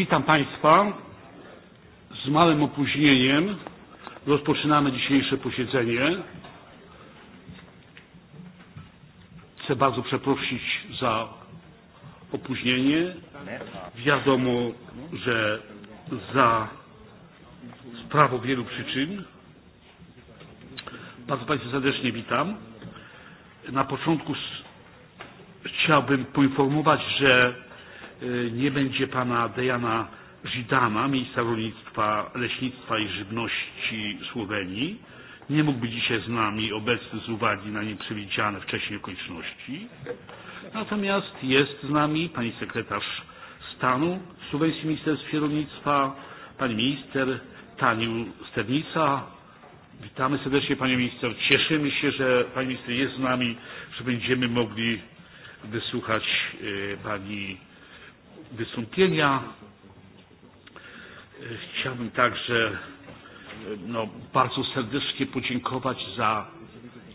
Witam Państwa z małym opóźnieniem. Rozpoczynamy dzisiejsze posiedzenie. Chcę bardzo przeprosić za opóźnienie. Wiadomo, że za sprawą wielu przyczyn. Bardzo Państwa serdecznie witam. Na początku chciałbym poinformować, że E, nie będzie pana Dejana Żidana, ministra rolnictwa, leśnictwa i żywności Słowenii. Nie mógłby dzisiaj z nami obecny z uwagi na nieprzewidziane wcześniej okoliczności. Natomiast jest z nami pani sekretarz stanu w Słoweńskim Ministerstwie Rolnictwa, pani minister Taniu Sternica. Witamy serdecznie panią minister. Cieszymy się, że pani minister jest z nami, że będziemy mogli wysłuchać e, pani wystąpienia. Chciałbym także no, bardzo serdecznie podziękować za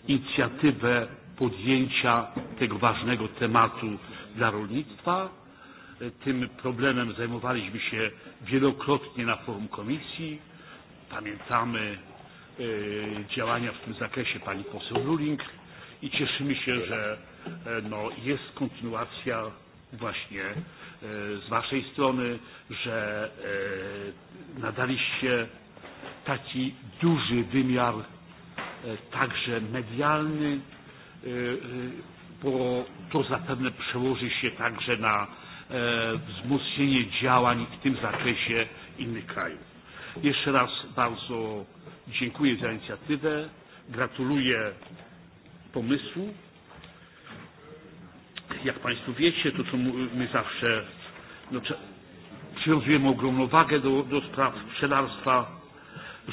inicjatywę podjęcia tego ważnego tematu dla rolnictwa. Tym problemem zajmowaliśmy się wielokrotnie na forum komisji. Pamiętamy e, działania w tym zakresie pani poseł Ruling i cieszymy się, że e, no, jest kontynuacja właśnie E, z Waszej strony, że e, nadaliście taki duży wymiar e, także medialny, bo to zapewne przełoży się także na wzmocnienie działań w tym zakresie innych krajów. Jeszcze raz bardzo dziękuję za inicjatywę, gratuluję pomysłu. Jak Państwo wiecie, to co my zawsze no, przywiązujemy ogromną wagę do, do spraw pszczelarstwa,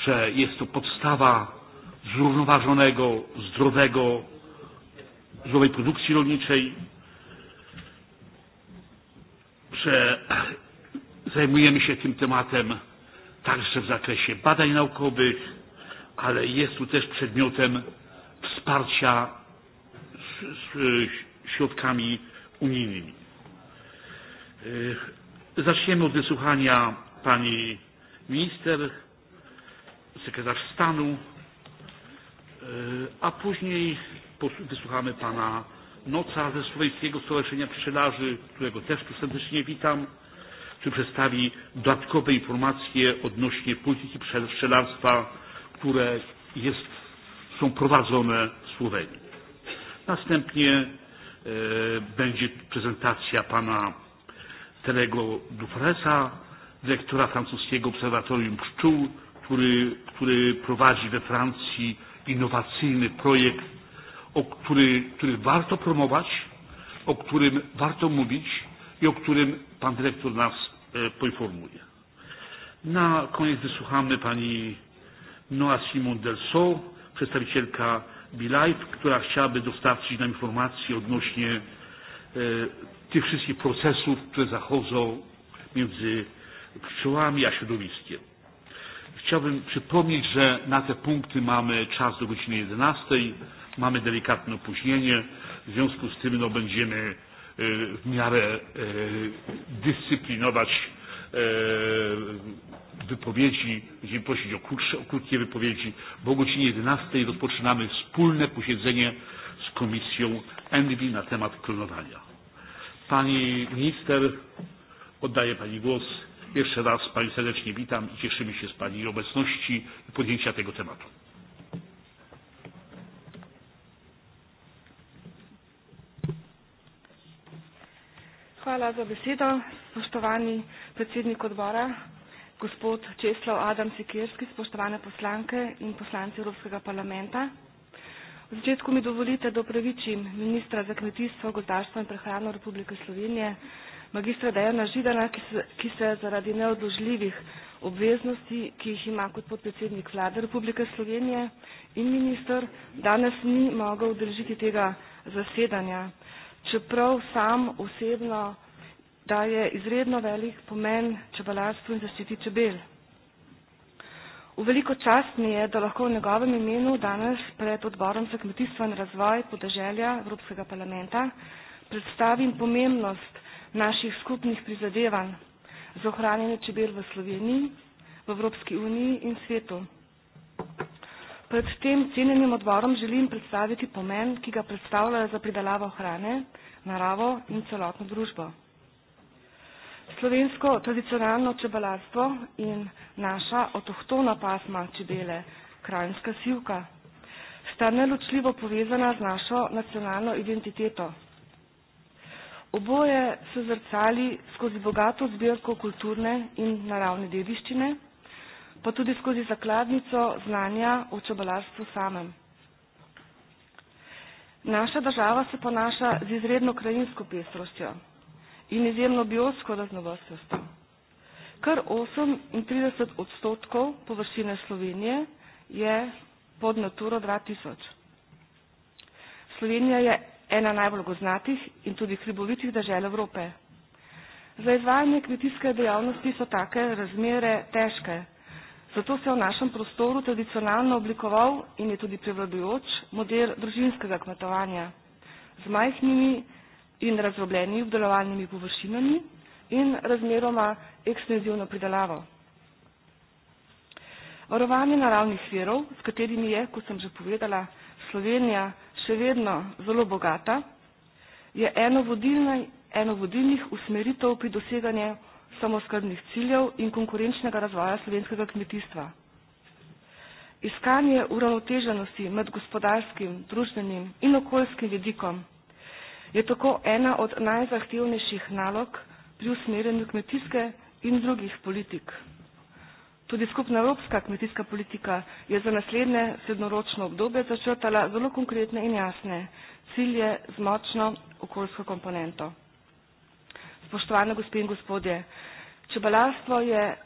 że jest to podstawa zrównoważonego, zdrowego, zdrowej produkcji rolniczej, że zajmujemy się tym tematem także w zakresie badań naukowych, ale jest tu też przedmiotem wsparcia z, z, środkami unijnymi. Zaczniemy od wysłuchania pani minister, sekretarz stanu, e, a później wysłuchamy pana Noca ze Słoweńskiego Stowarzyszenia Pszczelarzy, którego też tu serdecznie witam, który przedstawi dodatkowe informacje odnośnie polityki pszczelarstwa, które jest, są prowadzone w Słowenii. Następnie e, będzie prezentacja pana Terego Dufresa, dyrektora francuskiego obserwatorium pszczół, który, który prowadzi we Francji innowacyjny projekt, o który, który warto promować, o którym warto mówić i o którym pan dyrektor nas e, poinformuje. Na koniec wysłuchamy pani Noa Simon Delso, przedstawicielka BeLife, która chciałaby dostarczyć nam informacji odnośnie e, tych wszystkich procesów, które zachodzą między pszczołami a środowiskiem. Chciałbym przypomnieć, że na te punkty mamy czas do godziny 11. Mamy delikatne opóźnienie. W związku z tym no, będziemy e, w miarę e, dyscyplinować e, wypowiedzi, będziemy prosić o, krótsze, o krótkie wypowiedzi, bo o godzinie 11 rozpoczynamy wspólne posiedzenie z Komisją Envy na temat klonowania. Pani minister, oddaję Pani głos. Jeszcze raz Pani serdecznie witam i cieszymy się z Pani obecności i podjęcia tego tematu. Hvala za besedo, spoštovani predsednik odbora, gospod Česlav Adam Sikirski, spoštovane poslanke in poslanci Evropskega parlamenta. V začetku mi dovolite, da upravičim ministra za kmetijstvo, gozdarstvo in prehrano Republike Slovenije, magistra Dejana Židana, ki se, ki se zaradi neodložljivih obveznosti, ki jih ima kot podpredsednik vlade Republike Slovenije in minister, danes ni mogel udeležiti tega zasedanja. Čeprav sam osebno daje izredno velik pomen čebelarstvu in zaščiti čebel. V veliko čast mi je, da lahko v njegovem imenu danes pred odborom za kmetijstvo in razvoj podeželja Evropskega parlamenta predstavim pomembnost naših skupnih prizadevanj za ohranjanje čebel v Sloveniji, v Evropski uniji in svetu. Pred tem cenjenim odborom želim predstaviti pomen, ki ga predstavljajo za pridelavo hrane, naravo in celotno družbo. Slovensko tradicionalno čebelarstvo in naša otohtona pasma čebele, krajinska sivka, sta neločljivo povezana z našo nacionalno identiteto. Oboje se zrcali skozi bogato zbirko kulturne in naravne dediščine, pa tudi skozi zakladnico znanja o čebelarstvu samem. Naša država se ponaša z izredno krajinsko pestrostjo in izjemno biotsko raznovrstnostjo. Kar 38 odstotkov površine Slovenije je pod Naturo 2000. Slovenija je ena najbolj goznatih in tudi hribovitih držav Evrope. Za izvajanje kmetijske dejavnosti so take razmere težke, zato se je v našem prostoru tradicionalno oblikoval in je tudi prevladujoč model družinskega kmetovanja z majhnimi in razrobljenimi obdelovalnimi površinami in razmeroma ekstenzivno pridelavo. Varovanje naravnih virov, s katerimi je, kot sem že povedala, Slovenija še vedno zelo bogata, je eno, vodilne, eno vodilnih usmeritev pri doseganju samoskrbnih ciljev in konkurenčnega razvoja slovenskega kmetijstva. Iskanje uravnoteženosti med gospodarskim, družbenim in okoljskim vidikom je tako ena od najzahtevnejših nalog pri usmerjanju kmetijske in drugih politik. Tudi skupna evropska kmetijska politika je za naslednje sedmoročno obdobje začrtala zelo konkretne in jasne cilje z močno okoljsko komponento. Spoštovane gospe in gospodje, čebelarstvo je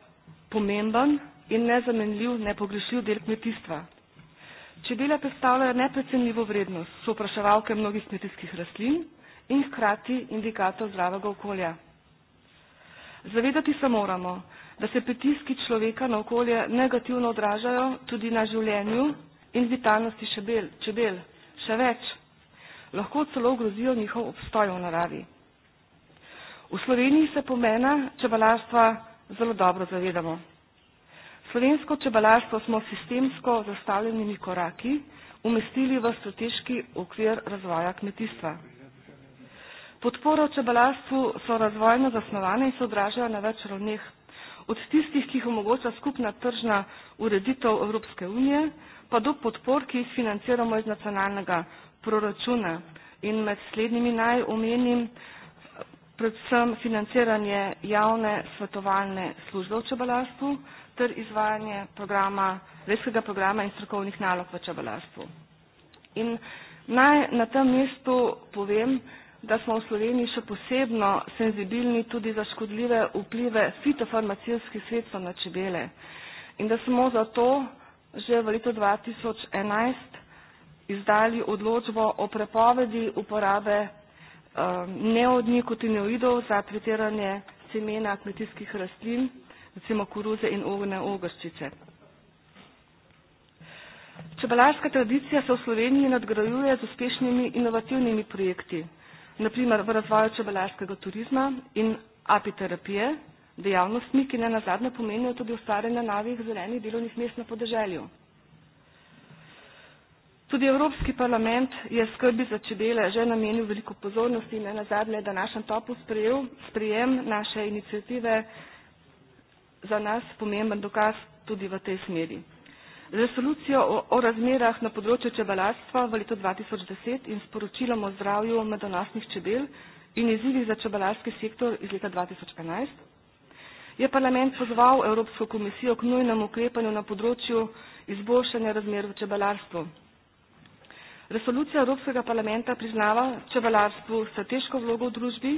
pomemben in nezamenljiv, nepogrešljiv del kmetijstva. Čebele predstavljajo neprecenljivo vrednost, so opraševalke mnogih kmetijskih rastlin, in hkrati indikator zdravega okolja. Zavedati se moramo, da se pritiski človeka na okolje negativno odražajo tudi na življenju in vitalnosti čebel, čebel. še več, lahko celo grozijo njihov obstoj v naravi. V Sloveniji se pomena čebelarstva zelo dobro zavedamo. Slovensko čebelarstvo smo sistemsko zastavljenimi koraki umestili v strateški okvir razvoja kmetijstva. Podporo čebelarstvu so razvojno zasnovane in se odražajo na več ravneh. Od tistih, ki jih omogoča skupna tržna ureditev Evropske unije, pa do podpor, ki jih financiramo iz nacionalnega proračuna. In med slednjimi naj omenim predvsem financiranje javne svetovalne službe v čebelarstvu ter izvajanje programa, reskega programa in strokovnih nalog v čebelarstvu. In naj na tem mestu povem, da smo v Sloveniji še posebno senzibilni tudi za škodljive vplive fitofarmacijskih sredstev na čebele in da smo zato že v letu 2011 izdali odločbo o prepovedi uporabe um, eh, neodnikotinoidov za tretiranje semena kmetijskih rastlin, recimo koruze in ogne ogrščice. Čebelarska tradicija se v Sloveniji nadgrajuje z uspešnimi inovativnimi projekti naprimer v razvoju čebelarskega turizma in apiterapije, dejavnostmi, ki ne nazadnje pomenijo tudi ustvarjanje novih zelenih delovnih mest na podeželju. Tudi Evropski parlament je skrbi za čebele že namenil veliko pozornosti in ne nazadnje je današnjem topu sprejel, sprejem naše inicijative za nas pomemben dokaz tudi v tej smeri resolucijo o, o razmerah na področju čebelarstva v letu 2010 in s poročilom o zdravju medonosnih čebel in izzivih za čebelarski sektor iz leta 2011, je parlament pozval Evropsko komisijo k nujnemu ukrepanju na področju izboljšanja razmer v čebelarstvu. Resolucija Evropskega parlamenta priznava čebelarstvu strateško vlogo v družbi,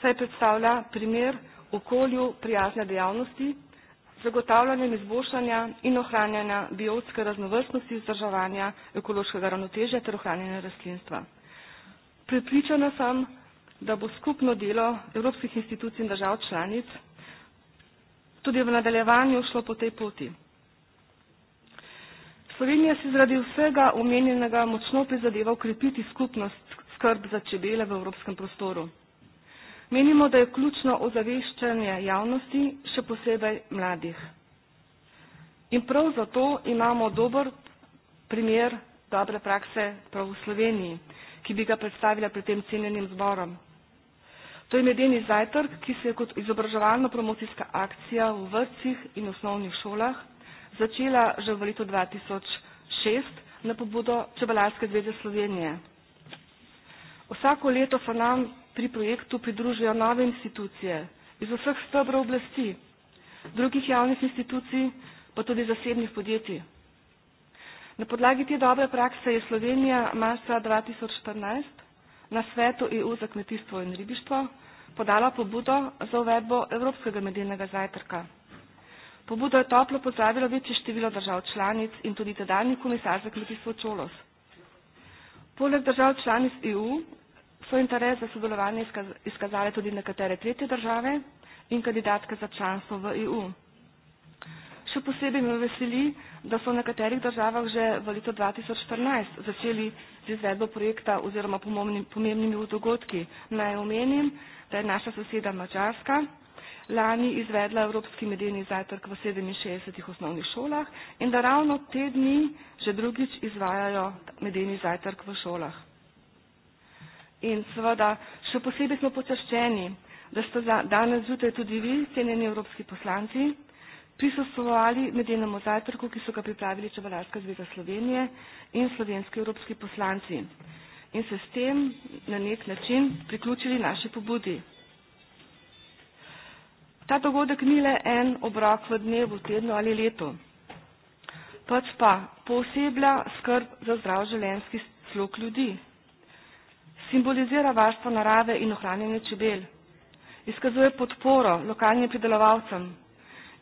saj predstavlja primer okolju prijazne dejavnosti in izboljšanja in ohranjanja biotske raznovrstnosti vzdrževanja ekološkega ravnotežja ter ohranjanja rastlinstva. Pripričana sem, da bo skupno delo evropskih institucij in držav članic tudi v nadaljevanju šlo po tej poti. Slovenija si zaradi vsega omenjenega močno prizadeva ukrepiti skupnost skrb za čebele v evropskem prostoru. Menimo, da je ključno ozaveščanje javnosti, še posebej mladih. In prav zato imamo dober primer dobre prakse prav v Sloveniji, ki bi ga predstavila pred tem cenjenim zborom. To je medeni zajtrk, ki se je kot izobraževalno-promocijska akcija v vrtcih in osnovnih šolah začela že v letu 2006 na pobudo Čebelarske zveze Slovenije. Vsako leto so nam pri projektu pridružijo nove institucije iz vseh stebrov oblasti, drugih javnih institucij, pa tudi zasebnih podjetij. Na podlagi te dobre prakse je Slovenija marca 2014 na svetu EU za kmetijstvo in ribištvo podala pobudo za uvedbo Evropskega medeljnega zajtrka. Pobudo je toplo pozdravilo večje število držav članic in tudi tedajni komisar za kmetijstvo Čolos. Poleg držav članic EU svoj interes za sodelovanje izkazale tudi nekatere tretje države in kandidatke za članstvo v EU. Še posebej me veseli, da so v nekaterih državah že v letu 2014 začeli z izvedbo projekta oziroma pomembnimi dogodki. Naj omenim, da je naša soseda Mačarska lani izvedla Evropski medijni zajtrk v 67 osnovnih šolah in da ravno te dni že drugič izvajajo medijni zajtrk v šolah. In seveda še posebej smo počaščeni, da ste danes zjutraj tudi vi, cenjeni evropski poslanci, prisostovali nedeljnemu zajtrku, ki so ga pripravili Čebelarska zveza Slovenije in slovenski evropski poslanci in se s tem na nek način priključili naši pobudi. Ta dogodek ni le en obrok v dnevu, tednu ali letu, pač pa pooseblja skrb za zdrav življenjski slog ljudi Simbolizira varstvo narave in ohranjanje čebel. Izkazuje podporo lokalnim pridelovalcem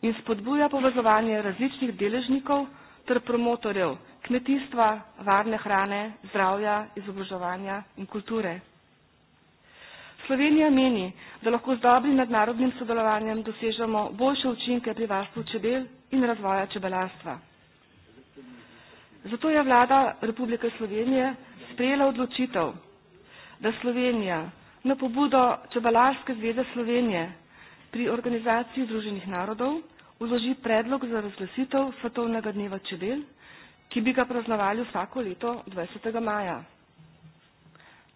in spodbuja povezovanje različnih deležnikov ter promotorjev kmetijstva, varne hrane, zdravja, izobraževanja in kulture. Slovenija meni, da lahko z dobrim mednarodnim sodelovanjem dosežemo boljše učinke pri varstvu čebel in razvoja čebelarstva. Zato je vlada Republike Slovenije sprejela odločitev, da Slovenija na pobudo Čebelarske zveze Slovenije pri organizaciji Združenih narodov vloži predlog za razglasitev svetovnega dneva čebel, ki bi ga praznovali vsako leto 20. maja.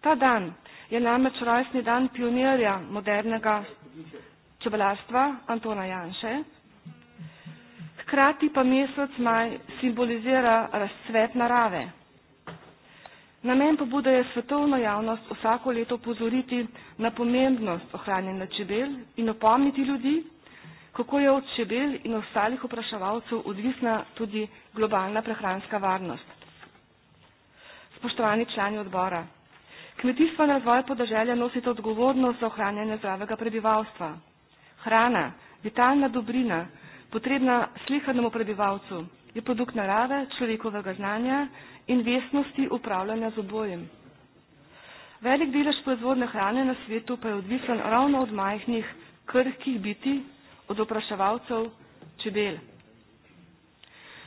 Ta dan je namreč rojstni dan pionirja modernega čebelarstva Antona Janše, hkrati pa mesec maj simbolizira razcvet narave Namen pobude je svetovno javnost vsako leto pozoriti na pomembnost ohranjanja čebel in opomniti ljudi, kako je od čebel in ostalih opraševalcev odvisna tudi globalna prehranska varnost. Spoštovani člani odbora, kmetijstvo in razvoj podeželja nosite odgovornost za ohranjanje zdravega prebivalstva. Hrana, vitalna dobrina, potrebna slihanemu prebivalcu, je produkt narave, človekovega znanja in vestnosti upravljanja z obojem. Velik delež proizvodne hrane na svetu pa je odvisen ravno od majhnih, krhkih biti, od opraševalcev čebel.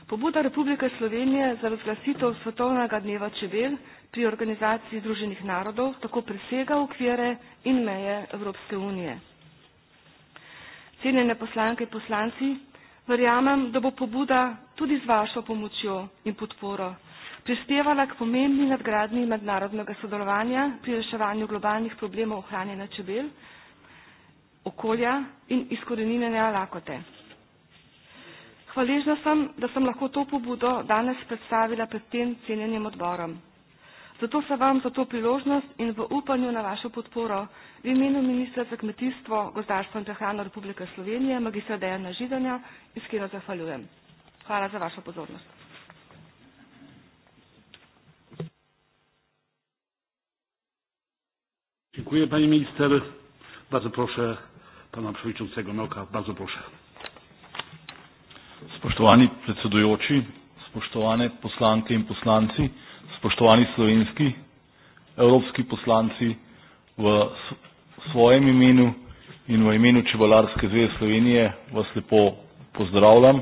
Pobuda Republike Slovenije za razglasitev svetovnega dneva čebel pri organizaciji Združenih narodov tako presega okvire in meje Evropske unije. Cenjene poslanke in poslanci, Verjamem, da bo pobuda tudi z vašo pomočjo in podporo prispevala k pomembni nadgradnji mednarodnega sodelovanja pri reševanju globalnih problemov ohranjanja čebel, okolja in izkoreninjenja lakote. Hvaležna sem, da sem lahko to pobudo danes predstavila pred tem cenjenim odborom. Zato se vam za to priložnost in v upanju na vašo podporo v imenu ministra za kmetijstvo, gozdarstvo in prehrano Republike Slovenije, magistra Dejana Židanja, iskreno zahvaljujem. Hvala za vašo pozornost. Dziękuję pani minister. Bardzo proszę pana przewodniczącego Noka. Bardzo proszę. Spoštovani predsedujoči, spoštovane poslanke in poslanci spoštovani slovenski evropski poslanci, v svojem imenu in v imenu Čebalarske zveze Slovenije vas lepo pozdravljam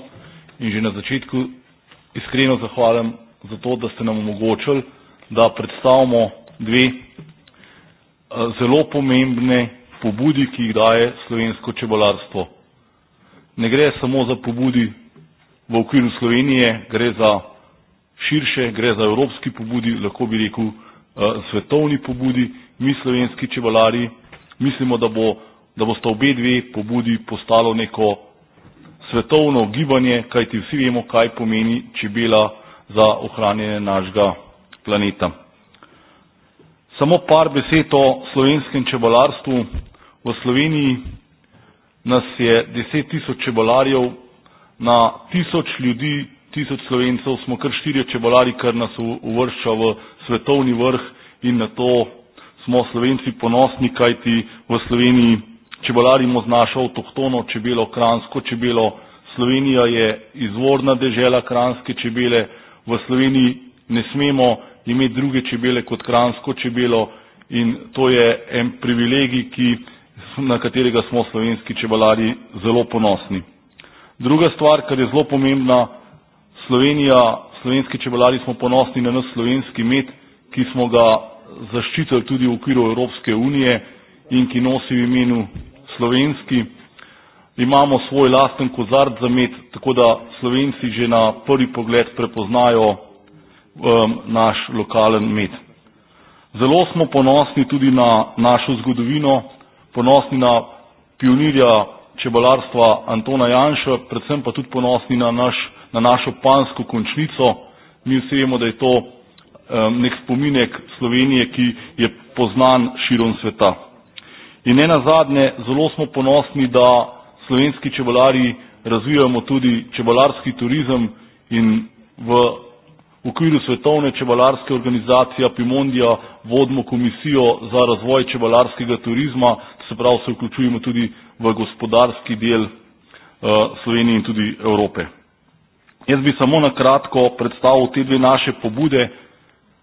in že na začetku iskreno zahvaljam za to, da ste nam omogočili, da predstavimo dve eh, zelo pomembne pobudi, ki jih daje slovensko čebolarstvo. Ne gre samo za pobudi v okviru Slovenije, gre za širše, gre za evropski pobudi, lahko bi rekel eh, svetovni pobudi. Mi slovenski čebelari mislimo, da, bo, da sta obe dve pobudi postalo neko svetovno gibanje, kajti vsi vemo, kaj pomeni čebela za ohranjanje našega planeta. Samo par besed o slovenskem čebelarstvu. V Sloveniji nas je 10 tisoč čebelarjev na tisoč ljudi tisoč Slovencev smo kar štirje čebolari, kar nas uvršča v svetovni vrh in na to smo Slovenci ponosni, kajti v Sloveniji čebelarimo z našo avtohtono čebelo, kransko čebelo. Slovenija je izvorna dežela kranske čebele. V Sloveniji ne smemo imeti druge čebele kot kransko čebelo in to je en privilegij, ki, na katerega smo slovenski čebelari zelo ponosni. Druga stvar, kar je zelo pomembna, Slovenija, slovenski čebelari smo ponosni na nas slovenski med, ki smo ga zaščitili tudi v okviru Evropske unije in ki nosi v imenu slovenski. Imamo svoj lasten kozard za med, tako da Slovenci že na prvi pogled prepoznajo um, naš lokalen med. Zelo smo ponosni tudi na našo zgodovino, ponosni na pionirja čebelarstva Antona Janša, predvsem pa tudi ponosni na naš na našo pansko končnico. Mi vsi vemo, da je to um, nek spominek Slovenije, ki je poznan širom sveta. In ne nazadnje, zelo smo ponosni, da slovenski čebelari razvijamo tudi čebelarski turizem in v okviru svetovne čebelarske organizacije Pimondija vodimo komisijo za razvoj čebelarskega turizma, se pravi se vključujemo tudi v gospodarski del uh, Slovenije in tudi Evrope. Jaz bi samo na kratko predstavil te dve naše pobude,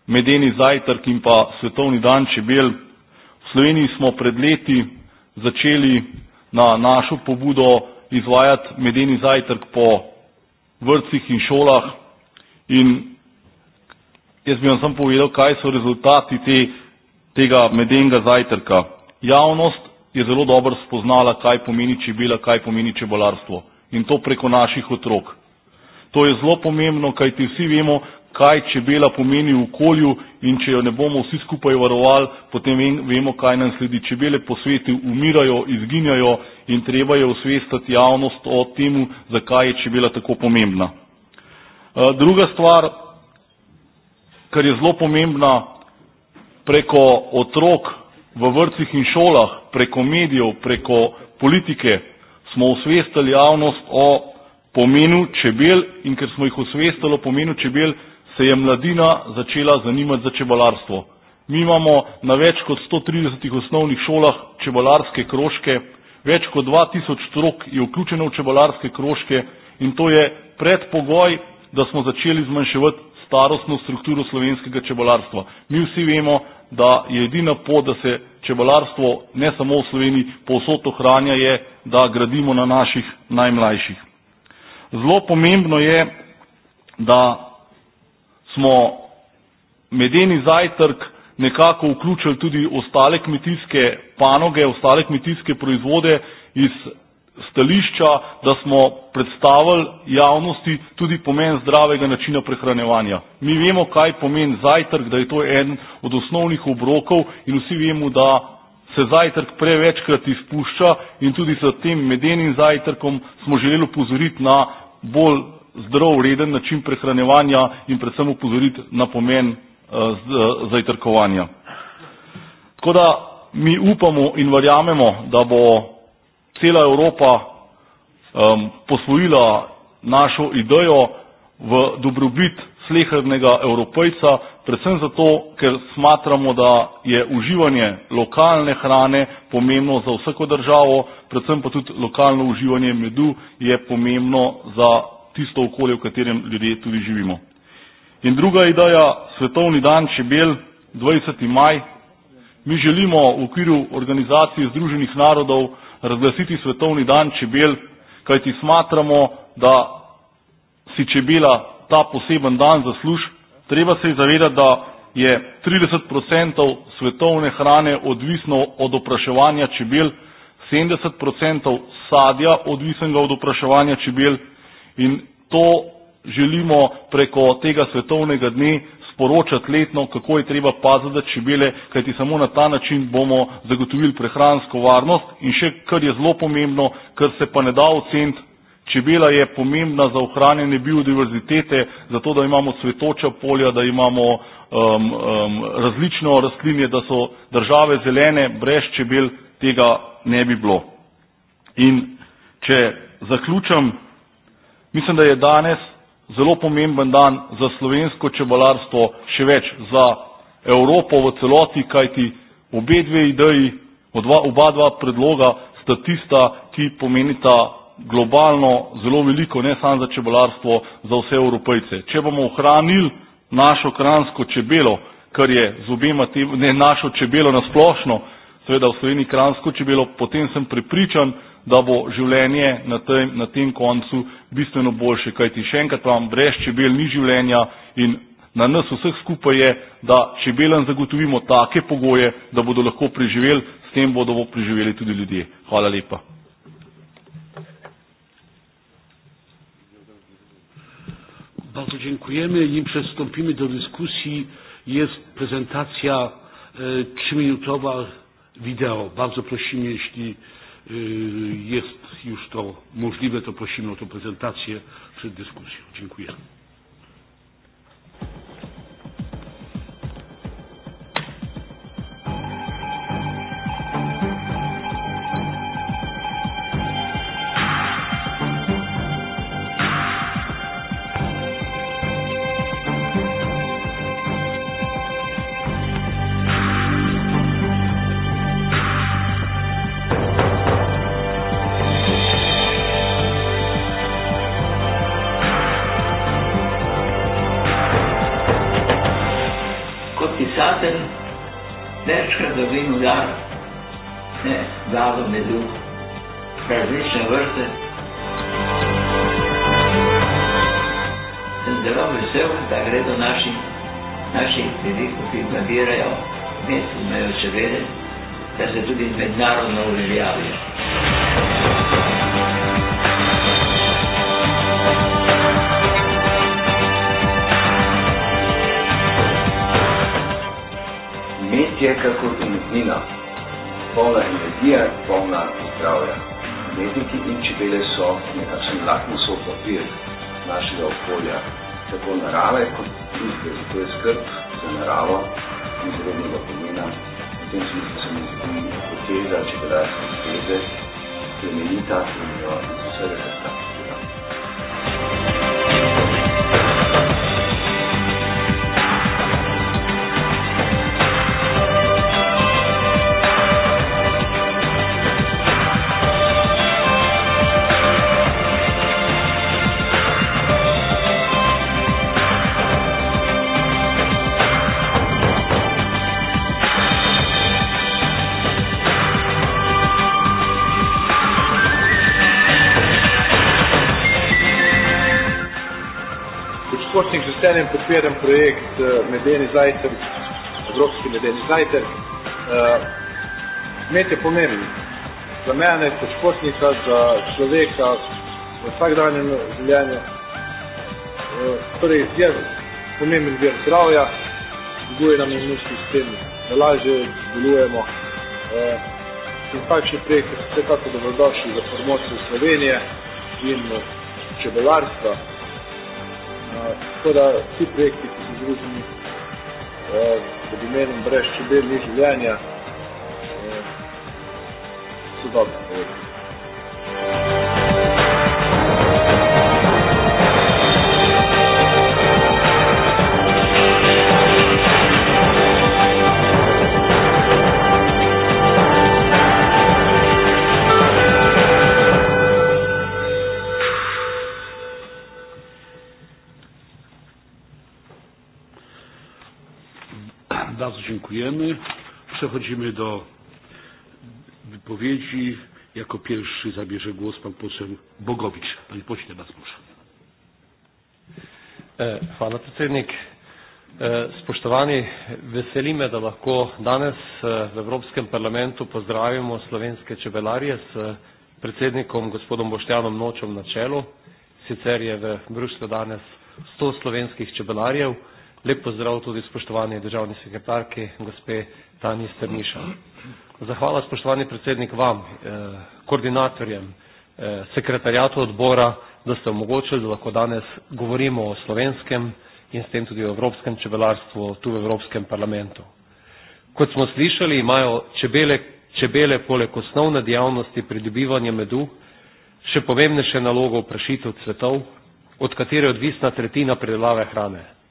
medeni zajtrk in pa svetovni dan čebel. V Sloveniji smo pred leti začeli na našo pobudo izvajati medeni zajtrk po vrtcih in šolah in jaz bi vam sam povedal, kaj so rezultati te, tega medenega zajtrka. Javnost je zelo dobro spoznala, kaj pomeni čebela, kaj pomeni čebelarstvo in to preko naših otrok to je zelo pomembno, ti vsi vemo, kaj čebela pomeni v okolju in če jo ne bomo vsi skupaj varovali, potem vemo, kaj nam sledi. Čebele po svetu umirajo, izginjajo in treba je osvestati javnost o temu, zakaj je čebela tako pomembna. Eh, druga stvar, kar je zelo pomembna, preko otrok v vrtcih in šolah, preko medijev, preko politike smo osvestali javnost o pomenu čebel in ker smo jih osvestili o pomenu čebel, se je mladina začela zanimati za čebelarstvo. Mi imamo na več kot 130 osnovnih šolah čebelarske kroške, več kot 2000 otrok je vključeno v čebelarske kroške in to je predpogoj, da smo začeli zmanjševati starostno strukturo slovenskega čebelarstva. Mi vsi vemo, da je edina pot, da se čebelarstvo ne samo v Sloveniji povsod ohranja, je, da gradimo na naših najmlajših. Zelo pomembno je, da smo medeni zajtrk nekako vključili tudi ostale kmetijske panoge, ostale kmetijske proizvode iz stališča, da smo predstavili javnosti tudi pomen zdravega načina prehranevanja. Mi vemo, kaj pomeni zajtrk, da je to en od osnovnih obrokov in vsi vemo, da se zajtrk prevečkrat izpušča in tudi s tem medenim zajtrkom smo želeli upozoriti na bolj zdrav, reden način prehranevanja in predvsem upozoriti na pomen eh, eh, zajtrkovanja. Tako da mi upamo in verjamemo, da bo cela Evropa um, posvojila našo idejo v dobrobit slehrnega evropejca predvsem zato, ker smatramo, da je uživanje lokalne hrane pomembno za vsako državo, predvsem pa tudi lokalno uživanje medu je pomembno za tisto okolje, v katerem ljudje tudi živimo. In druga ideja, svetovni dan čebel, 20. maj. Mi želimo v okviru organizacije Združenih narodov razglasiti svetovni dan čebel, kajti smatramo, da si čebela ta poseben dan zasluži Treba se zavedati, da je 30% svetovne hrane odvisno od opraševanja čebel, 70% sadja odvisnega od opraševanja čebel in to želimo preko tega svetovnega dne sporočati letno, kako je treba paziti čebele, kajti samo na ta način bomo zagotovili prehransko varnost in še, kar je zelo pomembno, kar se pa ne da oceniti, Čebela je pomembna za ohranjanje biodiverzitete, zato da imamo svetoča polja, da imamo um, um, različno rastlinje, da so države zelene, brez čebel tega ne bi bilo. In če zaključam, mislim, da je danes zelo pomemben dan za slovensko čebelarstvo, še več za Evropo v celoti, kajti obe dve ideji, oba, oba dva predloga sta tista, ki pomenita globalno zelo veliko, ne samo za čebelarstvo, za vse evropejce. Če bomo ohranili našo kransko čebelo, kar je z obema tem, ne našo čebelo nasplošno, seveda v Sloveniji kransko čebelo, potem sem prepričan, da bo življenje na tem, na tem koncu bistveno boljše, kajti še enkrat vam brez čebel ni življenja in na nas vseh skupaj je, da čebelam zagotovimo take pogoje, da bodo lahko preživeli, s tem bodo preživeli tudi ljudje. Hvala lepa. Bardzo dziękujemy. Nim przystąpimy do dyskusji, jest prezentacja e, trzyminutowa wideo. Bardzo prosimy, jeśli e, jest już to możliwe, to prosimy o tę prezentację przed dyskusją. Dziękuję. svi planirajo, mesto imajo še vedeti, da se tudi mednarodno uveljavijo. Med je kakor umetnina, polna energije, polna zdravja. Medniki in čebele so nekakšen lakmusov papir našega okolja, tako narave kot družbe, zato je skrb za naravo in izrednega pomena. V tem smislu se mi zdi hipoteza, če bi rastli teze, plemenita in jo iz vsega srca športnik z veseljem podpiram projekt eh, Medeni zajtrk, Evropski medeni zajtrk. Eh, Med je pomemben. Za mene kot športnika, za človeka v vsakdanjem življenju. Eh, torej, je pomemben vir zdravja, zbuje nam imunski sistem, da lažje delujemo. In takšni projekti so vsekako dobrodošli za promocijo Slovenije in čebelarstva. Tako da vsi projekti, ki so združeni pod imenom Brez čebel ni življenja, so dobri projekti. Dziękujemy. Przechodzimy do wypowiedzi. Jako pierwszy zabierze głos pan poseł Bogowicz. Panie pośle, bardzo proszę. E, hvala, predsednik. E, spoštovani, veseli me, da lahko danes e, v Evropskem parlamentu pozdravimo slovenske čebelarje s predsednikom gospodom Boštjanom Nočom na čelu. Sicer je v Bruslju danes 100 slovenskih čebelarjev, Lep pozdrav tudi spoštovani državni sekretarki, gospe Tanji Strniša. Zahvala spoštovani predsednik vam, eh, koordinatorjem, eh, sekretarjatu odbora, da ste omogočili, da lahko danes govorimo o slovenskem in s tem tudi o evropskem čebelarstvu tu v Evropskem parlamentu. Kot smo slišali, imajo čebele, čebele poleg osnovne dejavnosti pridobivanja medu še pomembnejše nalogo v prašitev cvetov, od katere je odvisna tretjina predelave hrane.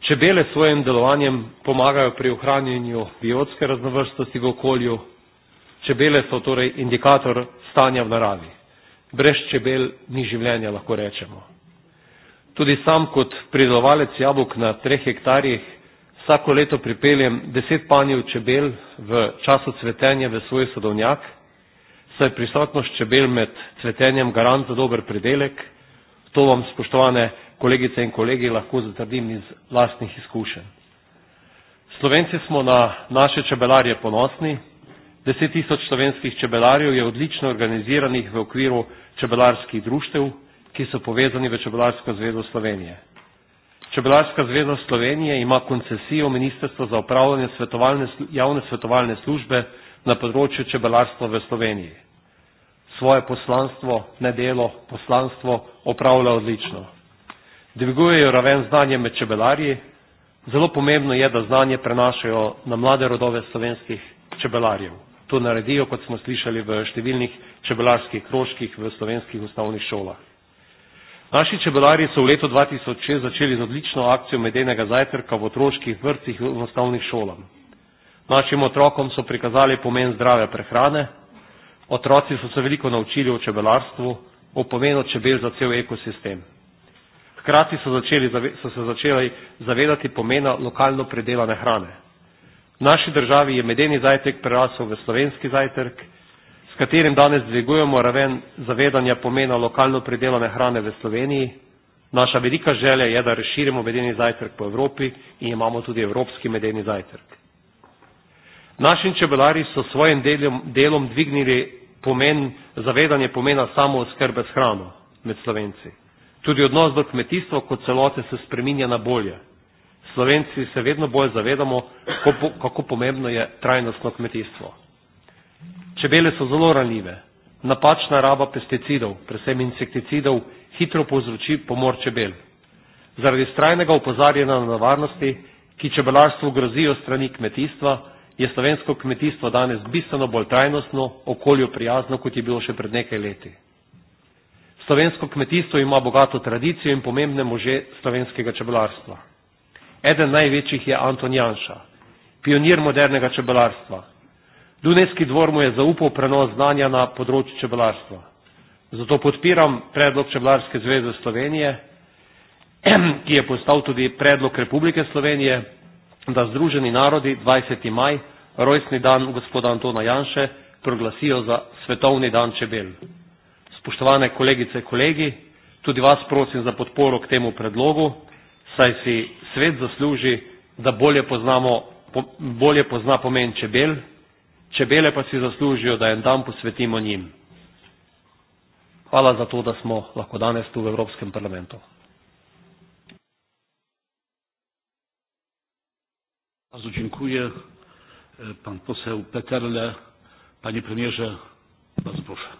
Čebele svojim delovanjem pomagajo pri ohranjanju biotske raznovrstnosti v okolju. Čebele so torej indikator stanja v naravi. Brez čebel ni življenja, lahko rečemo. Tudi sam kot pridelovalec jabolk na treh hektarjih vsako leto pripeljem deset panjev čebel v času cvetenja v svoj sadovnjak, saj prisotnost čebel med cvetenjem garant za dober pridelek. To vam, spoštovane kolegice in kolegi, lahko zatrdim iz lastnih izkušenj. Slovenci smo na naše čebelarje ponosni. Deset tisoč slovenskih čebelarjev je odlično organiziranih v okviru čebelarskih društev, ki so povezani v Čebelarsko zvezo Slovenije. Čebelarska zveza Slovenije ima koncesijo Ministrstva za upravljanje svetovalne, javne svetovalne službe na področju čebelarstva v Sloveniji. Svoje poslanstvo, ne delo, poslanstvo opravlja odlično dvigujejo raven znanja med čebelarji. Zelo pomembno je, da znanje prenašajo na mlade rodove slovenskih čebelarjev. To naredijo, kot smo slišali, v številnih čebelarskih krožkih v slovenskih osnovnih šolah. Naši čebelarji so v letu 2006 začeli z odlično akcijo medenega zajtrka v otroških vrtcih in osnovnih šolah. Našim otrokom so prikazali pomen zdrave prehrane, otroci so se veliko naučili o čebelarstvu, o pomenu čebel za cel ekosistem. Hkrati so, začeli, so se začeli zavedati pomena lokalno predelane hrane. V naši državi je medeni zajtrk prerasel v slovenski zajtrk, s katerim danes dvigujemo raven zavedanja pomena lokalno predelane hrane v Sloveniji. Naša velika želja je, da razširimo medeni zajtrk po Evropi in imamo tudi evropski medeni zajtrk. Naši čebelari so svojim delom, delom dvignili pomen, zavedanje pomena samo oskrbe s hrano med Slovenci. Tudi odnos do kmetijstva kot celote se spreminja na bolje. Slovenci se vedno bolj zavedamo, kako pomembno je trajnostno kmetijstvo. Čebele so zelo ranljive. Napačna raba pesticidov, predvsem insekticidov, hitro povzroči pomor čebel. Zaradi strajnega opozarjanja na nevarnosti, ki čebelarstvu grozijo strani kmetijstva, je slovensko kmetijstvo danes bistveno bolj trajnostno, okolju prijazno, kot je bilo še pred nekaj leti. Slovensko kmetijstvo ima bogato tradicijo in pomembne može slovenskega čebelarstva. Eden največjih je Anton Janša, pionir modernega čebelarstva. Dunajski dvor mu je zaupal prenos znanja na področju čebelarstva. Zato podpiram predlog Čebelarske zveze Slovenije, ki je postal tudi predlog Republike Slovenije, da Združeni narodi 20. maj, rojstni dan gospoda Antona Janše, proglasijo za svetovni dan čebel. Spoštovane kolegice in kolegi, tudi vas prosim za podporo k temu predlogu, saj si svet zasluži, da bolje, poznamo, bolje pozna pomen čebel, čebele pa si zaslužijo, da en dan posvetimo njim. Hvala za to, da smo lahko danes tu v Evropskem parlamentu. Bardzo dziękuję. E, pan poseł Peterle. Panie premierze, bardzo proszę.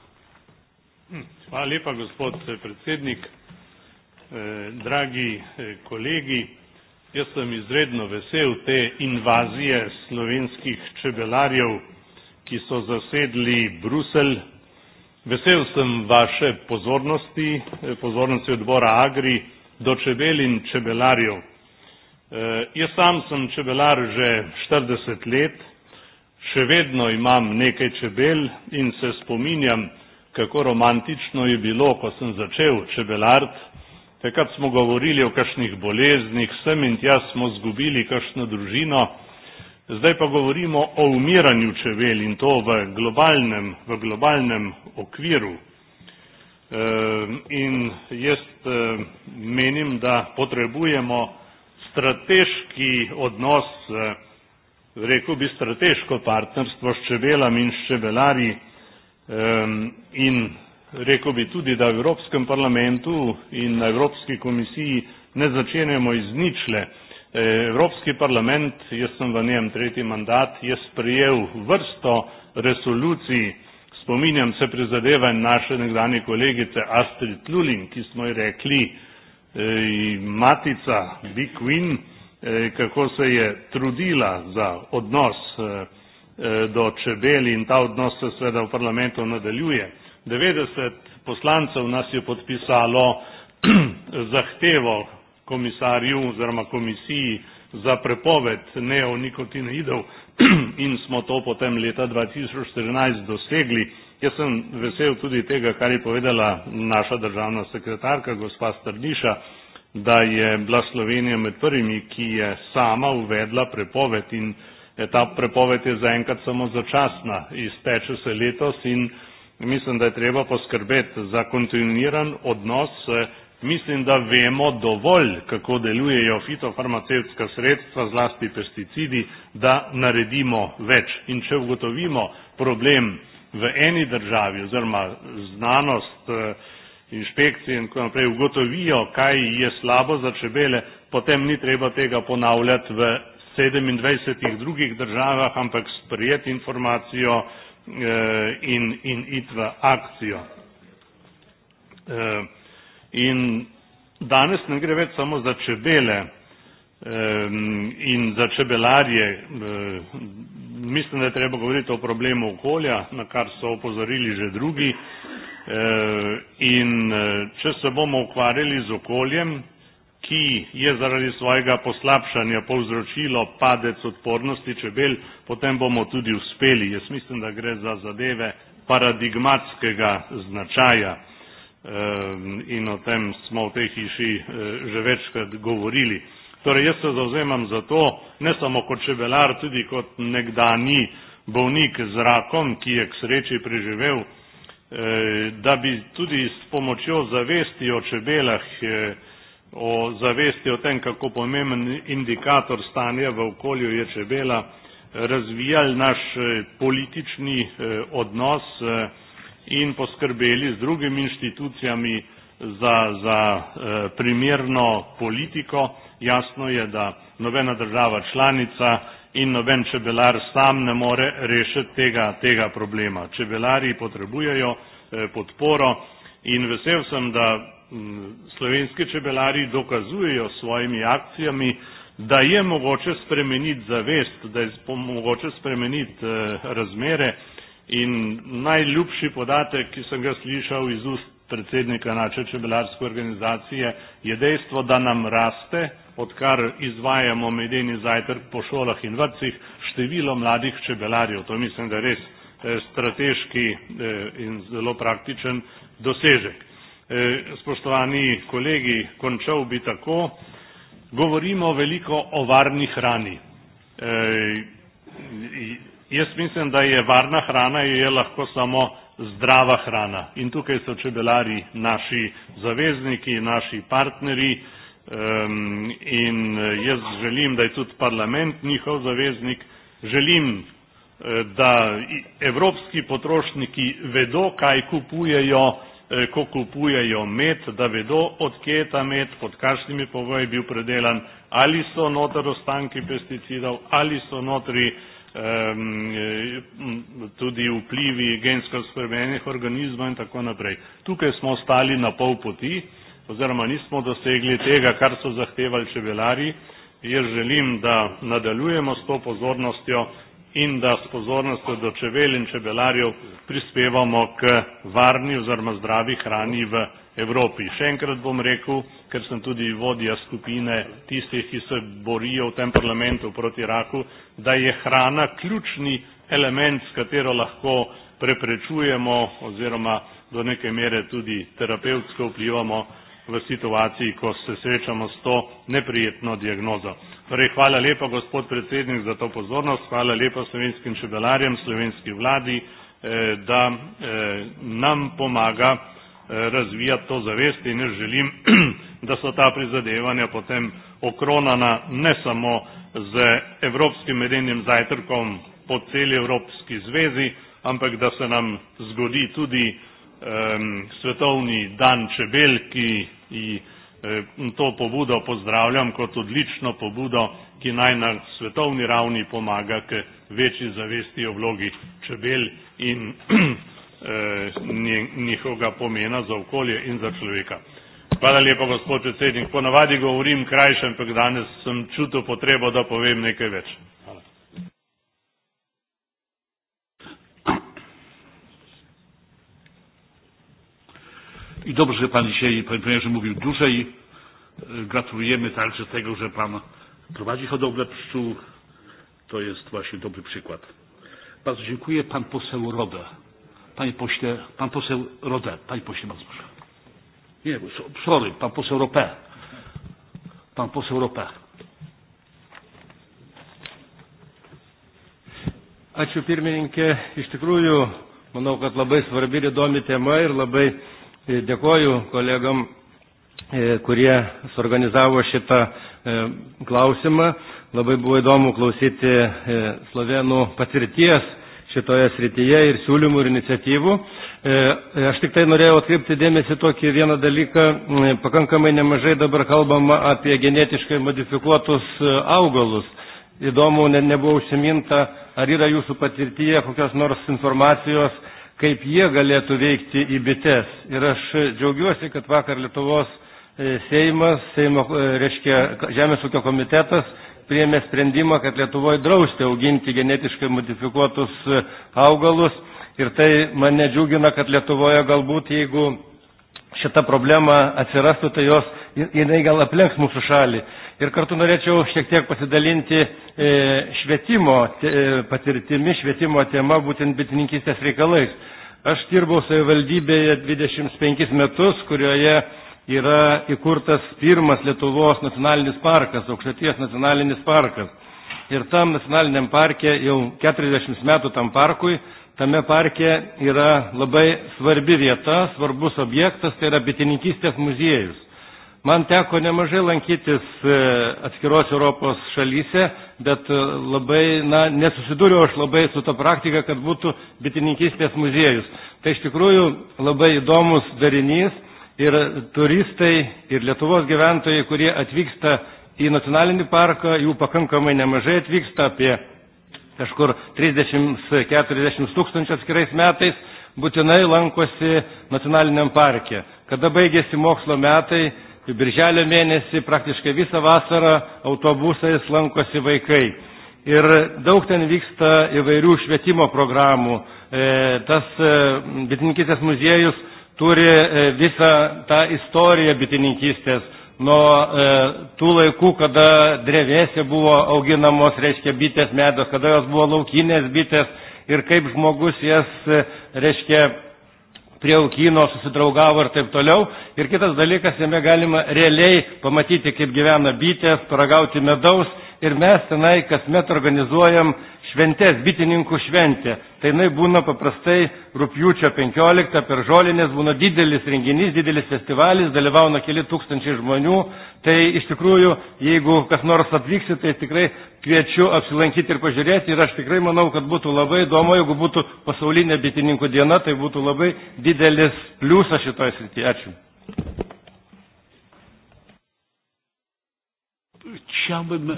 Hm, hvala lepa, gospod eh, predsednik. Eh, dragi eh, kolegi, jaz sem izredno vesel te invazije slovenskih čebelarjev, ki so zasedli Bruselj. Vesel sem vaše pozornosti, pozornosti odbora Agri do čebel in čebelarjev. Jaz sam sem čebelar že 40 let, še vedno imam nekaj čebel in se spominjam, kako romantično je bilo, ko sem začel čebelart, takrat smo govorili o kakšnih boleznih, sem in tja smo zgubili kakšno družino, zdaj pa govorimo o umiranju čebel in to v globalnem, v globalnem okviru. Ehm, in jaz ehm, menim, da potrebujemo strateški odnos, ehm, rekel bi strateško partnerstvo s čebelami in s čebelarji, Ehm, in rekel bi tudi, da v Evropskem parlamentu in na Evropski komisiji ne začenjamo iz ničle. E, Evropski parlament, jaz sem v njem tretji mandat, je sprejel vrsto resolucij, spominjam se prizadevanj naše nekdanje kolegice Astrid Lulin, ki smo ji rekli e, matica Big Win, e, kako se je trudila za odnos Eh, do čebel in ta odnos se seveda v parlamentu nadaljuje. 90 poslancev nas je podpisalo zahtevo komisarju oziroma komisiji za prepoved neonikotinoidov in smo to potem leta 2014 dosegli. Jaz sem vesel tudi tega, kar je povedala naša državna sekretarka, gospa Strniša, da je bila Slovenija med prvimi, ki je sama uvedla prepoved in ta prepoved je zaenkrat samo začasna, izteče se letos in mislim, da je treba poskrbeti za kontinuiran odnos. Mislim, da vemo dovolj, kako delujejo fitofarmacevtska sredstva, zlasti pesticidi, da naredimo več. In če ugotovimo problem v eni državi oziroma znanost, eh, inšpekcije in tako naprej ugotovijo, kaj je slabo za čebele, potem ni treba tega ponavljati v 27 drugih državah, ampak sprijeti informacijo eh, in, in iti v akcijo. Eh, in danes ne gre več samo za čebele eh, in za čebelarje. Mislim, da je treba govoriti o problemu okolja, na kar so opozorili že drugi. In če se bomo ukvarjali z okoljem, ki je zaradi svojega poslabšanja povzročilo padec odpornosti čebel, potem bomo tudi uspeli. Jaz mislim, da gre za zadeve paradigmatskega značaja ehm, in o tem smo v tej hiši eh, že večkrat govorili. Torej, jaz se zauzemam za to, ne samo kot čebelar, tudi kot nekdani bolnik z rakom, ki je k sreči preživel, eh, da bi tudi s pomočjo zavesti o čebelah eh, o zavesti o tem, kako pomemben indikator stanja v okolju je čebela, razvijali naš e, politični e, odnos e, in poskrbeli z drugimi inštitucijami za, za primerno politiko. Jasno je, da nobena država članica in noben čebelar sam ne more rešiti tega, tega problema. Čebelari potrebujejo podporo in vesel sem, da slovenski čebelari dokazujejo s svojimi akcijami, da je mogoče spremeniti zavest, da je mogoče spremeniti eh, razmere in najljubši podatek, ki sem ga slišal iz ust predsednika naše čebelarske organizacije, je dejstvo, da nam raste, odkar izvajamo medeni zajtrk po šolah in vrtcih, število mladih čebelarjev. To mislim, da je res eh, strateški eh, in zelo praktičen dosežek. Eh, spoštovani kolegi, končal bi tako. Govorimo veliko o varni hrani. Eh, jaz mislim, da je varna hrana jo je lahko samo zdrava hrana. In tukaj so čebelari naši zavezniki, naši partneri in eh, jaz želim, da je tudi parlament njihov zaveznik. Želim, da evropski potrošniki vedo, kaj kupujejo E, ko kupujejo med, da vedo, kje je ta med, pod kakšnimi pogoji je bil predelan, ali so noter ostanki pesticidov, ali so notri um, tudi vplivi gensko spremenjenih organizmov in tako naprej. Tukaj smo stali na pol poti oziroma nismo dosegli tega, kar so zahtevali čebelari. Jaz želim, da nadaljujemo s to pozornostjo, in da s pozornostjo do čevel in čebelarjev prispevamo k varni oziroma zdravi hrani v Evropi. Še enkrat bom rekel, ker sem tudi vodja skupine tistih, ki se borijo v tem parlamentu proti raku, da je hrana ključni element, s katero lahko preprečujemo oziroma do neke mere tudi terapevtsko vplivamo v situaciji, ko se srečamo s to neprijetno diagnozo. Torej, hvala lepa, gospod predsednik, za to pozornost, hvala lepa slovenskim čebelarjem, slovenski vladi, eh, da eh, nam pomaga eh, razvijati to zavest in jaz želim, da so ta prizadevanja potem okronana ne samo z evropskim medenjem zajtrkom po celi Evropski zvezi, ampak da se nam zgodi tudi um, svetovni dan čebel, ki i e, to pobudo pozdravljam kot odlično pobudo, ki naj na svetovni ravni pomaga k večji zavesti o vlogi čebel in e, njihovega pomena za okolje in za človeka. Hvala lepa, gospod predsednik. Ponavadi govorim krajšem ampak danes sem čutil potrebo, da povem nekaj več. Hvala. I dobrze, że Pan dzisiaj, Panie Premierze, mówił dłużej. E, gratulujemy także tego, że Pan prowadzi hodowlę pszczół. To jest właśnie dobry przykład. Bardzo dziękuję. Pan poseł Rodę. Panie pośle, pan poseł Rodę. Panie pośle, bardzo proszę. Nie, sorry, pan poseł Ropę. Pan poseł Ropę. Ačiū pirmininkė. Iš tikrųjų, manau, kad labai svarbi ir įdomi tema ir labai E, dėkoju kolegam, e, kurie suorganizavo šitą e, klausimą. Labai buvo įdomu klausyti slovenų patirties šitoje srityje ir siūlymų ir iniciatyvų. Aš tik tai norėjau atkreipti dėmesį tokį vieną dalyką. Pakankamai nemažai dabar kalbama apie genetiškai modifikuotus augalus. Įdomu, ne, nebuvo užsiminta, ar yra jūsų patirtyje kokios nors informacijos kaip jie galėtų veikti į bites. Ir aš džiaugiuosi, kad vakar Lietuvos e, Seimas, Seimo, e, reiškia, Žemės ūkio komitetas priėmė sprendimą, kad Lietuvoje drausti auginti genetiškai modifikuotus e, augalus. Ir tai mane džiugina, kad Lietuvoje galbūt, jeigu šita problema atsirastų, tai jos, jinai gal aplenks mūsų šalį. Ir kartu norėčiau šiek tiek pasidalinti e, švietimo e, patirtimi, švietimo tema, būtent bitininkystės reikalais. Aš dirbau savivaldybėje 25 metus, kurioje yra įkurtas pirmas Lietuvos nacionalinis parkas, aukštaties nacionalinis parkas. Ir tam nacionaliniam parke jau 40 metų tam parkui tame parke yra labai svarbi vieta, svarbus objektas, tai yra bitininkystės muziejus. Man teko nemažai lankytis e, atskiros Europos šalyse, bet e, labai, na, nesusidūriau aš labai su ta praktika, kad būtų bitininkystės muziejus. Tai iš tikrųjų labai įdomus darinys ir turistai, ir Lietuvos gyventojai, kurie atvyksta į nacionalinį parką, jų pakankamai nemažai atvyksta apie kažkur 30-40 tūkstančių atskirais metais būtinai lankosi nacionaliniam parke. Kada baigėsi mokslo metai, birželio mėnesį praktiškai visą vasarą autobusais lankosi vaikai. Ir daug ten vyksta įvairių švietimo programų. E, tas e, bitininkistės muziejus turi e, visą tą istoriją bitininkistės nuo e, tų laikų, kada drevėse buvo auginamos, reiškia, bitės medos, kada jos buvo laukinės bitės ir kaip žmogus jas, reiškia, prie aukino susidraugavo ir taip toliau. Ir kitas dalykas, jame galima realiai pamatyti, kaip gyvena bitės, paragauti medaus. Ir mes tenai kasmet organizuojam šventės, bitininkų šventė. Tai jinai būna paprastai rūpjūčio 15 per žolinės, būna didelis renginys, didelis festivalis, dalyvauna keli tūkstančiai žmonių. Tai iš tikrųjų, jeigu kas nors atvyks, tai tikrai kviečiu apsilankyti ir pažiūrėti. Ir aš tikrai manau, kad būtų labai įdomu, jeigu būtų pasaulinė bitininkų diena, tai būtų labai didelis pliusas šitoj srityje. Ačiū. Chciałbym e,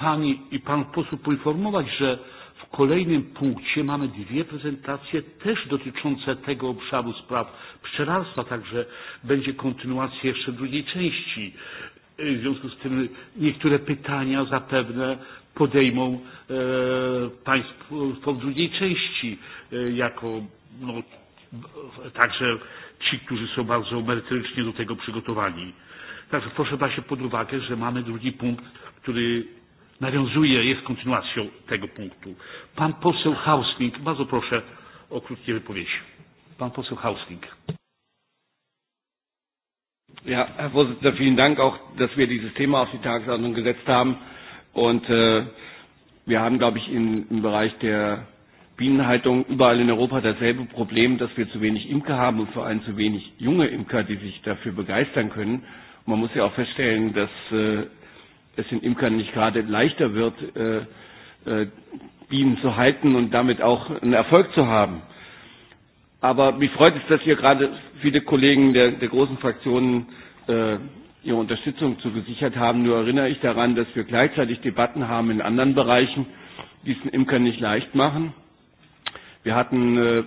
Pani i Panów posłów poinformować, że w kolejnym punkcie mamy dwie prezentacje też dotyczące tego obszaru spraw pszczelarstwa, także będzie kontynuacja jeszcze drugiej części. E, w związku z tym niektóre pytania zapewne podejmą e, Państwo w drugiej części, e, jako no, także ci, którzy są bardzo merytorycznie do tego przygotowani. Także proszę brać pod uwagę, że mamy drugi punkt, który nawiązuje, jest kontynuacją tego punktu. Pan poseł Hausling, bardzo proszę o krótkie wypowiedzi. Pan poseł Hausling. Ja, Herr Vorsitzender, vielen Dank auch, dass wir dieses Thema auf die Tagesordnung gesetzt haben. Und äh, wir haben, glaube ich, in, im Bereich der Bienenhaltung überall in Europa dasselbe Problem, dass wir zu wenig Imker haben und vor allem zu wenig junge Imker, die sich dafür begeistern können. Äh, man muss ja auch feststellen, dass äh, es den Imkern nicht gerade leichter wird, äh, äh, Bienen zu halten und damit auch einen Erfolg zu haben. Aber mich freut es, dass hier gerade viele Kollegen der, der großen Fraktionen äh, ihre Unterstützung zugesichert haben. Nur erinnere ich daran, dass wir gleichzeitig Debatten haben in anderen Bereichen, die es den Imkern nicht leicht machen. Wir hatten, äh,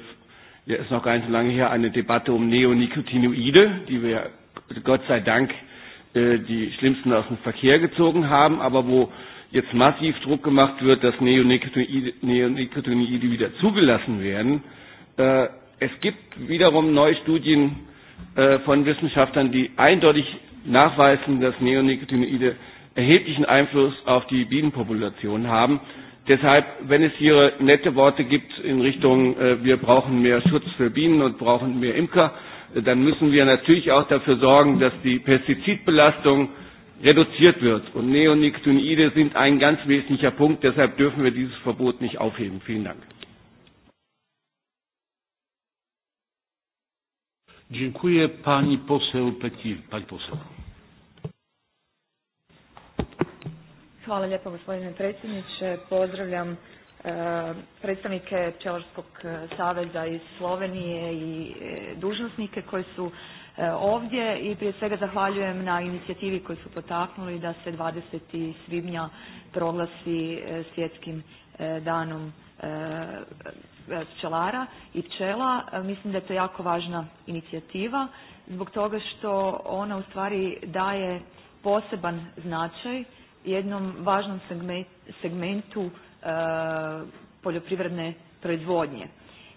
ja, ist noch gar nicht so lange her, eine Debatte um Neonicotinoide, die wir Gott sei Dank Äh, die Schlimmsten aus dem Verkehr gezogen haben, aber wo jetzt massiv Druck gemacht wird, dass Neonicotinoide wieder zugelassen werden. Äh, es gibt wiederum neue Studien äh, von Wissenschaftlern, die eindeutig nachweisen, dass Neonicotinoide erheblichen Einfluss auf die Bienenpopulation haben. Deshalb, wenn es hier nette Worte gibt in Richtung, wir brauchen mehr Schutz für Bienen und brauchen mehr Imker, dann müssen wir natürlich auch dafür sorgen, dass die Pestizidbelastung reduziert wird. Und Neonicotinoide sind ein ganz wesentlicher Punkt. Deshalb dürfen wir dieses Verbot nicht aufheben. Vielen Dank. Dziękuję. Pani poseł Petir. Pani poseł. Hvala lijepo gospodine predsjedniče. Pozdravljam Eh, predstavnike Pčelarskog saveza iz Slovenije i eh, dužnosnike koji su eh, ovdje i prije svega zahvaljujem na inicijativi koju su potaknuli da se 20. svibnja proglasi svjetskim danom pčelara i pčela. Mislim da je to jako važna inicijativa zbog toga što ona u stvari daje poseban značaj jednom važnom segmentu Eh, poljoprivredne proizvodnje.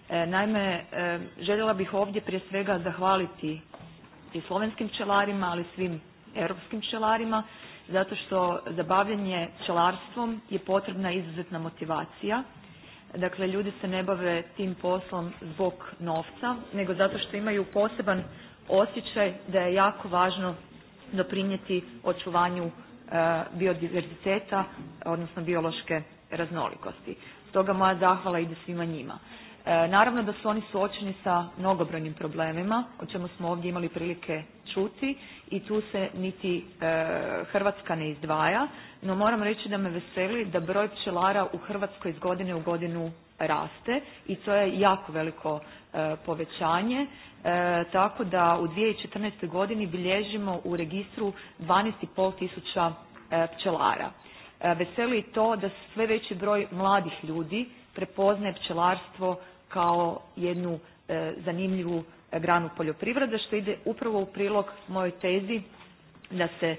Eh, naime, eh, željela bih ovdje prije svega zahvaliti i slovenskim pčelarima, ali svim europskim pčelarima, zato što za bavljanje pčelarstvom je potrebna izuzetna motivacija. Dakle, ljudi se ne bave tim poslom zbog novca, nego zato što imaju poseban osjećaj da je jako važno doprinijeti očuvanju biodiverziteta, odnosno biološke raznolikosti. Stoga moja zahvala ide svima njima. E, naravno da su oni suočeni sa mnogobrojnim problemima, o čemu smo ovdje imali prilike čuti i tu se niti e, Hrvatska ne izdvaja, no moram reći da me veseli da broj pčelara u Hrvatskoj iz godine u godinu raste i to je jako veliko e, povećanje, e, tako da u 2014. godini bilježimo u registru 12,5 tisuća e, pčelara. E, veseli i to da sve veći broj mladih ljudi prepoznaje pčelarstvo kao jednu e, zanimljivu e, granu poljoprivrede što ide upravo u prilog mojoj tezi da se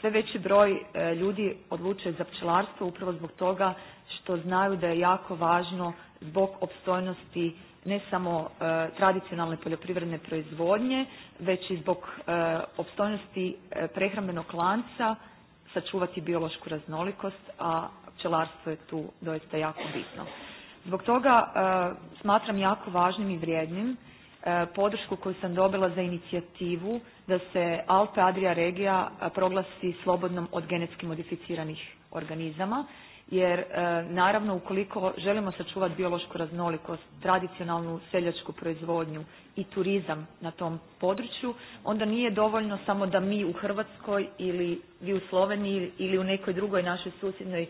sve veći broj ljudi odlučuje za pčelarstvo upravo zbog toga što znaju da je jako važno zbog opstojnosti ne samo e, tradicionalne poljoprivredne proizvodnje, već i zbog e, opstojnosti e, prehrambenog lanca sačuvati biološku raznolikost, a pčelarstvo je tu doista jako bitno. Zbog toga e, smatram jako važnim i vrijednim e, podršku koju sam dobila za inicijativu da se Alpe Adria regija proglasi slobodnom od genetski modificiranih organizama jer e, naravno ukoliko želimo sačuvati biološku raznolikost, tradicionalnu seljačku proizvodnju i turizam na tom području, onda nije dovoljno samo da mi u Hrvatskoj ili vi u Sloveniji ili u nekoj drugoj našoj susjednoj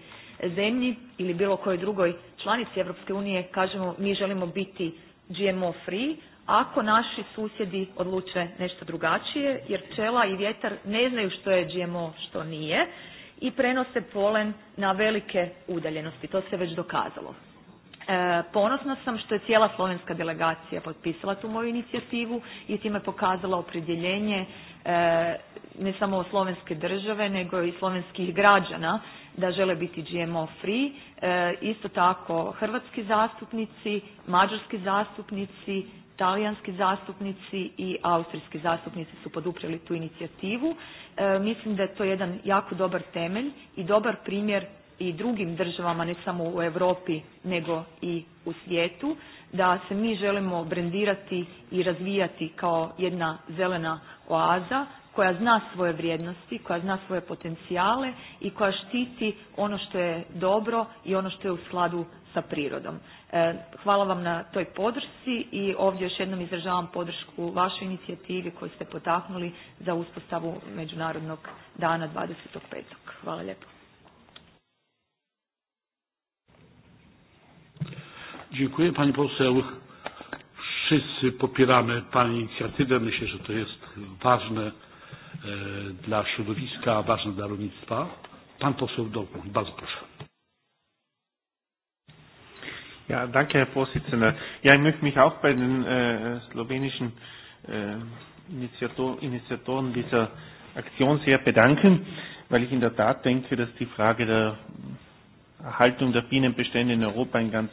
zemlji ili bilo kojoj drugoj članici Europske unije kažemo mi želimo biti GMO free, ako naši susjedi odluče nešto drugačije, jer pčela i vjetar ne znaju što je GMO, što nije, i prenose polen na velike udaljenosti. To se već dokazalo. E, ponosna sam što je cijela slovenska delegacija potpisala tu moju inicijativu i time pokazala opredjeljenje e, ne samo slovenske države nego i slovenskih građana da žele biti GMO free. E, isto tako hrvatski zastupnici, mađarski zastupnici, talijanski zastupnici i austrijski zastupnici su poduprili tu inicijativu. E, mislim da je to jedan jako dobar temelj i dobar primjer i drugim državama, ne samo u Europi nego i u svijetu, da se mi želimo brendirati i razvijati kao jedna zelena oaza koja zna svoje vrijednosti, koja zna svoje potencijale i koja štiti ono što je dobro i ono što je u skladu sa prirodom. E, hvala vam na toj podršci i ovdje još jednom izražavam podršku vašoj inicijativi koju ste potaknuli za uspostavu Međunarodnog dana 25. Hvala lijepo. Dziękuję Pani Poseł. Wszyscy popieramy Pani inicjatywę. Myślę, że to jest ważne e, dla środowiska, ważne dla rolnictwa. Pan poseł Dołku, bardzo proszę. Ja, danke, Herr Vorsitzender. Ja, ich möchte mich auch bei den äh, slowenischen äh, Initiator, Initiatoren dieser Aktion sehr bedanken, weil ich in der Tat denke, dass die Frage der Erhaltung der Bienenbestände in Europa ein ganz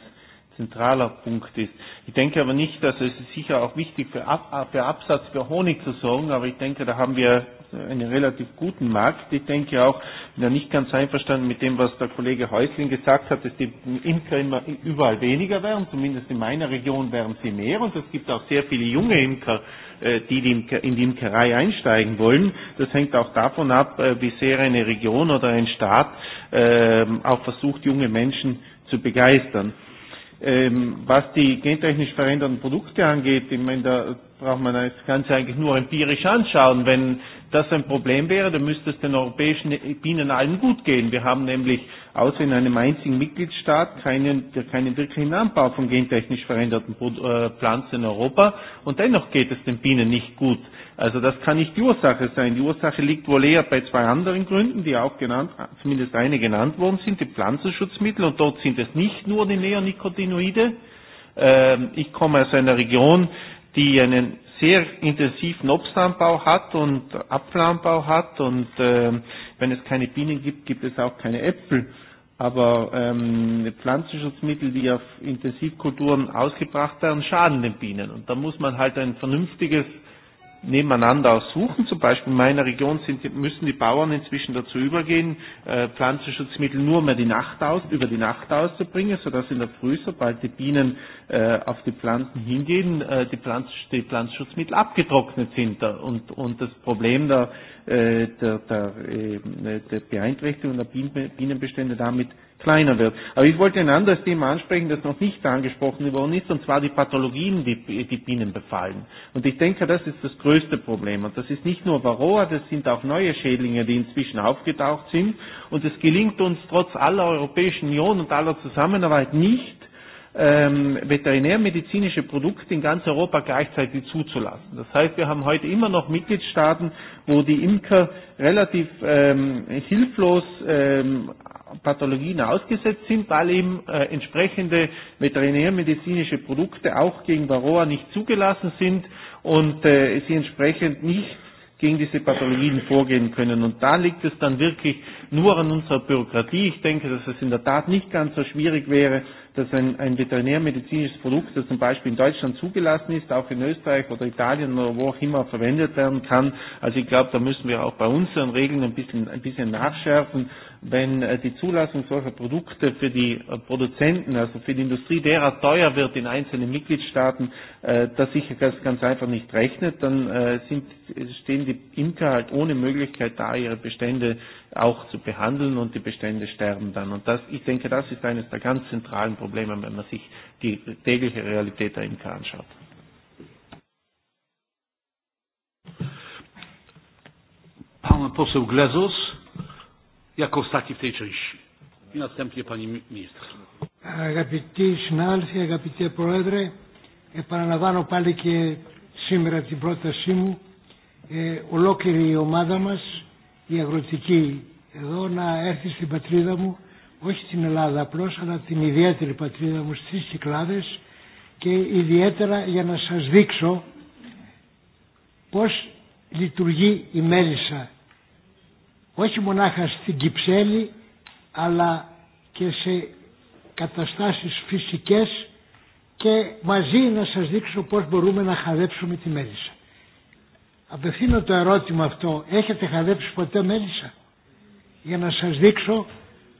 zentraler Punkt ist. Ich denke aber nicht, dass es ist sicher auch wichtig für, Ab für Absatz für Honig zu sorgen, aber ich denke, da haben wir einen relativ guten Markt. Ich denke auch, bin ja nicht ganz einverstanden mit dem, was der Kollege Häusling gesagt hat, dass die Imker immer überall weniger werden, zumindest in meiner Region werden sie mehr und es gibt auch sehr viele junge Imker, äh, die in die Imkerei einsteigen wollen. Das hängt auch davon ab, äh, wie sehr eine Region oder ein Staat ähm, auch versucht, junge Menschen zu begeistern. Ähm, was die gentechnisch veränderten Produkte angeht, ich meine, da braucht man das Ganze eigentlich nur empirisch anschauen. Wenn das ein Problem wäre, dann müsste es den europäischen Bienen allen gut gehen. Wir haben nämlich außer in einem einzigen Mitgliedstaat keinen, keinen wirklichen Anbau von gentechnisch veränderten äh, Pflanzen in Europa und dennoch geht es den Bienen nicht gut. Also das kann nicht die Ursache sein. Die Ursache liegt wohl eher bei zwei anderen Gründen, die auch genannt, zumindest eine genannt worden sind, die Pflanzenschutzmittel. Und dort sind es nicht nur die Neonicotinoide. Ähm, ich komme aus einer Region, die einen sehr intensiven Obstanbau hat und Apfelanbau hat. Und ähm, wenn es keine Bienen gibt, gibt es auch keine Äpfel. Aber ähm, Pflanzenschutzmittel, die auf Intensivkulturen ausgebracht werden, schaden den Bienen. Und da muss man halt ein vernünftiges nebeneinander auch suchen. Zum Beispiel in meiner Region sind, müssen die Bauern inzwischen dazu übergehen, äh, Pflanzenschutzmittel nur mehr die Nacht aus, über die Nacht auszubringen, sodass in der Früh, sobald die Bienen äh, auf die Pflanzen hingehen, äh, die, Pflanz, die Pflanzenschutzmittel abgetrocknet sind. Und, und das Problem der Äh, der, der, ähm, äh, der Beeinträchtigung der Bienenbestände damit kleiner wird. Aber ich wollte ein anderes Thema ansprechen, das noch nicht angesprochen worden ist, und zwar die Pathologien, die die Bienen befallen. Und ich denke, das ist das größte Problem. Und das ist nicht nur Varroa, das sind auch neue Schädlinge, die inzwischen aufgetaucht sind. Und es gelingt uns trotz aller Europäischen Union und aller Zusammenarbeit nicht, ähm, veterinärmedizinische Produkte in ganz Europa gleichzeitig zuzulassen. Das heißt, wir haben heute immer noch Mitgliedstaaten, wo die Imker relativ ähm, hilflos ähm, Pathologien ausgesetzt sind, weil eben äh, entsprechende veterinärmedizinische Produkte auch gegen Varroa nicht zugelassen sind und äh, sie entsprechend nicht gegen diese Pathologien vorgehen können. Und da liegt es dann wirklich nur an unserer Bürokratie. Ich denke, dass es in der Tat nicht ganz so schwierig wäre, dass ein, ein veterinärmedizinisches Produkt, das zum Beispiel in Deutschland zugelassen ist, auch in Österreich oder Italien oder wo auch immer verwendet werden kann. Also ich glaube, da müssen wir auch bei unseren Regeln ein bisschen, ein bisschen nachschärfen, wenn äh, die Zulassung solcher Produkte für die äh, Produzenten, also für die Industrie derer teuer wird in einzelnen Mitgliedstaaten, äh, dass sich das ganz einfach nicht rechnet, dann sind, stehen die Imker halt ohne Möglichkeit da, ihre Bestände auch zu behandeln und die Bestände sterben dann. Und das, ich denke, das ist eines der ganz zentralen Probleme, wenn man sich die tägliche Realität der Imker anschaut. Pan poseł Glezos jako ostatni w tej części. I następnie pani minister. Αγαπητοί συνάδελφοι, αγαπητέ Πρόεδρε, επαναλαμβάνω πάλι και σήμερα την πρότασή μου ε, ολόκληρη η ομάδα μας, η αγροτική εδώ, να έρθει στην πατρίδα μου, όχι στην Ελλάδα απλώς, αλλά την ιδιαίτερη πατρίδα μου στις Κυκλάδες και ιδιαίτερα για να σας δείξω πώς λειτουργεί η μέλισσα όχι μονάχα στην Κυψέλη αλλά και σε καταστάσεις φυσικές και μαζί να σας δείξω πώς μπορούμε να χαδέψουμε τη μέλισσα. Απευθύνω το ερώτημα αυτό, έχετε χαδέψει ποτέ μέλισσα. Για να σας δείξω,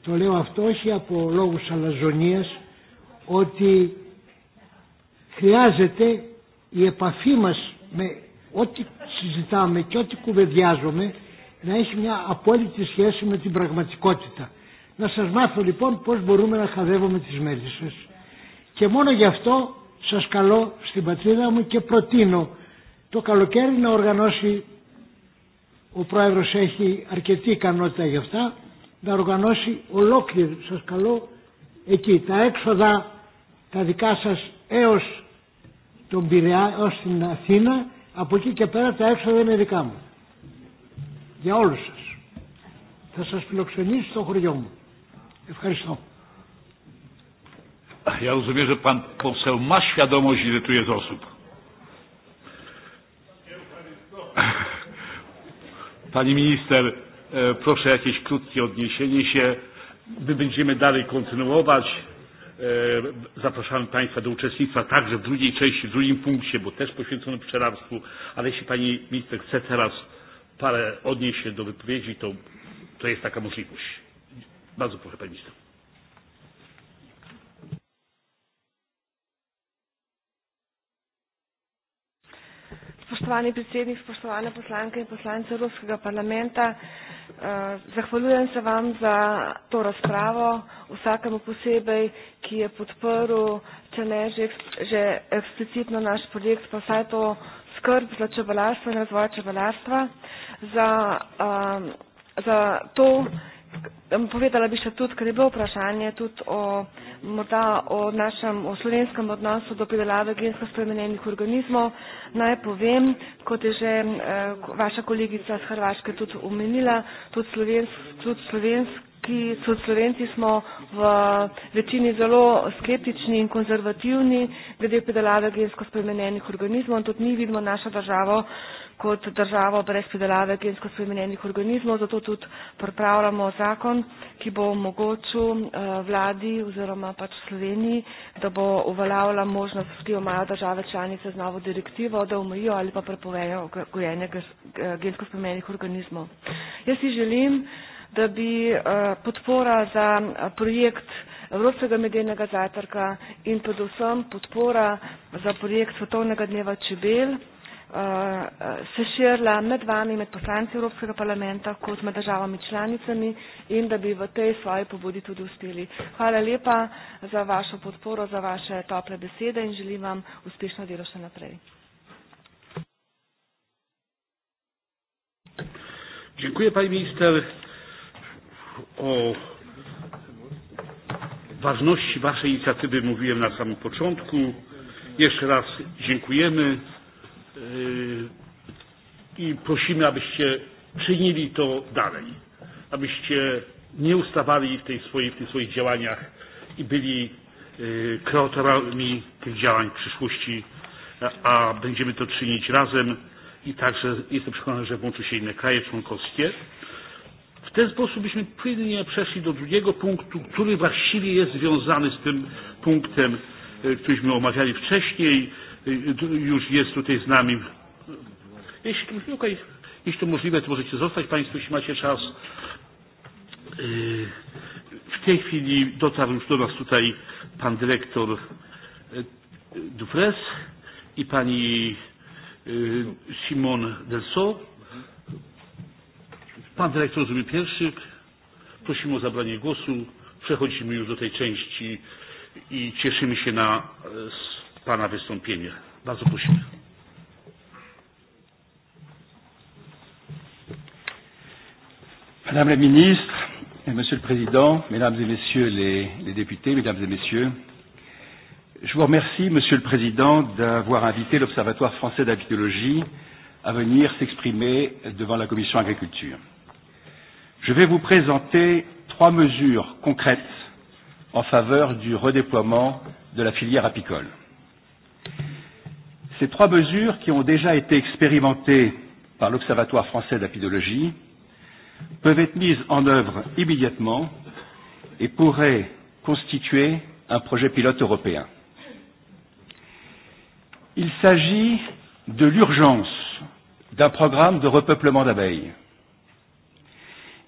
το λέω αυτό όχι από λόγους αλαζονίας, ότι χρειάζεται η επαφή μας με ό,τι συζητάμε και ό,τι κουβεντιάζομαι να έχει μια απόλυτη σχέση με την πραγματικότητα. Να σας μάθω λοιπόν πώς μπορούμε να χαδεύουμε τις μέλισσες. Και μόνο γι' αυτό σας καλώ στην πατρίδα μου και προτείνω το καλοκαίρι να οργανώσει ο πρόεδρος έχει αρκετή ικανότητα γι' αυτά να οργανώσει ολόκληρη σας καλώ εκεί τα έξοδα τα δικά σας έως τον Πειραιά έως την Αθήνα από εκεί και πέρα τα έξοδα είναι δικά μου για όλους σας. Θα σας φιλοξενήσω στο χωριό μου. Ευχαριστώ. Ja rozumiem, że pan poseł ma świadomość, ile tu jest osób. Pani minister, e, proszę jakieś krótkie odniesienie się. My będziemy dalej kontynuować. E, zapraszamy Państwa do uczestnictwa także w drugiej części, w drugim punkcie, bo też poświęcono pszczelarstwu, ale jeśli Pani minister chce teraz parę odnieść się do wypowiedzi, to, to jest taka możliwość. Bardzo proszę, pani minister. Spoštovani predsednik, spoštovane poslanke in poslance Evropskega parlamenta, eh, zahvaljujem se vam za to razpravo, vsakemu posebej, ki je podprl, če ne že, že eksplicitno naš projekt, pa vsaj to skrb za čebelarstvo in razvoj čebelarstva, za, um, za to, Povedala bi še tudi, ker je bilo vprašanje tudi o, morda o našem o slovenskem odnosu do pridelave gensko spremenjenih organizmov. Naj povem, kot je že eh, vaša kolegica z Hrvaške tudi omenila, tudi, slovensk, tudi slovensk, ki so Slovenci smo v večini zelo skeptični in konzervativni glede predelave gensko spremenjenih organizmov in tudi mi vidimo našo državo kot državo brez predelave gensko spremenjenih organizmov, zato tudi pripravljamo zakon, ki bo omogočil eh, vladi oziroma pač Sloveniji, da bo uveljavila možnost, ki jo imajo države članice z novo direktivo, da omejijo ali pa prepovejo gojenje eh, gensko spremenjenih organizmov. Jaz si želim, da bi eh, podpora za eh, projekt Evropskega medijnega zajtrka in predvsem podpora za projekt Svetovnega dneva čebel eh, se širila med vami, med poslanci Evropskega parlamenta, kot med državami članicami in da bi v tej svoji pobudi tudi uspeli. Hvala lepa za vašo podporo, za vaše tople besede in želim vam uspešno delo še naprej. Dziękuję pani minister o ważności Waszej inicjatywy mówiłem na samym początku. Jeszcze raz dziękujemy i prosimy, abyście czynili to dalej, abyście nie ustawali w, tej swojej, w tych swoich działaniach i byli kreatorami tych działań w przyszłości, a będziemy to czynić razem i także jestem przekonany, że włączą się inne kraje członkowskie ten sposób byśmy płynnie przeszli do drugiego punktu, który właściwie jest związany z tym punktem, e, któryśmy omawiali wcześniej. E, już jest tutaj z nami. Jeśli, okay, jeśli to możliwe, to możecie zostać Państwo, jeśli macie czas. E, w tej chwili dotarł już do nas tutaj pan dyrektor Dufres i pani Simon Delso Pan dyrektor zrobił pierwszy. Prosimy o zabranie głosu. Przechodzimy już do tej części i cieszymy się na e, Pana wystąpienie. Bardzo prosimy. Madame la Ministre, Monsieur le Président, Mesdames et Messieurs les, les députés, Mesdames et Messieurs, je vous remercie, Monsieur le Président, d'avoir invité l'Observatoire français d'apidologie à venir s'exprimer devant la Commission agriculture. Je vais vous présenter trois mesures concrètes en faveur du redéploiement de la filière apicole. Ces trois mesures qui ont déjà été expérimentées par l'Observatoire français d'apidologie, peuvent être mises en œuvre immédiatement et pourraient constituer un projet pilote européen. Il s'agit de l'urgence d'un programme de repeuplement d'abeilles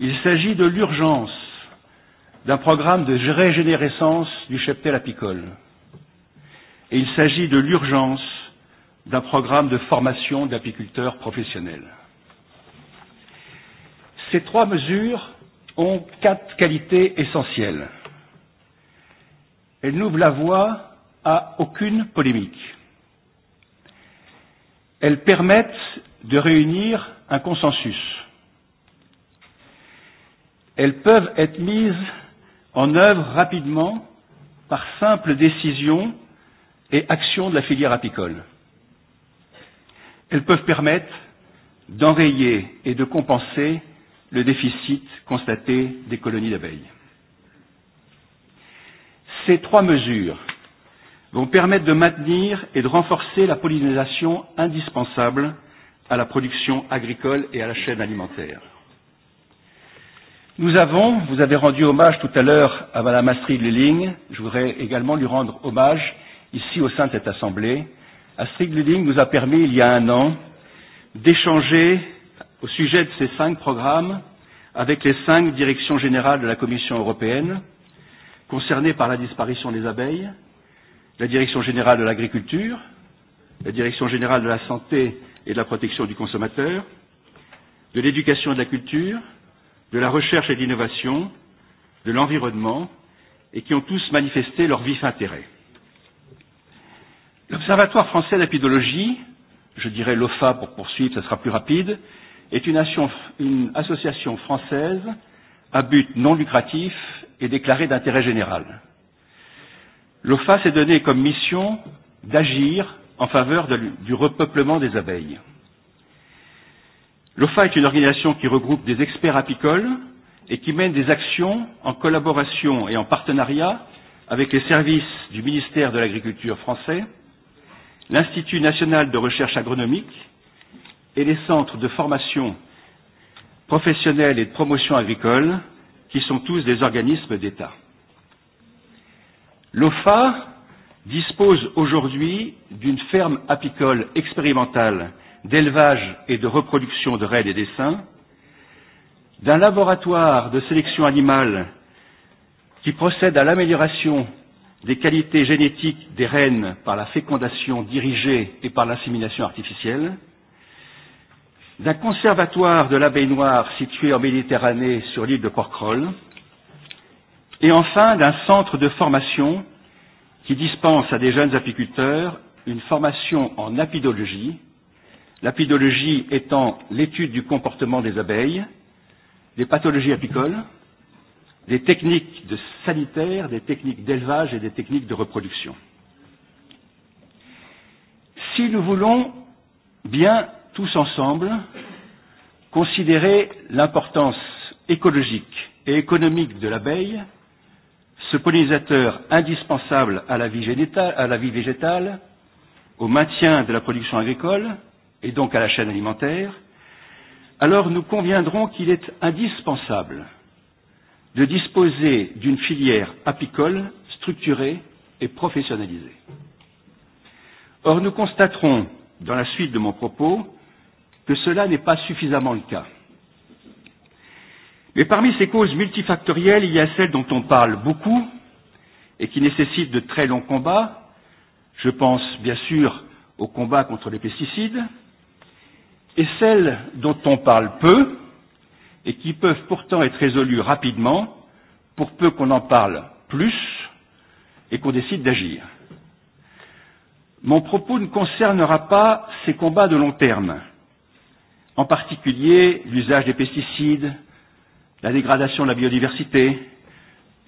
Il s'agit de l'urgence d'un programme de régénérescence du cheptel apicole. Et il s'agit de l'urgence d'un programme de formation d'apiculteurs professionnels. Ces trois mesures ont quatre qualités essentielles. Elles n'ouvrent la voie à aucune polémique. Elles permettent de réunir un consensus elles peuvent être mises en œuvre rapidement par simple décision et action de la filière apicole. Elles peuvent permettre d'enrayer et de compenser le déficit constaté des colonies d'abeilles. Ces trois mesures vont permettre de maintenir et de renforcer la pollinisation indispensable à la production agricole et à la chaîne alimentaire. Nous avons, vous avez rendu hommage tout à l'heure à Madame Astrid Lilling je voudrais également lui rendre hommage ici au sein de cette Assemblée. Astrid Lulling nous a permis, il y a un an, d'échanger au sujet de ces cinq programmes avec les cinq directions générales de la Commission européenne concernées par la disparition des abeilles, la direction générale de l'agriculture, la direction générale de la santé et de la protection du consommateur, de l'éducation et de la culture, de la recherche et de l'innovation, de l'environnement, et qui ont tous manifesté leur vif intérêt. L'Observatoire français d'apidologie, je dirais l'OFA pour poursuivre, ce sera plus rapide, est une, nation, une association française à but non lucratif et déclarée d'intérêt général. L'OFA s'est donné comme mission d'agir en faveur de, du repeuplement des abeilles. L'OFA est une organisation qui regroupe des experts apicoles et qui mène des actions en collaboration et en partenariat avec les services du ministère de l'Agriculture français, l'Institut national de recherche agronomique et les centres de formation professionnelle et de promotion agricole, qui sont tous des organismes d'État. L'OFA dispose aujourd'hui d'une ferme apicole expérimentale d'élevage et de reproduction de raies des dessins, d'un laboratoire de sélection animale qui procède à l'amélioration des qualités génétiques des rennes par la fécondation dirigée et par l'insémination artificielle, d'un conservatoire de l'abeille noire situé en Méditerranée sur l'île de Porquerolles, et enfin d'un centre de formation qui dispense à des jeunes apiculteurs une formation en apidologie L'apidologie étant l'étude du comportement des abeilles, des pathologies apicoles, des techniques de sanitaires, des techniques d'élevage et des techniques de reproduction. Si nous voulons bien tous ensemble considérer l'importance écologique et économique de l'abeille, ce pollinisateur indispensable à la vie, à la vie végétale, au maintien de la production agricole, et donc à la chaîne alimentaire, alors nous conviendrons qu'il est indispensable de disposer d'une filière apicole structurée et professionnalisée. Or, nous constaterons, dans la suite de mon propos, que cela n'est pas suffisamment le cas. Mais parmi ces causes multifactorielles, il y a celles dont on parle beaucoup et qui nécessitent de très longs combats. Je pense bien sûr au combat contre les pesticides, et celles dont on parle peu et qui peuvent pourtant être résolues rapidement pour peu qu'on en parle plus et qu'on décide d'agir. Mon propos ne concernera pas ces combats de long terme, en particulier l'usage des pesticides, la dégradation de la biodiversité.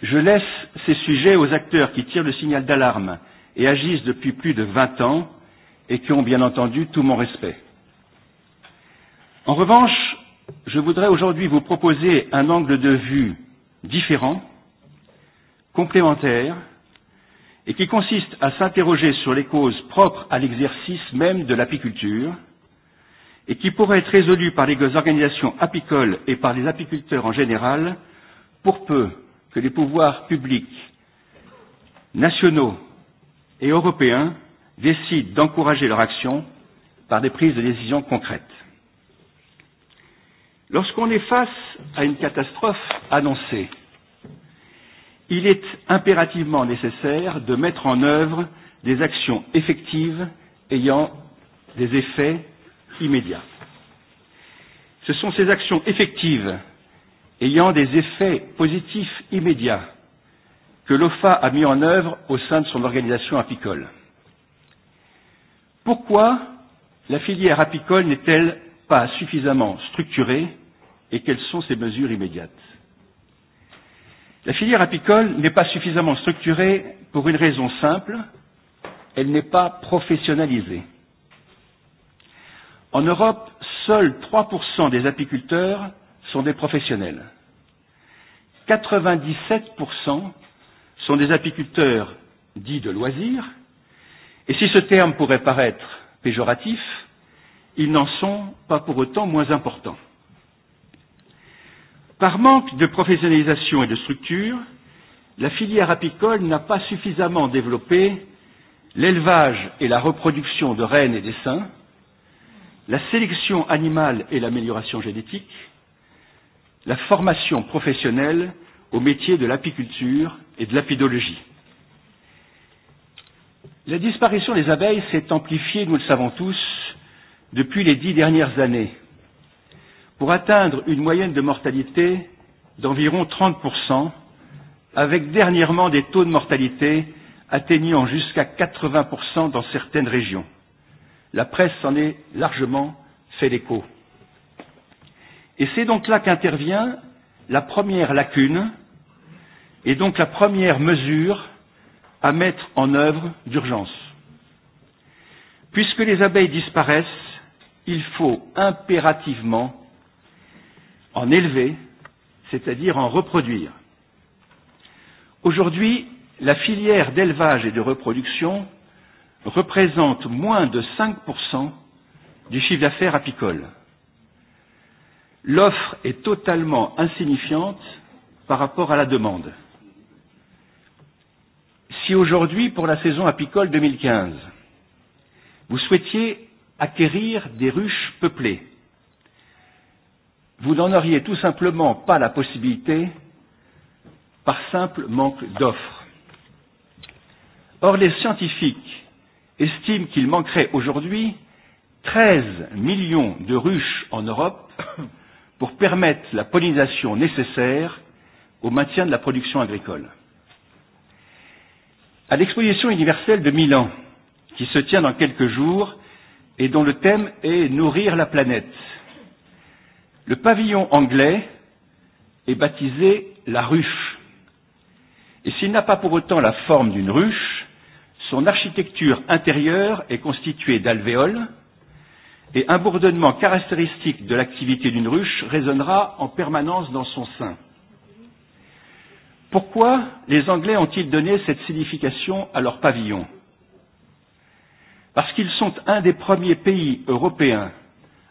Je laisse ces sujets aux acteurs qui tirent le signal d'alarme et agissent depuis plus de 20 ans et qui ont bien entendu tout mon respect. En revanche, je voudrais aujourd'hui vous proposer un angle de vue différent, complémentaire, et qui consiste à s'interroger sur les causes propres à l'exercice même de l'apiculture, et qui pourrait être résolu par les organisations apicoles et par les apiculteurs en général, pour peu que les pouvoirs publics nationaux et européens décident d'encourager leur action par des prises de décisions concrètes. Lorsqu'on est face à une catastrophe annoncée, il est impérativement nécessaire de mettre en œuvre des actions effectives ayant des effets immédiats. Ce sont ces actions effectives ayant des effets positifs immédiats que l'OFA a mis en œuvre au sein de son organisation apicole. Pourquoi la filière apicole n'est-elle pas suffisamment structurée et quelles sont ses mesures immédiates La filière apicole n'est pas suffisamment structurée pour une raison simple, elle n'est pas professionnalisée. En Europe, seuls 3% des apiculteurs sont des professionnels. 97% sont des apiculteurs dits de loisirs, et si ce terme pourrait paraître péjoratif, ils n'en sont pas pour autant moins importants. Par manque de professionnalisation et de structure, la filière apicole n'a pas suffisamment développé l'élevage et la reproduction de rennes et d'essaims, la sélection animale et l'amélioration génétique, la formation professionnelle au métier de l'apiculture et de l'apidologie. La disparition des abeilles s'est amplifiée, nous le savons tous, depuis les dix dernières années, pour atteindre une moyenne de mortalité d'environ 30%, avec dernièrement des taux de mortalité atteignant jusqu'à 80% dans certaines régions. La presse s'en est largement fait l'écho. Et c'est donc là qu'intervient la première lacune et donc la première mesure à mettre en œuvre d'urgence. Puisque les abeilles disparaissent, il faut impérativement en élever, c'est-à-dire en reproduire. Aujourd'hui, la filière d'élevage et de reproduction représente moins de 5% du chiffre d'affaires apicole. L'offre est totalement insignifiante par rapport à la demande. Si aujourd'hui, pour la saison apicole 2015, vous souhaitiez acquérir des ruches peuplées, vous n'en auriez tout simplement pas la possibilité par simple manque d'offres. Or, les scientifiques estiment qu'il manquerait aujourd'hui 13 millions de ruches en Europe pour permettre la pollinisation nécessaire au maintien de la production agricole. À l'exposition universelle de Milan, qui se tient dans quelques jours et dont le thème est Nourrir la planète, Le pavillon anglais est baptisé la ruche. Et s'il n'a pas pour autant la forme d'une ruche, son architecture intérieure est constituée d'alvéoles et un bourdonnement caractéristique de l'activité d'une ruche résonnera en permanence dans son sein. Pourquoi les Anglais ont-ils donné cette signification à leur pavillon Parce qu'ils sont un des premiers pays européens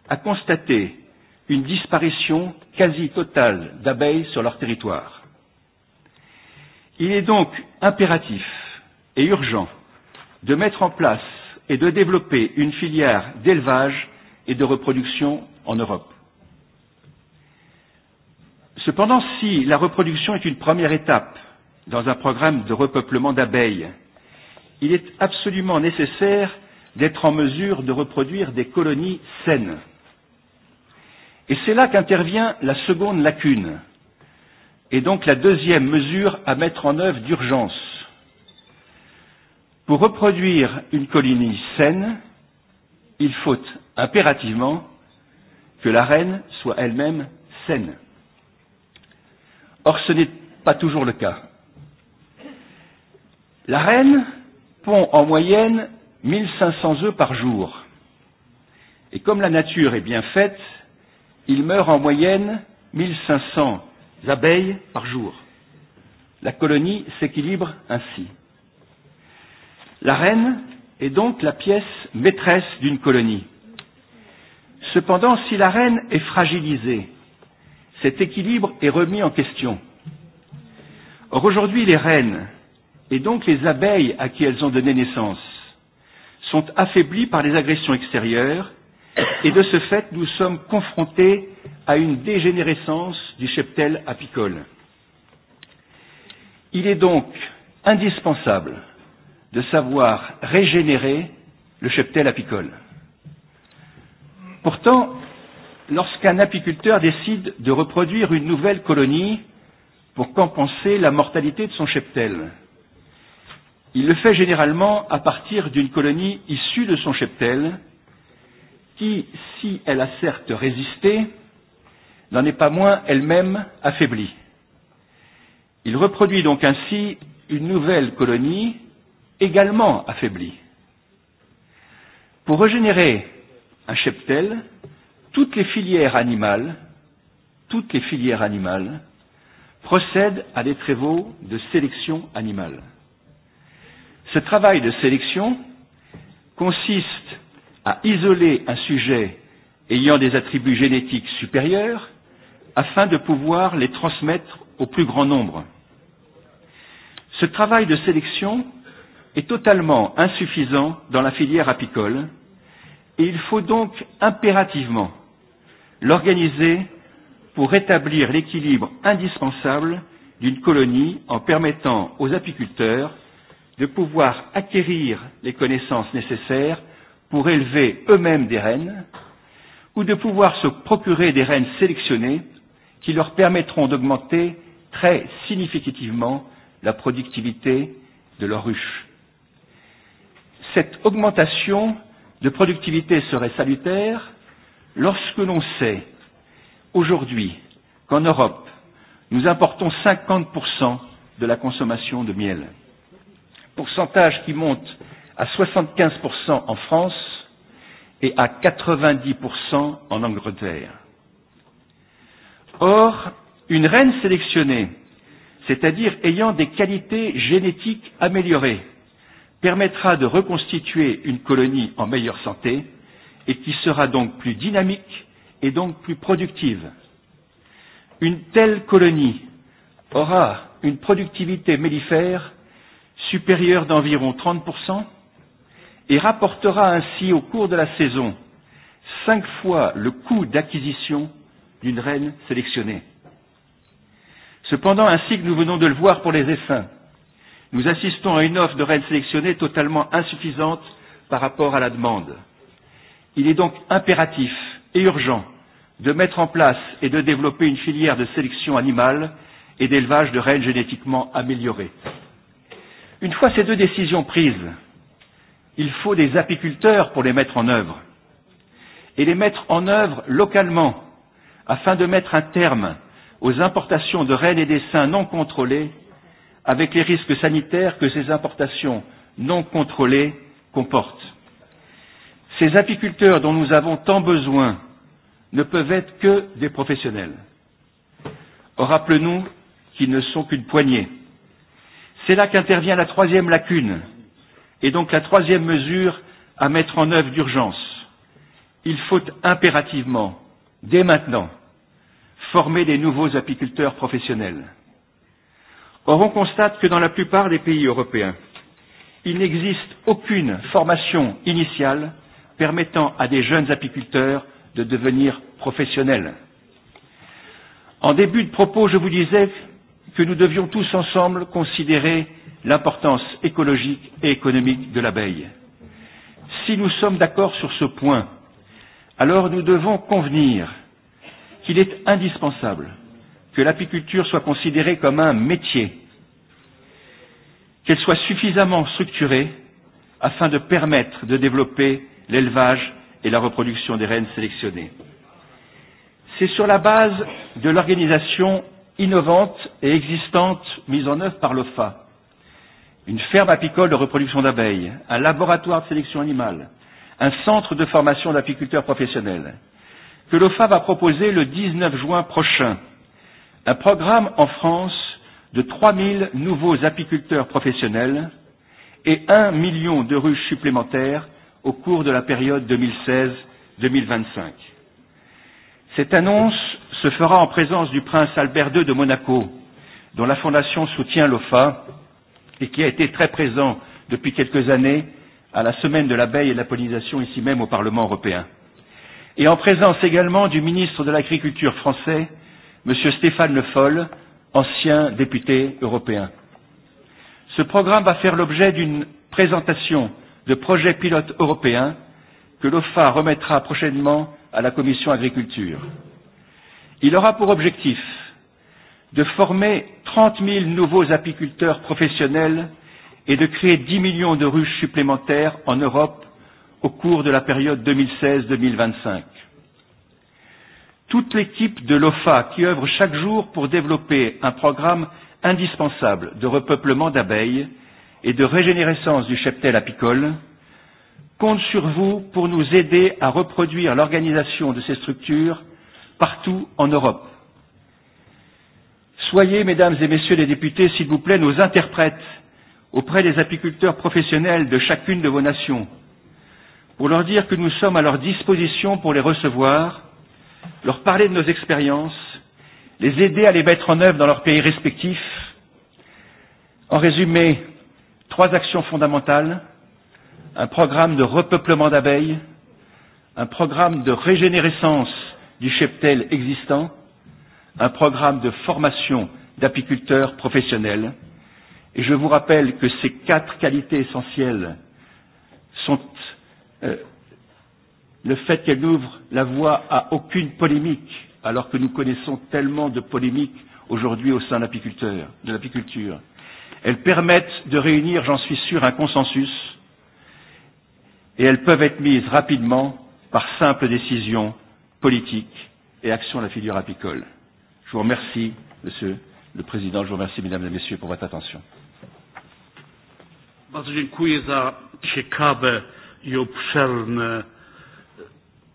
à constater une disparition quasi totale d'abeilles sur leur territoire. Il est donc impératif et urgent de mettre en place et de développer une filière d'élevage et de reproduction en Europe. Cependant, si la reproduction est une première étape dans un programme de repeuplement d'abeilles, il est absolument nécessaire d'être en mesure de reproduire des colonies saines Et c'est là qu'intervient la seconde lacune, et donc la deuxième mesure à mettre en œuvre d'urgence. Pour reproduire une colonie saine, il faut impérativement que la reine soit elle-même saine. Or, ce n'est pas toujours le cas. La reine pond en moyenne 1500 œufs par jour. Et comme la nature est bien faite, il meurt en moyenne 1500 abeilles par jour. La colonie s'équilibre ainsi. La reine est donc la pièce maîtresse d'une colonie. Cependant, si la reine est fragilisée, cet équilibre est remis en question. Or aujourd'hui, les reines, et donc les abeilles à qui elles ont donné naissance, sont affaiblies par les agressions extérieures Et de ce fait, nous sommes confrontés à une dégénérescence du cheptel apicole. Il est donc indispensable de savoir régénérer le cheptel apicole. Pourtant, lorsqu'un apiculteur décide de reproduire une nouvelle colonie pour compenser la mortalité de son cheptel, il le fait généralement à partir d'une colonie issue de son cheptel qui, si elle a certes résisté, n'en est pas moins elle-même affaiblie. Il reproduit donc ainsi une nouvelle colonie également affaiblie. Pour régénérer un cheptel, toutes les filières animales, toutes les filières animales procèdent à des travaux de sélection animale. Ce travail de sélection consiste à isoler un sujet ayant des attributs génétiques supérieurs afin de pouvoir les transmettre au plus grand nombre. Ce travail de sélection est totalement insuffisant dans la filière apicole et il faut donc impérativement l'organiser pour rétablir l'équilibre indispensable d'une colonie en permettant aux apiculteurs de pouvoir acquérir les connaissances nécessaires pour élever eux-mêmes des rennes ou de pouvoir se procurer des rennes sélectionnées qui leur permettront d'augmenter très significativement la productivité de leur ruche. Cette augmentation de productivité serait salutaire lorsque l'on sait aujourd'hui qu'en Europe, nous importons 50% de la consommation de miel, pourcentage qui monte à 75% en France et à 90% en Angleterre. Or, une reine sélectionnée, c'est-à-dire ayant des qualités génétiques améliorées, permettra de reconstituer une colonie en meilleure santé et qui sera donc plus dynamique et donc plus productive. Une telle colonie aura une productivité mellifère supérieure d'environ 30 et rapportera ainsi au cours de la saison cinq fois le coût d'acquisition d'une reine sélectionnée. Cependant, ainsi que nous venons de le voir pour les essaims, nous assistons à une offre de reines sélectionnées totalement insuffisante par rapport à la demande. Il est donc impératif et urgent de mettre en place et de développer une filière de sélection animale et d'élevage de rennes génétiquement améliorées. Une fois ces deux décisions prises, il faut des apiculteurs pour les mettre en œuvre et les mettre en œuvre localement afin de mettre un terme aux importations de rennes et d'essaims non contrôlés avec les risques sanitaires que ces importations non contrôlées comportent. Ces apiculteurs dont nous avons tant besoin ne peuvent être que des professionnels. Or, rappelons-nous qu'ils ne sont qu'une poignée. C'est là qu'intervient la troisième lacune est donc la troisième mesure à mettre en œuvre d'urgence, il faut impérativement, dès maintenant, former des nouveaux apiculteurs professionnels. Or, on constate que dans la plupart des pays européens, il n'existe aucune formation initiale permettant à des jeunes apiculteurs de devenir professionnels. En début de propos, je vous disais que nous devions tous ensemble considérer l'importance écologique et économique de l'abeille. Si nous sommes d'accord sur ce point, alors nous devons convenir qu'il est indispensable que l'apiculture soit considérée comme un métier, qu'elle soit suffisamment structurée afin de permettre de développer l'élevage et la reproduction des rennes sélectionnées. C'est sur la base de l'organisation innovante et existante mise en œuvre par l'OFA une ferme apicole de reproduction d'abeilles, un laboratoire de sélection animale, un centre de formation d'apiculteurs professionnels, que l'OFA va proposer le 19 juin prochain un programme en France de 3 000 nouveaux apiculteurs professionnels et 1 million de ruches supplémentaires au cours de la période 2016-2025. Cette annonce se fera en présence du prince Albert II de Monaco, dont la Fondation soutient l'OFA et qui a été très présent depuis quelques années à la semaine de l'abeille et de la pollinisation ici même au Parlement européen. Et en présence également du ministre de l'Agriculture français, M. Stéphane Le Foll, ancien député européen. Ce programme va faire l'objet d'une présentation de projets pilotes européens que l'OFA remettra prochainement à la Commission agriculture. Il aura pour objectif de former 30 000 nouveaux apiculteurs professionnels et de créer 10 millions de ruches supplémentaires en Europe au cours de la période 2016-2025. Toute l'équipe de l'OFA qui œuvre chaque jour pour développer un programme indispensable de repeuplement d'abeilles et de régénérescence du cheptel apicole compte sur vous pour nous aider à reproduire l'organisation de ces structures partout en Europe Soyez, mesdames et messieurs les députés, s'il vous plaît, nos interprètes auprès des apiculteurs professionnels de chacune de vos nations, pour leur dire que nous sommes à leur disposition pour les recevoir, leur parler de nos expériences, les aider à les mettre en œuvre dans leurs pays respectifs. En résumé, trois actions fondamentales un programme de repeuplement d'abeilles, un programme de régénérescence du cheptel existant un programme de formation d'apiculteurs professionnels. Et je vous rappelle que ces quatre qualités essentielles sont euh, le fait qu'elles n'ouvrent la voie à aucune polémique, alors que nous connaissons tellement de polémiques aujourd'hui au sein de l'apiculture. Elles permettent de réunir, j'en suis sûr, un consensus et elles peuvent être mises rapidement par simple décision politique et action de la filière apicole. Je vous remercie, Monsieur le Président. Je vous remercie, Mesdames et Messieurs, pour votre attention. Bardzo dziękuję za ciekawe i obszerne,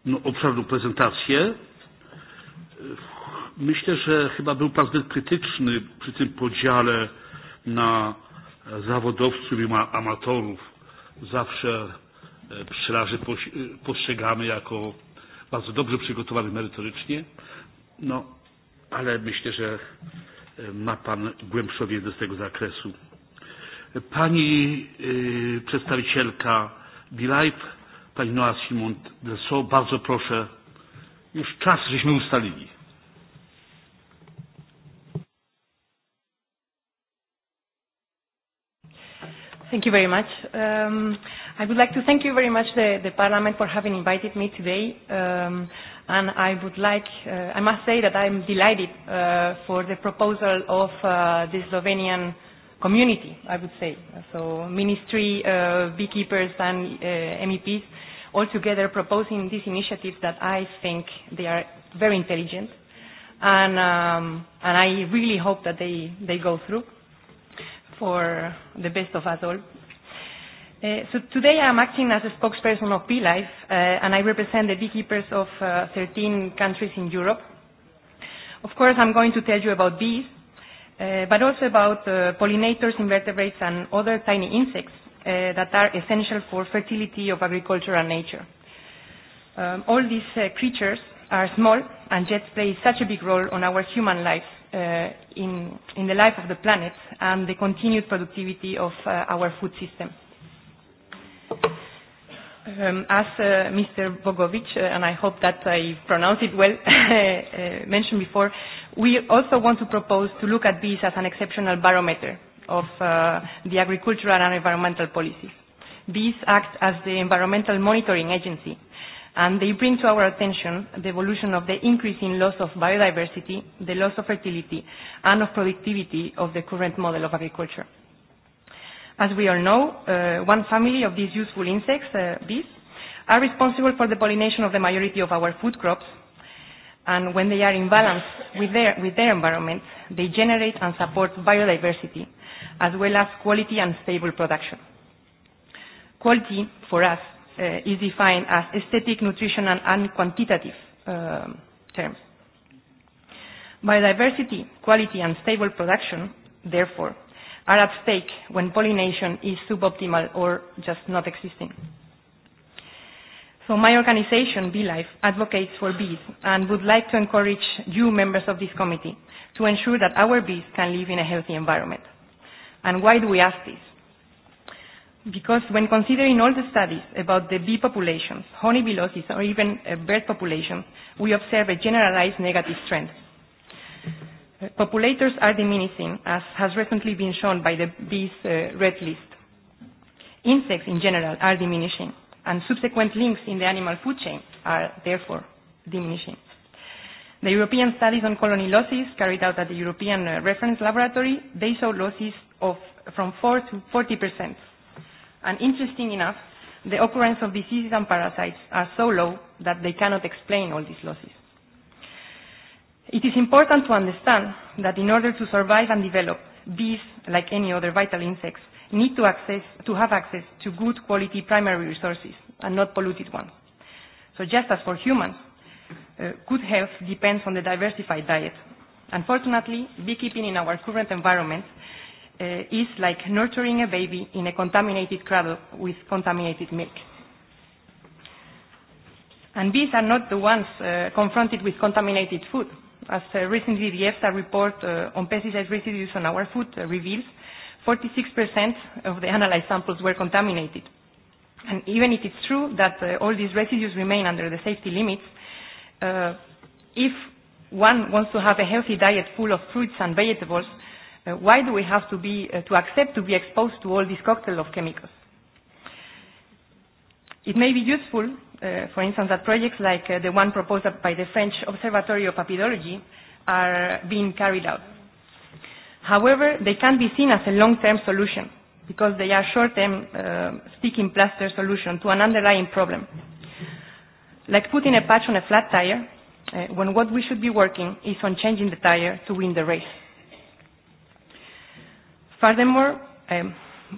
no, obszerną prezentację. Myślę, że chyba był Pan zbyt krytyczny przy tym podziale na zawodowców i amatorów. Zawsze e, pszczelarzy e, postrzegamy jako bardzo dobrze przygotowanych merytorycznie. No, ale myślę, że e, ma Pan głębszą wiedzę z tego zakresu. Pani yy, e, przedstawicielka BeLife, Pani Noa Simon, bardzo proszę, już czas żeśmy ustalili. Thank you very much. Um, I would like to thank you very much the, the Parliament for having invited me today. Um, and I would like, uh, I must say that I'm delighted uh, for the proposal of uh, the Slovenian community, I would say. So ministry, uh, beekeepers and uh, MEPs all together proposing these initiatives that I think they are very intelligent and, um, and I really hope that they, they go through for the best of us all. Uh, so today I'm acting as a spokesperson of BeLife, uh, and I represent the beekeepers of uh, 13 countries in Europe. Of course, I'm going to tell you about bees, uh, but also about uh, pollinators, invertebrates, and other tiny insects uh, that are essential for fertility of agriculture and nature. Um, all these uh, creatures are small, and yet play such a big role on our human life, uh, in, in the life of the planet, and the continued productivity of uh, our food system. Um, as uh, Mr. Bogovic, uh, and I hope that I pronounced it well, uh, uh, mentioned before, we also want to propose to look at this as an exceptional barometer of uh, the agricultural and environmental policies. These act as the environmental monitoring agency, and they bring to our attention the evolution of the increase in loss of biodiversity, the loss of fertility, and of productivity of the current model of agriculture. As we all know, uh, one family of these useful insects, uh, bees, are responsible for the pollination of the majority of our food crops, and when they are in balance with their, with their environment, they generate and support biodiversity, as well as quality and stable production. Quality, for us, uh, is defined as aesthetic, nutritional, and quantitative um, terms. Biodiversity, quality, and stable production, therefore, are at stake when pollination is suboptimal or just not existing. So my organization, BeeLife, advocates for bees and would like to encourage you, members of this committee, to ensure that our bees can live in a healthy environment. And why do we ask this? Because when considering all the studies about the bee populations, honeybee losses, or even bird populations, we observe a generalized negative trend. Populators are diminishing, as has recently been shown by the bees uh, red list. Insects in general are diminishing, and subsequent links in the animal food chain are therefore diminishing. The European studies on colony losses carried out at the European uh, Reference Laboratory, they saw losses of from 4 to 40 percent. And interesting enough, the occurrence of diseases and parasites are so low that they cannot explain all these losses. It is important to understand that in order to survive and develop, bees, like any other vital insects, need to, access, to have access to good quality primary resources and not polluted ones. So just as for humans, uh, good health depends on the diversified diet. Unfortunately, beekeeping in our current environment uh, is like nurturing a baby in a contaminated cradle with contaminated milk. And bees are not the ones uh, confronted with contaminated food. As uh, recently e the EFSA report uh, on pesticide residues on our food uh, reveals, 46% of the analyzed samples were contaminated. And even if it's true that uh, all these residues remain under the safety limits, uh, if one wants to have a healthy diet full of fruits and vegetables, uh, why do we have to, be, uh, to accept to be exposed to all this cocktail of chemicals? It may be useful uh, for instance, that projects like uh, the one proposed by the French Observatory of Apidology are being carried out. However, they can be seen as a long-term solution because they are short-term uh, sticking plaster solution to an underlying problem. Like putting a patch on a flat tire, uh, when what we should be working is on changing the tire to win the race. Furthermore, um,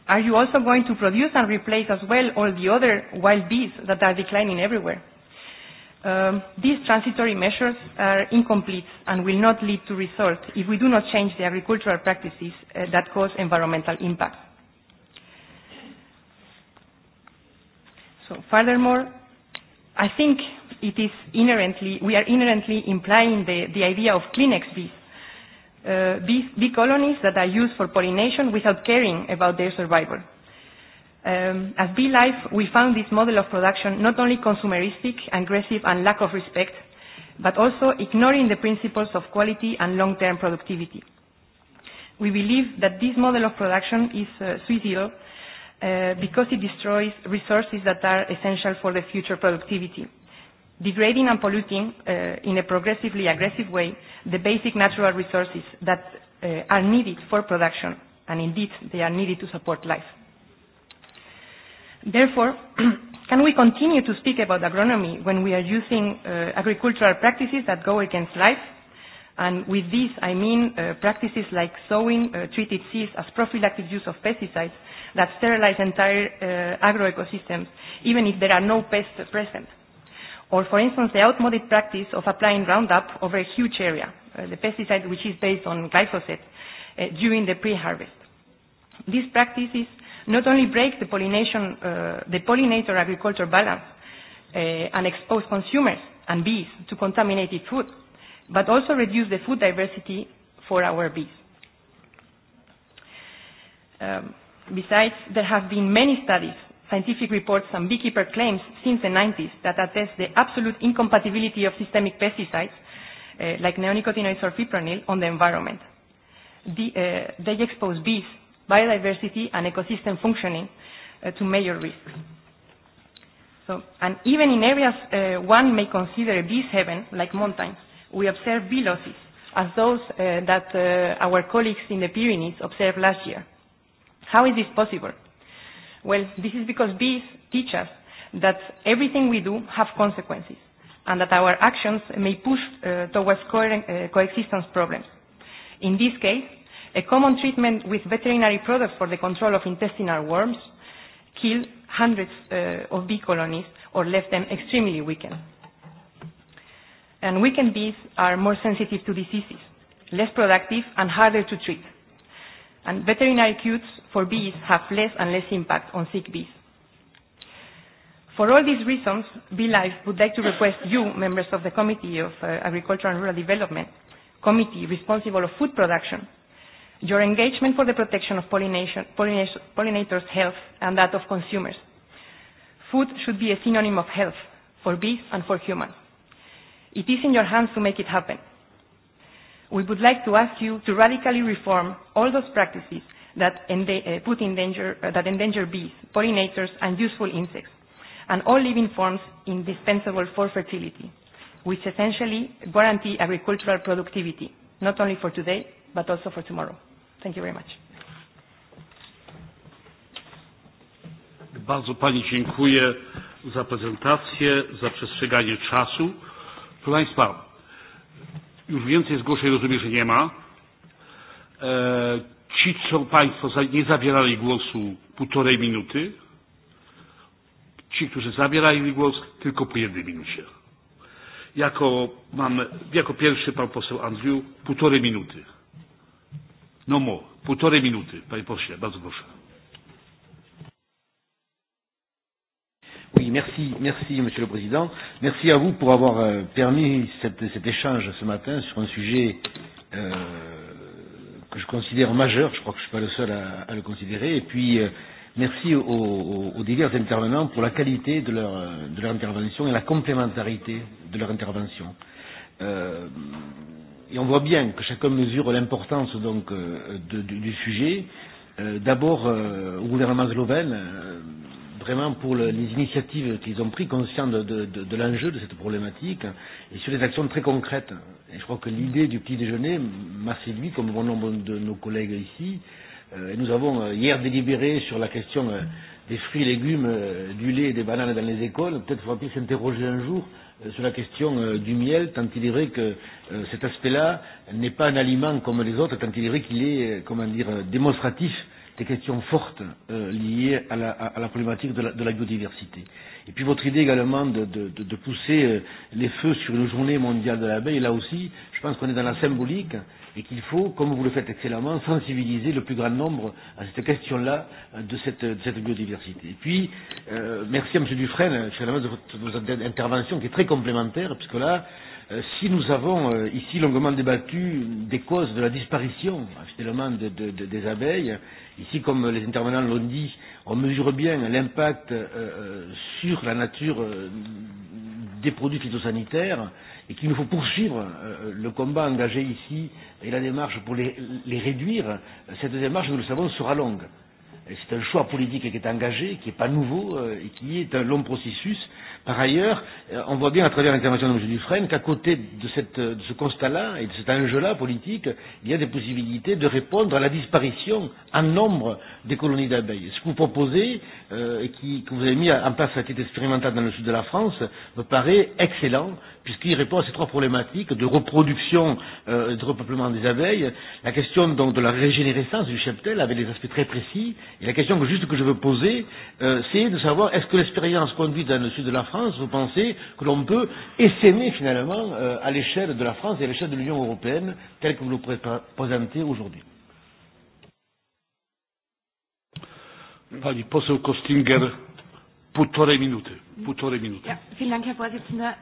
Are you also going to produce and replace as well all the other wild bees that are declining everywhere? Um, these transitory measures are incomplete and will not lead to results if we do not change the agricultural practices uh, that cause environmental impact. So furthermore, I think it is inherently, we are inherently implying the, the idea of Kleenex bees uh, bee, bee colonies that are used for pollination without caring about their survival. Um, as Bee Life, we found this model of production not only consumeristic, aggressive, and lack of respect, but also ignoring the principles of quality and long-term productivity. We believe that this model of production is uh, suicidal uh, because it destroys resources that are essential for the future productivity degrading and polluting uh, in a progressively aggressive way the basic natural resources that uh, are needed for production, and indeed they are needed to support life. Therefore, can we continue to speak about agronomy when we are using uh, agricultural practices that go against life? And with this, I mean uh, practices like sowing uh, treated seeds as prophylactic use of pesticides that sterilize entire uh, agroecosystems, even if there are no pests present Or, for instance, the outmoded practice of applying Roundup over a huge area, uh, the pesticide which is based on glyphosate, uh, during the pre-harvest. These practices not only break the, pollination, uh, the pollinator agriculture balance uh, and expose consumers and bees to contaminated food, but also reduce the food diversity for our bees. Um, besides, there have been many studies scientific reports and beekeeper claims since the 90s that attest the absolute incompatibility of systemic pesticides uh, like neonicotinoids or fipronil on the environment. The, uh, they expose bees, biodiversity and ecosystem functioning uh, to major risks. So, and even in areas uh, one may consider a bees heaven, like mountains, we observe bee losses as those uh, that uh, our colleagues in the Pyrenees observed last year. How is this possible? Well, this is because bees teach us that everything we do have consequences and that our actions may push uh, towards co uh, coexistence problems. In this case, a common treatment with veterinary products for the control of intestinal worms killed hundreds uh, of bee colonies or left them extremely weakened. And weakened bees are more sensitive to diseases, less productive and harder to treat and veterinary cues for bees have less and less impact on sick bees. For all these reasons, BeeLife would like to request you, members of the Committee of uh, Agriculture and Rural Development, committee responsible of food production, your engagement for the protection of pollination, pollination, pollinators' health and that of consumers. Food should be a synonym of health for bees and for humans. It is in your hands to make it happen we would like to ask you to radically reform all those practices that, enda- uh, put in danger, uh, that endanger bees, pollinators, and useful insects, and all living forms indispensable for fertility, which essentially guarantee agricultural productivity, not only for today, but also for tomorrow. Thank you very much. Bardzo Pani dziękuję za prezentację, za przestrzeganie czasu. Proszę Państwa, Już więcej zgłoszeń rozumiem, że nie ma. E, ci, co Państwo za, nie zabierali głosu, półtorej minuty. Ci, którzy zabierali głos, tylko po jednej minucie. Jako, mam, jako pierwszy pan poseł Andriu, półtorej minuty. No mo, półtorej minuty, panie pośle, bardzo proszę. Oui, merci, merci Monsieur le Président. Merci à vous pour avoir euh, permis cette, cet échange ce matin sur un sujet euh, que je considère majeur, je crois que je ne suis pas le seul à, à le considérer, et puis euh, merci aux, aux, aux divers intervenants pour la qualité de leur, euh, de leur intervention et la complémentarité de leur intervention. Euh, et on voit bien que chacun mesure l'importance donc euh, de, du, du sujet. Euh, D'abord, euh, au gouvernement slovène, euh, vraiment pour le, les initiatives qu'ils ont prises, conscients de, de, de, de l'enjeu de cette problématique, et sur des actions très concrètes. Et je crois que l'idée du petit déjeuner m'a séduit, comme bon nombre de nos collègues ici. Euh, et nous avons euh, hier délibéré sur la question euh, des fruits et légumes, euh, du lait et des bananes dans les écoles. Peut-être faudra-t-il s'interroger un jour euh, sur la question euh, du miel, tant il est vrai que euh, cet aspect-là n'est pas un aliment comme les autres, tant il est vrai qu'il est, euh, comment dire, euh, démonstratif euh, des questions fortes euh, liées à la, à la problématique de la, de la biodiversité. Et puis votre idée également de, de, de pousser euh, les feux sur une journée mondiale de l'abeille, là aussi, je pense qu'on est dans la symbolique et qu'il faut, comme vous le faites excellemment, sensibiliser le plus grand nombre à cette question-là euh, de cette, de cette biodiversité. Et puis, euh, merci à M. Dufresne, finalement, de votre, de votre intervention qui est très complémentaire, puisque là, Euh, si nous avons euh, ici longuement débattu des causes de la disparition finalement de, de, de, des abeilles, ici comme les intervenants l'ont dit, on mesure bien l'impact euh, euh, sur la nature euh, des produits phytosanitaires et qu'il nous faut poursuivre euh, le combat engagé ici et la démarche pour les, les réduire. Cette démarche, nous le savons, sera longue. C'est un choix politique qui est engagé, qui n'est pas nouveau euh, et qui est un long processus Par ailleurs, euh, on voit bien à travers l'intervention de M. Dufresne qu'à côté de, cette, euh, de ce constat-là et de cet enjeu-là politique, il y a des possibilités de répondre à la disparition en nombre des colonies d'abeilles. Ce que vous proposez, euh, qui, que vous avez mis en place à titre expérimental dans le sud de la France me paraît excellent puisqu'il répond à ces trois problématiques de reproduction euh, et de repeuplement des abeilles, la question donc de la régénérescence du cheptel avec des aspects très précis, et la question que, juste que je veux poser, euh, c'est de savoir est-ce que l'expérience conduite dans le sud de la France, vous pensez que l'on peut essaimer finalement euh, à l'échelle de la France et à l'échelle de l'Union européenne, telle que vous le présentez aujourd'hui Pani poseł Kostinger, półtorej minuty. Półtorej minuty. Ja, vielen Dank, Herr Vorsitzender.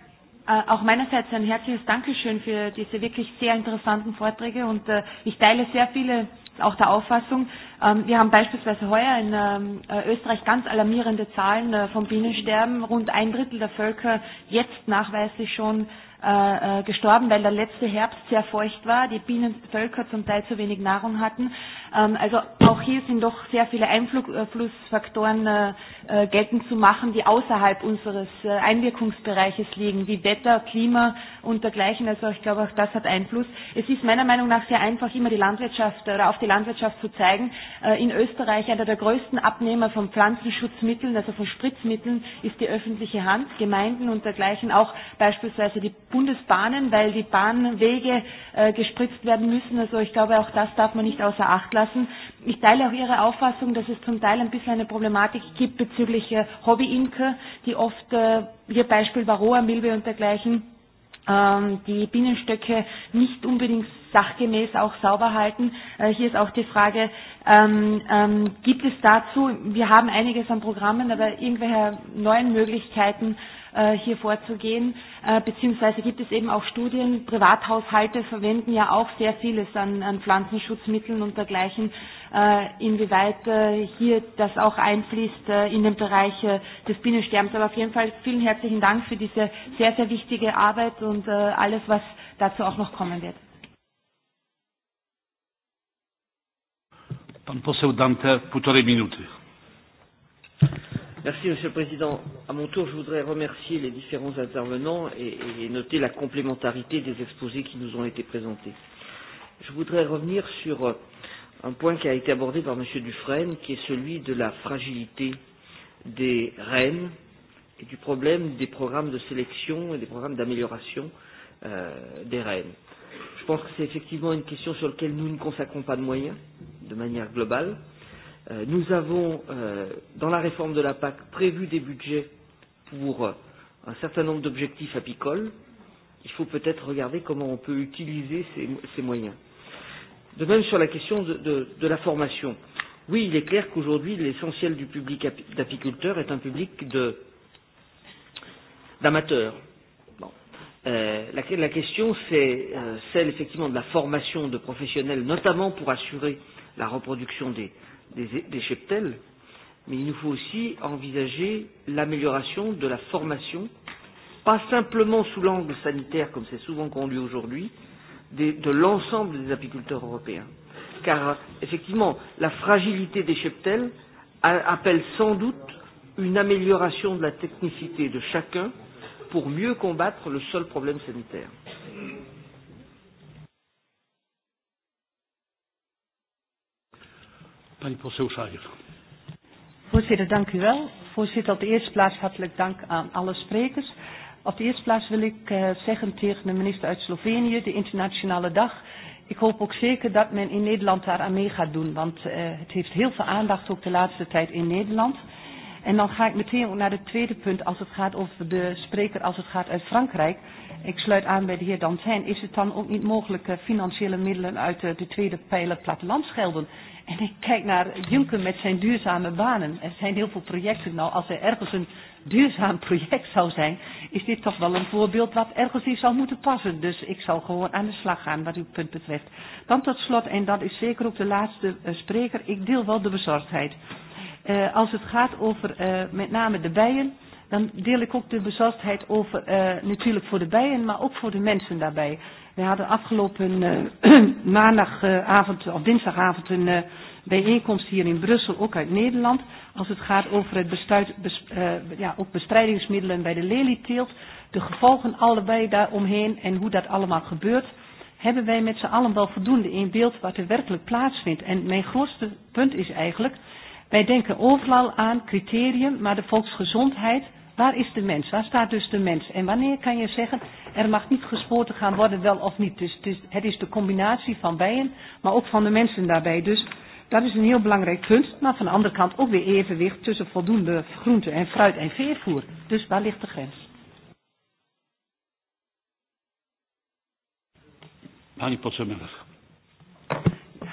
Äh, auch meinerseits ein herzliches Dankeschön für diese wirklich sehr interessanten Vorträge und äh, ich teile sehr viele auch der Auffassung. Ähm, wir haben beispielsweise heuer in ähm, äh, Österreich ganz alarmierende Zahlen vom Bienensterben. Rund ein Drittel der Völker jetzt nachweislich schon gestorben, weil der letzte Herbst sehr feucht war, die Bienenvölker zum Teil zu wenig Nahrung hatten. Ähm, also auch hier sind doch sehr viele Einflussfaktoren äh, äh, geltend zu machen, die außerhalb unseres äh, Einwirkungsbereiches liegen, wie Wetter, Klima und dergleichen. Also ich glaube, auch das hat Einfluss. Es ist meiner Meinung nach sehr einfach, immer die Landwirtschaft oder auf die Landwirtschaft zu zeigen. In Österreich einer der größten Abnehmer von Pflanzenschutzmitteln, also von Spritzmitteln, ist die öffentliche Hand, Gemeinden und dergleichen, auch beispielsweise die Bundesbahnen, weil die Bahnwege gespritzt werden müssen. Also ich glaube, auch das darf man nicht außer Acht lassen lassen. Ich teile auch Ihre Auffassung, dass es zum Teil ein bisschen eine Problematik gibt bezüglich äh, hobby die oft, äh, Ihr Beispiel Varroa, Milbe und dergleichen, Ähm, die Bienenstöcke nicht unbedingt sachgemäß auch sauber halten. Äh, hier ist auch die Frage, ähm, ähm, gibt es dazu, wir haben einiges an Programmen, aber irgendwelche neuen Möglichkeiten äh, hier vorzugehen, äh, beziehungsweise gibt es eben auch Studien, Privathaushalte verwenden ja auch sehr vieles an, an Pflanzenschutzmitteln und dergleichen äh, inwieweit äh, hier das auch einfließt äh, in den Bereich äh, des Bienensterbens. Aber auf jeden Fall vielen herzlichen Dank für diese sehr, sehr wichtige Arbeit und äh, alles, was dazu auch noch kommen wird. Pan poseł Dante, półtorej minuty. Merci, Monsieur le Président. À mon tour, je voudrais remercier les différents intervenants et, et noter la complémentarité des exposés qui nous ont été présentés. Je voudrais revenir sur euh, un point qui a été abordé par M. Dufresne, qui est celui de la fragilité des reines et du problème des programmes de sélection et des programmes d'amélioration euh, des reines. Je pense que c'est effectivement une question sur laquelle nous ne consacrons pas de moyens, de manière globale. Euh, nous avons, euh, dans la réforme de la PAC, prévu des budgets pour euh, un certain nombre d'objectifs apicoles. Il faut peut-être regarder comment on peut utiliser ces, ces moyens. De même sur la question de, de, de la formation. Oui, il est clair qu'aujourd'hui, l'essentiel du public d'apiculteurs est un public d'amateurs. Bon. Euh, la, la question, c'est euh, celle effectivement de la formation de professionnels, notamment pour assurer la reproduction des, des, des cheptels, mais il nous faut aussi envisager l'amélioration de la formation, pas simplement sous l'angle sanitaire comme c'est souvent conduit aujourd'hui, de, de l'ensemble des apiculteurs européens. Car effectivement, la fragilité des cheptels a, appelle sans doute une amélioration de la technicité de chacun pour mieux combattre le seul problème sanitaire. Voorzitter, dank u wel. Voorzitter, op de eerste plaats hartelijk dank aan alle sprekers. Op de eerste plaats wil ik eh, zeggen tegen de minister uit Slovenië, de Internationale Dag. Ik hoop ook zeker dat men in Nederland daar aan mee gaat doen, want eh, het heeft heel veel aandacht ook de laatste tijd in Nederland. En dan ga ik meteen ook naar het tweede punt als het gaat over de spreker, als het gaat uit Frankrijk. Ik sluit aan bij de heer Dantijn. Is het dan ook niet mogelijk eh, financiële middelen uit de tweede pijler plattelandsgelden En ik kijk naar Juncker met zijn duurzame banen. Er zijn heel veel projecten. Nou, als er ergens een duurzaam project zou zijn, is dit toch wel een voorbeeld wat ergens in zou moeten passen. Dus ik zal gewoon aan de slag gaan wat uw punt betreft. Dan tot slot, en dat is zeker ook de laatste eh, spreker, ik deel wel de bezorgdheid. Uh, als het gaat over uh, met name de bijen, dan deel ik ook de bezorgdheid over uh, natuurlijk voor de bijen, maar ook voor de mensen daarbij. We hadden afgelopen uh, maandagavond eh, of dinsdagavond een uh, bijeenkomst hier in Brussel, ook uit Nederland, als het gaat over het bestuit, bes, uh, ja, ook bestrijdingsmiddelen bij de lelieteelt, de gevolgen allebei daaromheen en hoe dat allemaal gebeurt. Hebben wij met z'n allen wel voldoende in beeld wat er werkelijk plaatsvindt? En mijn grootste punt is eigenlijk, wij denken overal aan criterium, maar de volksgezondheid Waar is de mens? Waar staat dus de mens? En wanneer kan je zeggen, er mag niet gespoten gaan worden, wel of niet? Dus het is, het is de combinatie van bijen, maar ook van de mensen daarbij. Dus dat is een heel belangrijk punt. Maar van de andere kant ook weer evenwicht tussen voldoende groente en fruit en veervoer. Dus waar ligt de grens? Pani poseł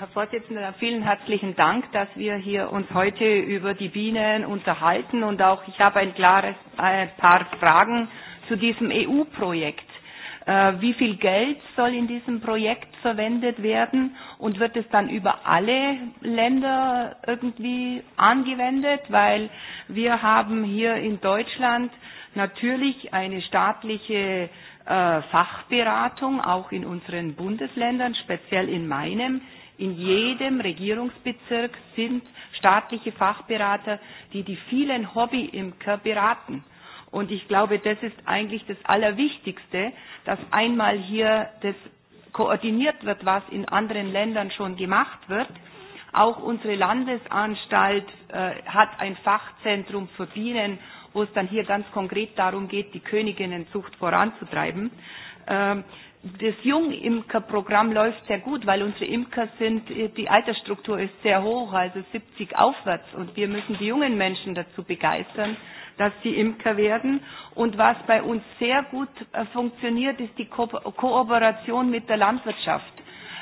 Herr Vorsitzender, vielen herzlichen Dank, dass wir hier uns heute über die Bienen unterhalten und auch ich habe ein klares ein paar Fragen zu diesem EU-Projekt. Äh, wie viel Geld soll in diesem Projekt verwendet werden und wird es dann über alle Länder irgendwie angewendet? Weil wir haben hier in Deutschland natürlich eine staatliche äh, Fachberatung auch in unseren Bundesländern, speziell in meinem. In jedem Regierungsbezirk sind staatliche Fachberater, die die vielen Hobbyimker beraten. Und ich glaube, das ist eigentlich das Allerwichtigste, dass einmal hier das koordiniert wird, was in anderen Ländern schon gemacht wird. Auch unsere Landesanstalt äh, hat ein Fachzentrum für Bienen, wo es dann hier ganz konkret darum geht, die Königinnenzucht voranzutreiben. Ähm, das Jungimkerprogramm läuft sehr gut, weil unsere Imker sind, äh, die Altersstruktur ist sehr hoch, also 70 aufwärts. Und wir müssen die jungen Menschen dazu begeistern, dass sie Imker werden. Und was bei uns sehr gut äh, funktioniert, ist die Ko Kooperation mit der Landwirtschaft.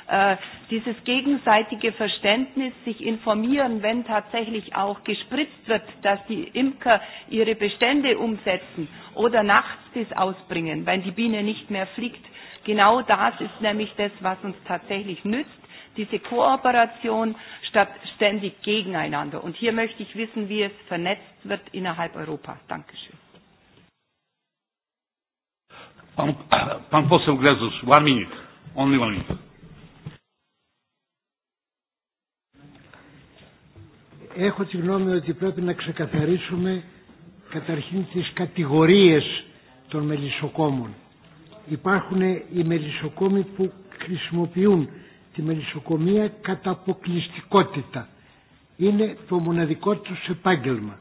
Äh, dieses gegenseitige Verständnis, sich informieren, wenn tatsächlich auch gespritzt wird, dass die Imker ihre Bestände umsetzen oder nachts das ausbringen, wenn die Biene nicht mehr fliegt genau das ist nämlich das, was uns tatsächlich nützt, diese Kooperation statt ständig gegeneinander. Und hier möchte ich wissen, wie es vernetzt wird innerhalb Europas. Dankeschön. Pan, pan poseł Grezus, one minute, only one minute. Έχω τη γνώμη ότι πρέπει να ξεκαθαρίσουμε καταρχήν τις κατηγορίες των μελισσοκόμων υπάρχουν οι μελισσοκόμοι που χρησιμοποιούν τη μελισσοκομεία κατά αποκλειστικότητα. Είναι το μοναδικό τους επάγγελμα.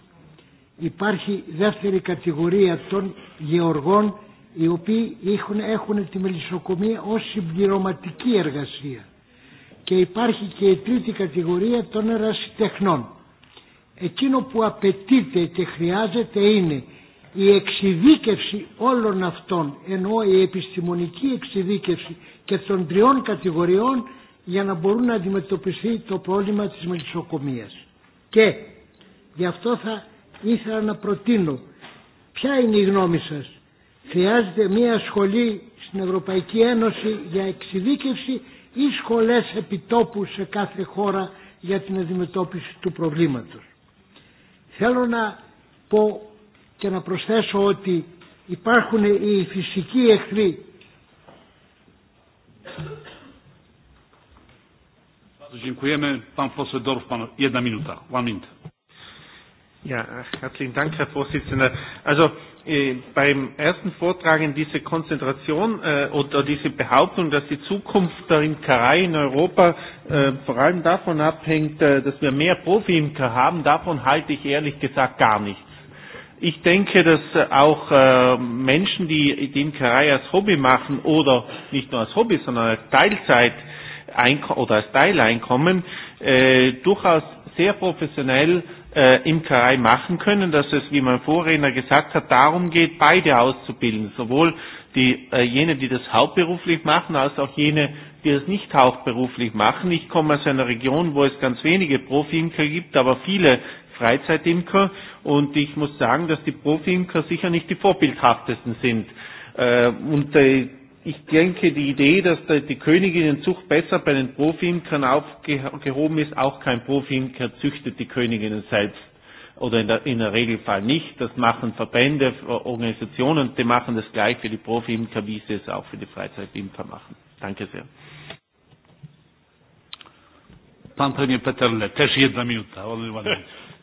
Υπάρχει δεύτερη κατηγορία των γεωργών οι οποίοι έχουν, έχουν τη μελισσοκομεία ως συμπληρωματική εργασία. Και υπάρχει και η τρίτη κατηγορία των ερασιτεχνών. Εκείνο που απαιτείται και χρειάζεται είναι η εξειδίκευση όλων αυτών, ενώ η επιστημονική εξειδίκευση και των τριών κατηγοριών για να μπορούν να αντιμετωπιστεί το πρόβλημα της μελισσοκομείας. Και γι' αυτό θα ήθελα να προτείνω ποια είναι η γνώμη σας. Χρειάζεται μια σχολή στην Ευρωπαϊκή Ένωση για εξειδίκευση ή σχολές επιτόπου σε κάθε χώρα για την αντιμετώπιση του προβλήματος. Θέλω να πω και να προσθέσω ότι υπάρχουν οι φυσικοί εχθροί. Dziękujemy. Pan poseł pan, jedna minuta. One minute. Ja, herzlichen Dank, Herr Vorsitzender. Also äh, beim ersten Vortrag in diese Konzentration äh, oder diese Behauptung, dass die Zukunft der Imkerei in Europa äh, vor allem davon abhängt, äh, dass wir mehr Profi-Imker haben, davon halte ich ehrlich gesagt gar nicht. Ich denke, dass äh, auch äh, Menschen, die Imkerei als Hobby machen oder nicht nur als Hobby, sondern als Teilzeit oder als Teileinkommen äh, durchaus sehr professionell äh, Imkerei machen können, dass es, wie mein Vorredner gesagt hat, darum geht, beide auszubilden, sowohl die, äh, jene, die das hauptberuflich machen, als auch jene, die es nicht hauptberuflich machen. Ich komme aus einer Region, wo es ganz wenige Profi-Imker gibt, aber viele Freizeitimker. Und ich muss sagen, dass die Profi-Imker sicher nicht die vorbildhaftesten sind. Äh, und äh, ich denke, die Idee, dass die Königinnenzucht besser bei den Profi-Imkern aufgehoben ist, auch kein Profi-Imker züchtet die Königinnen selbst oder in der, in der Regelfall nicht. Das machen Verbände, Organisationen, die machen das gleich für die Profi-Imker, wie sie es auch für die Freizeitimker machen. Danke sehr. Pan premier Peterle, też jedna minuta.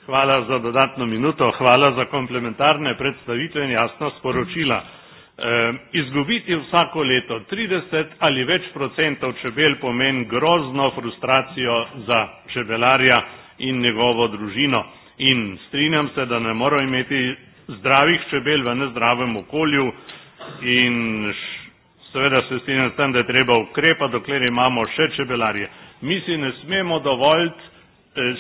Hvala za dodatno minuto, hvala za komplementarne predstavitve in jasna sporočila. E, izgubiti vsako leto 30 ali več procentov čebel pomeni grozno frustracijo za čebelarja in njegovo družino. In strinjam se, da ne moramo imeti zdravih čebel v nezdravem okolju in seveda se strinjam s tem, da je treba ukrepa, dokler imamo še čebelarje. Mi si ne smemo dovolj eh,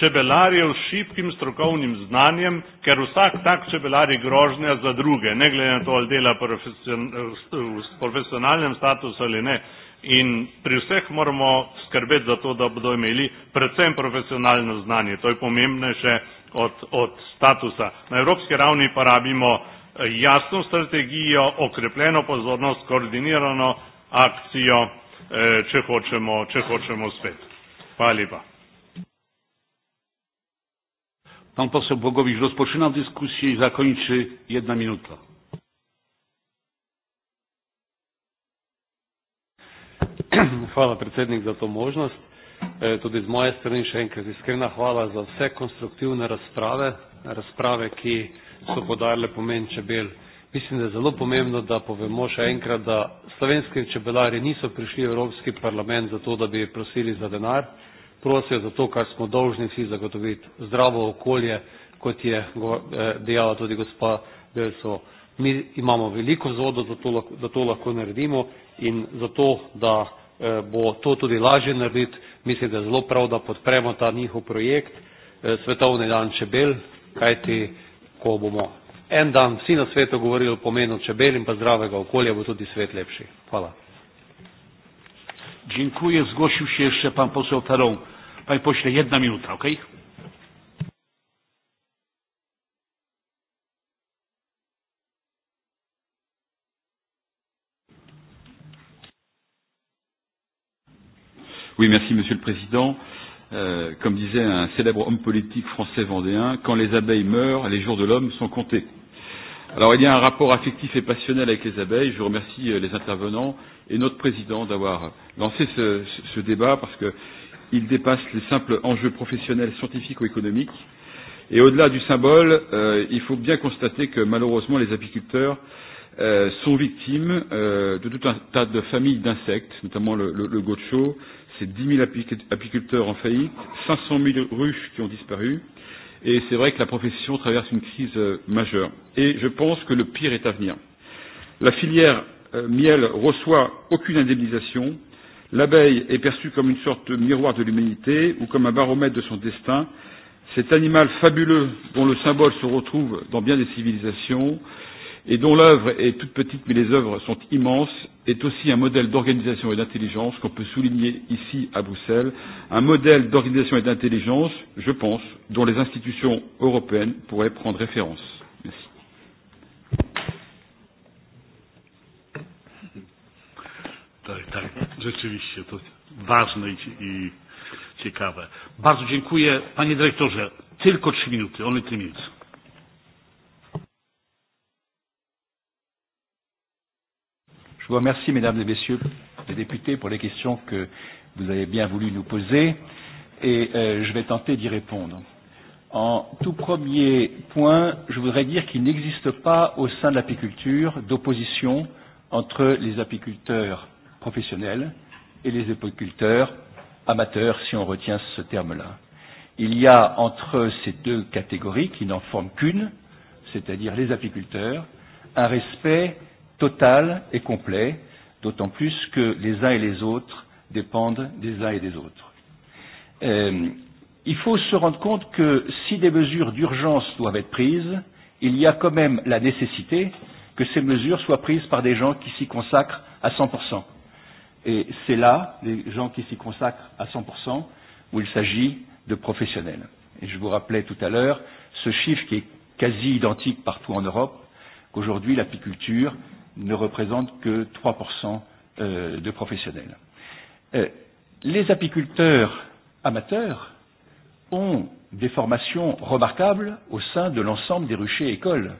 čebelarjev s šibkim strokovnim znanjem, ker vsak tak čebelar je grožnja za druge, ne glede na to, ali dela v profesionalnem statusu ali ne. In pri vseh moramo skrbeti za to, da bodo imeli predvsem profesionalno znanje. To je pomembnejše od, od statusa. Na evropski ravni pa rabimo eh, jasno strategijo, okrepljeno pozornost, koordinirano akcijo, eh, če hočemo, če hočemo spet. Hvala lepa. Pan poseł Bogowicz rozpoczyna dyskusję i zakończy jedna minuta. Hvala predsednik za to možnost. E, tudi z moje strani še enkrat iskrena hvala za vse konstruktivne razprave, razprave, ki so podarile pomen čebel. Mislim, da je zelo pomembno, da povemo še enkrat, da slovenski čebelari niso prišli v Evropski parlament zato, da bi prosili za denar, prosijo za to, kar smo dolžni vsi zagotoviti, zdravo okolje, kot je eh, dejala tudi gospa Belso. Mi imamo veliko vzvodov, da to, da to lahko naredimo in zato, da eh, bo to tudi lažje narediti, mislim, da je zelo prav, da podpremo ta njihov projekt eh, Svetovni dan čebel, kajti ko bomo en dan vsi na svetu govorili o pomenu čebel in pa zdravega okolja, bo tudi svet lepši. Hvala. Dziękuję. Zgłosił się jeszcze pan poseł Ferą. Panie pośle, jedna minuta, okej? Okay? Oui, merci Monsieur le Président. Euh, comme disait un célèbre homme politique français vendéen, quand les abeilles meurent, les jours de l'homme sont comptés. Alors il y a un rapport affectif et passionnel avec les abeilles. Je remercie euh, les intervenants et notre président d'avoir euh, lancé ce, ce débat parce qu'il dépasse les simples enjeux professionnels, scientifiques ou économiques. Et au-delà du symbole, euh, il faut bien constater que malheureusement les apiculteurs euh, sont victimes euh, de tout un tas de familles d'insectes, notamment le, le, le gaucho. C'est 10 000 apiculteurs en faillite, 500 000 ruches qui ont disparu Et c'est vrai que la profession traverse une crise euh, majeure. Et je pense que le pire est à venir. La filière euh, miel reçoit aucune indemnisation. L'abeille est perçue comme une sorte de miroir de l'humanité ou comme un baromètre de son destin. Cet animal fabuleux dont le symbole se retrouve dans bien des civilisations euh, et dont l'œuvre est toute petite mais les œuvres sont immenses, est aussi un modèle d'organisation et d'intelligence qu'on peut souligner ici à Bruxelles, un modèle d'organisation et d'intelligence, je pense, dont les institutions européennes pourraient prendre référence. Merci. Bardzo dziękuję. Panie dyrektorze, tylko trzy minuty, only three minutes. Je vous remercie, mesdames et messieurs les députés, pour les questions que vous avez bien voulu nous poser et euh, je vais tenter d'y répondre. En tout premier point, je voudrais dire qu'il n'existe pas au sein de l'apiculture d'opposition entre les apiculteurs professionnels et les apiculteurs amateurs, si on retient ce terme-là. Il y a entre ces deux catégories, qui n'en forment qu'une, c'est-à-dire les apiculteurs, un respect total et complet, d'autant plus que les uns et les autres dépendent des uns et des autres. Euh, il faut se rendre compte que si des mesures d'urgence doivent être prises, il y a quand même la nécessité que ces mesures soient prises par des gens qui s'y consacrent à 100%. Et c'est là, les gens qui s'y consacrent à 100%, où il s'agit de professionnels. Et je vous rappelais tout à l'heure ce chiffre qui est quasi identique partout en Europe, qu'aujourd'hui l'apiculture ne représentent que 3% euh, de professionnels. Euh, les apiculteurs amateurs ont des formations remarquables au sein de l'ensemble des ruchers écoles,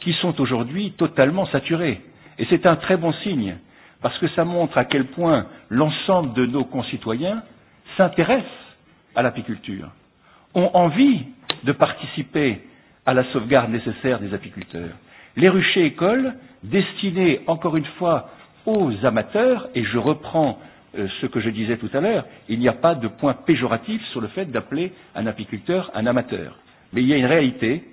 qui sont aujourd'hui totalement saturées. Et c'est un très bon signe, parce que ça montre à quel point l'ensemble de nos concitoyens s'intéressent à l'apiculture, ont envie de participer à la sauvegarde nécessaire des apiculteurs les ruchers écoles destinés encore une fois aux amateurs et je reprends euh, ce que je disais tout à l'heure, il n'y a pas de point péjoratif sur le fait d'appeler un apiculteur un amateur. Mais il y a une réalité,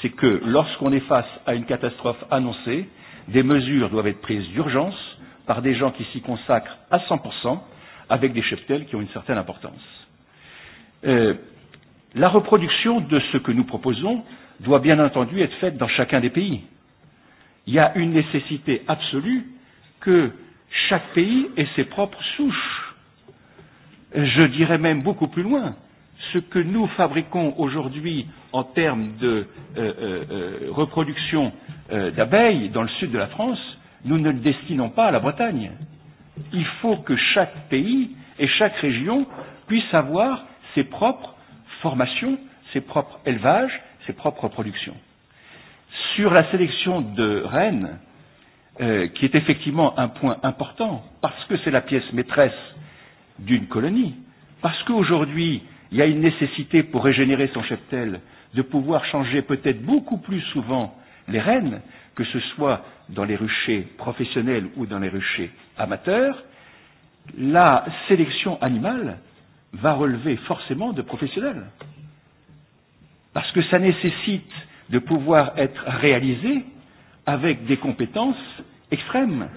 c'est que lorsqu'on est face à une catastrophe annoncée, des mesures doivent être prises d'urgence par des gens qui s'y consacrent à 100%, avec des cheptels qui ont une certaine importance. Euh, la reproduction de ce que nous proposons doit bien entendu être faite dans chacun des pays il y a une nécessité absolue que chaque pays ait ses propres souches. Je dirais même beaucoup plus loin. Ce que nous fabriquons aujourd'hui en termes de euh, euh, euh, reproduction euh, d'abeilles dans le sud de la France, nous ne le destinons pas à la Bretagne. Il faut que chaque pays et chaque région puisse avoir ses propres formations, ses propres élevages, ses propres productions sur la sélection de Rennes, euh, qui est effectivement un point important, parce que c'est la pièce maîtresse d'une colonie, parce qu'aujourd'hui, il y a une nécessité pour régénérer son cheptel de pouvoir changer peut-être beaucoup plus souvent les rennes, que ce soit dans les ruchers professionnels ou dans les ruchers amateurs, la sélection animale va relever forcément de professionnels. Parce que ça nécessite de pouvoir être réalisés avec des compétences extrêmes,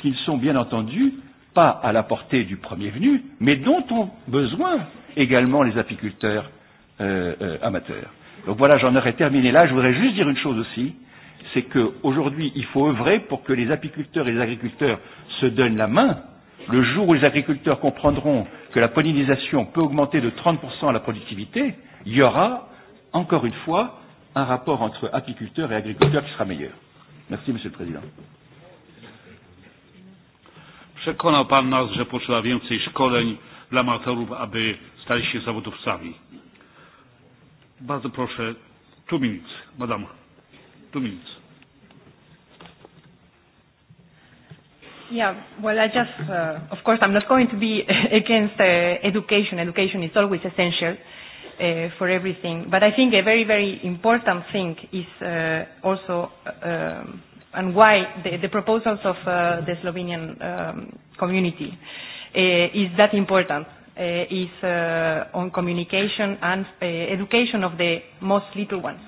qui ne sont bien entendu pas à la portée du premier venu, mais dont ont besoin également les apiculteurs euh, euh, amateurs. Donc voilà, j'en aurais terminé là. Je voudrais juste dire une chose aussi, c'est qu'aujourd'hui, il faut œuvrer pour que les apiculteurs et les agriculteurs se donnent la main. Le jour où les agriculteurs comprendront que la pollinisation peut augmenter de 30% la productivité, il y aura, encore une fois, un rapport entre apiculteurs et agriculteurs qui sera meilleur. Merci, Monsieur le Président. Przekonał Pan nas, że potrzeba więcej szkoleń dla amatorów, aby stali się zawodowcami. Bardzo proszę, two minutes, madam, two minutes. Yeah, well, I just, uh, of course, I'm not going to be against uh, education. Education is always essential. Uh, uh, for everything. But I think a very, very important thing is uh, also uh, um, and why the, the proposals of uh, the Slovenian um, community uh, is that important uh, is uh, on communication and uh, education of the most little ones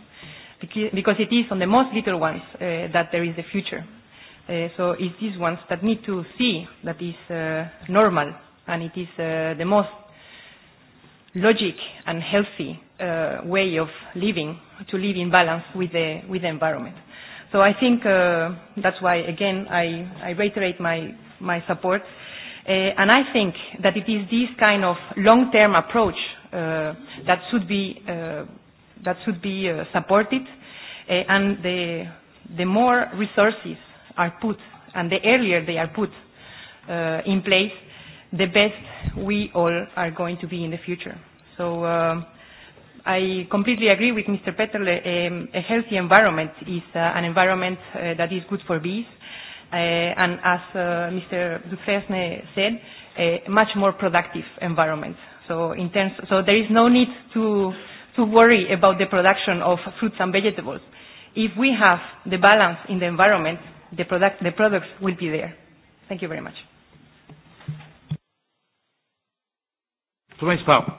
because it is on the most little ones uh, that there is the future. Uh, so it's these ones that need to see that is uh, normal and it is uh, the most logic and healthy uh, way of living, to live in balance with the, with the environment. So I think uh, that's why, again, I, I reiterate my, my support. Uh, and I think that it is this kind of long-term approach uh, that should be, uh, that should be uh, supported. Uh, and the, the more resources are put and the earlier they are put uh, in place, the best we all are going to be in the future. So uh, I completely agree with Mr. Peterle. Um, a healthy environment is uh, an environment uh, that is good for bees. Uh, and as uh, Mr. Dufresne said, a much more productive environment. So, in terms, so there is no need to, to worry about the production of fruits and vegetables. If we have the balance in the environment, the, product, the products will be there. Thank you very much. Proszę Państwa,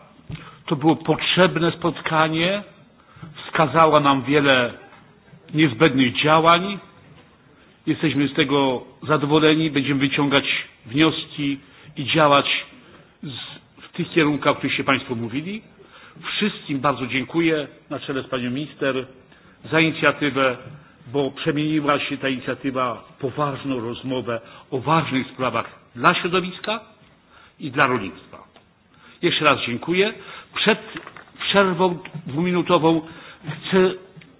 to było potrzebne spotkanie, wskazało nam wiele niezbędnych działań. Jesteśmy z tego zadowoleni, będziemy wyciągać wnioski i działać z, w tych kierunkach, o których się Państwo mówili. Wszystkim bardzo dziękuję, na czele z Panią Minister, za inicjatywę, bo przemieniła się ta inicjatywa w poważną rozmowę o ważnych sprawach dla środowiska i dla rolnictwa. Jeszcze raz dziękuję. Przed przerwą dwuminutową chcę,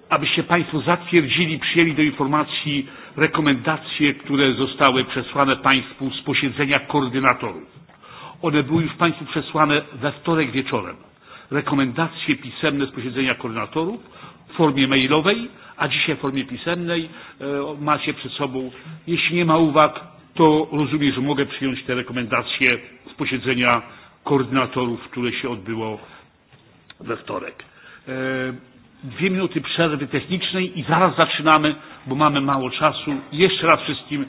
abyście Państwo zatwierdzili, przyjęli do informacji rekomendacje, które zostały przesłane Państwu z posiedzenia koordynatorów. One były już Państwu przesłane we wtorek wieczorem. Rekomendacje pisemne z posiedzenia koordynatorów w formie mailowej, a dzisiaj w formie pisemnej e, macie przed sobą. Jeśli nie ma uwag, to rozumiem, że mogę przyjąć te rekomendacje z posiedzenia koordynatorów, które się odbyło we wtorek. E, dwie minuty przerwy technicznej i zaraz zaczynamy, bo mamy mało czasu. Jeszcze raz wszystkim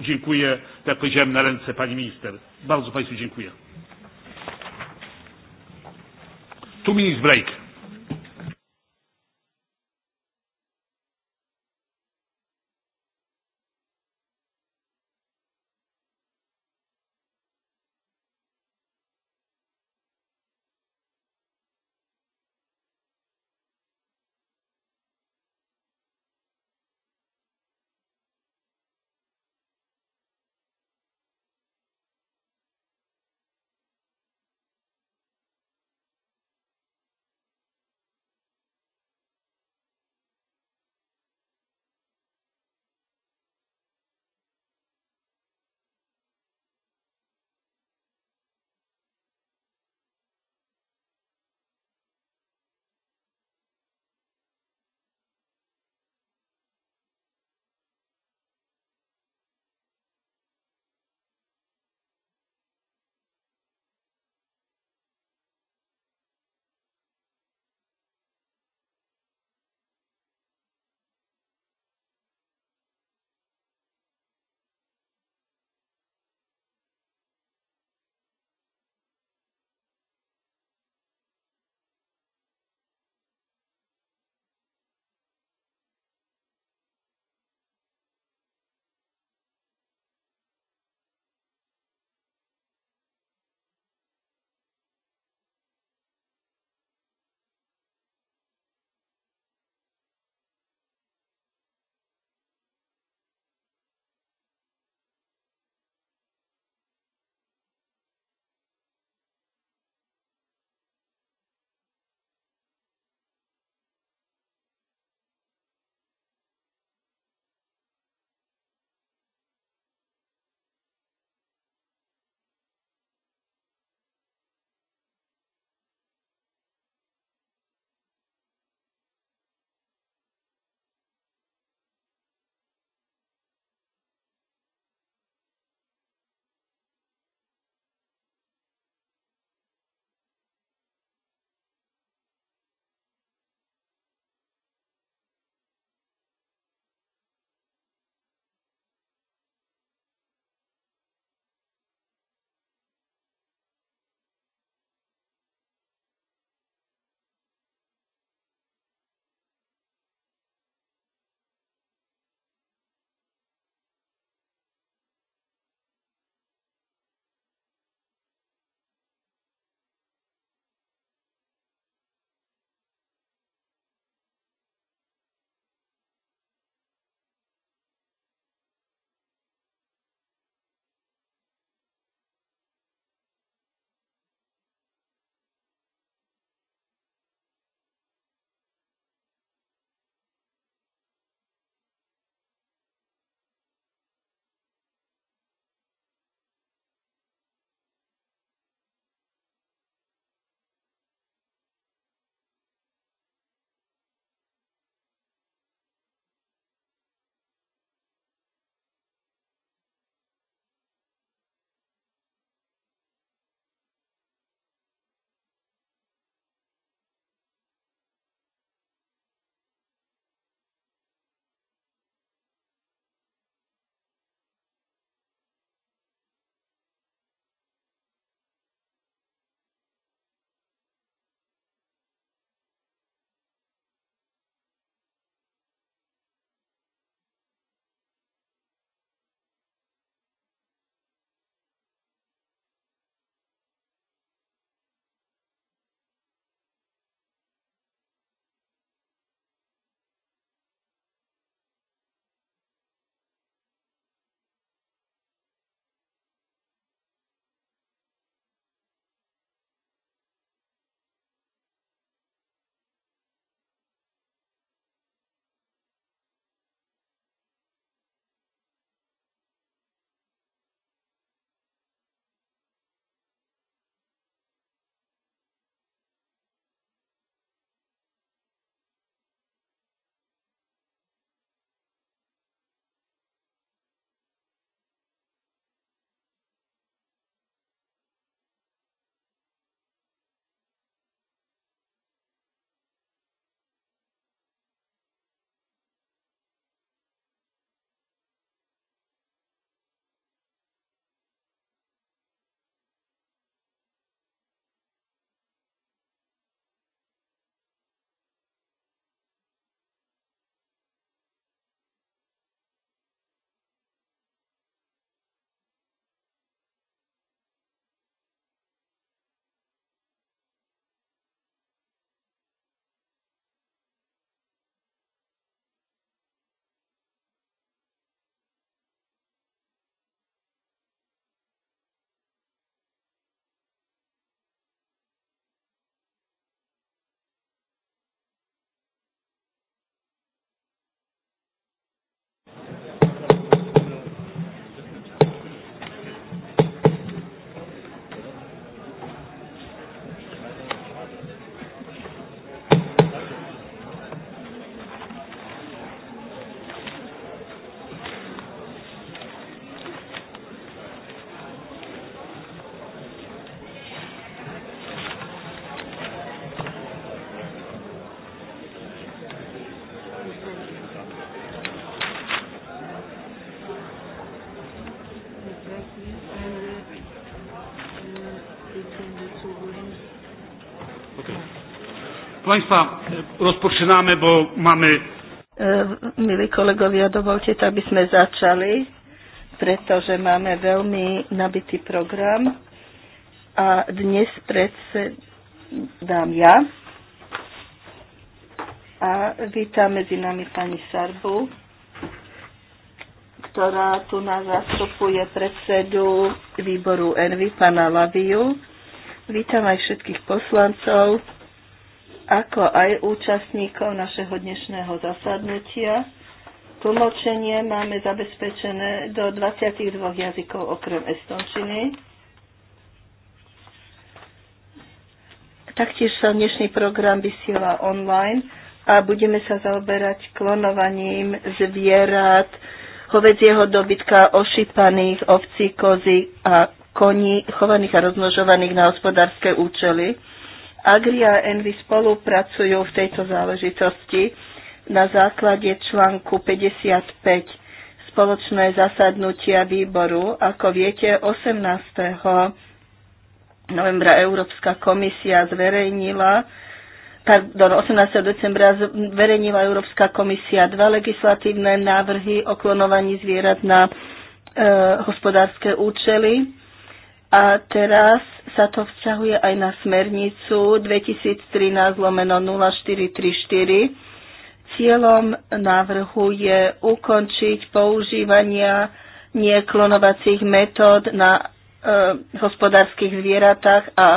dziękuję, jak powiedziałem, na ręce pani minister. Bardzo Państwu dziękuję. Two minutes break. Państwa, rozpoczynamy, bo mamy... E, milí kolegovia, dovolte, aby sme začali, pretože máme veľmi nabitý program a dnes predsedám ja a vítam medzi nami pani Sarbu, ktorá tu nás zastupuje predsedu výboru Envy, pana Laviu. Vítam aj všetkých poslancov, ako aj účastníkov našeho dnešného zasadnutia. Tlmočenie máme zabezpečené do 22 jazykov okrem estončiny. Taktiež sa dnešný program vysiela online a budeme sa zaoberať klonovaním zvierat, hovedzieho dobytka, ošípaných ovcí, kozy a koní chovaných a rozmnožovaných na hospodárske účely. Agria a Envy spolupracujú v tejto záležitosti na základe článku 55 spoločné zasadnutia výboru. Ako viete, 18. novembra Európska komisia zverejnila pardon, 18. decembra zverejnila Európska komisia dva legislatívne návrhy o klonovaní zvierat na e, hospodárske účely a teraz sa to vzťahuje aj na smernicu 2013 lomeno 0434. Cieľom návrhu je ukončiť používania neklonovacích metód na e, hospodárskych zvieratách a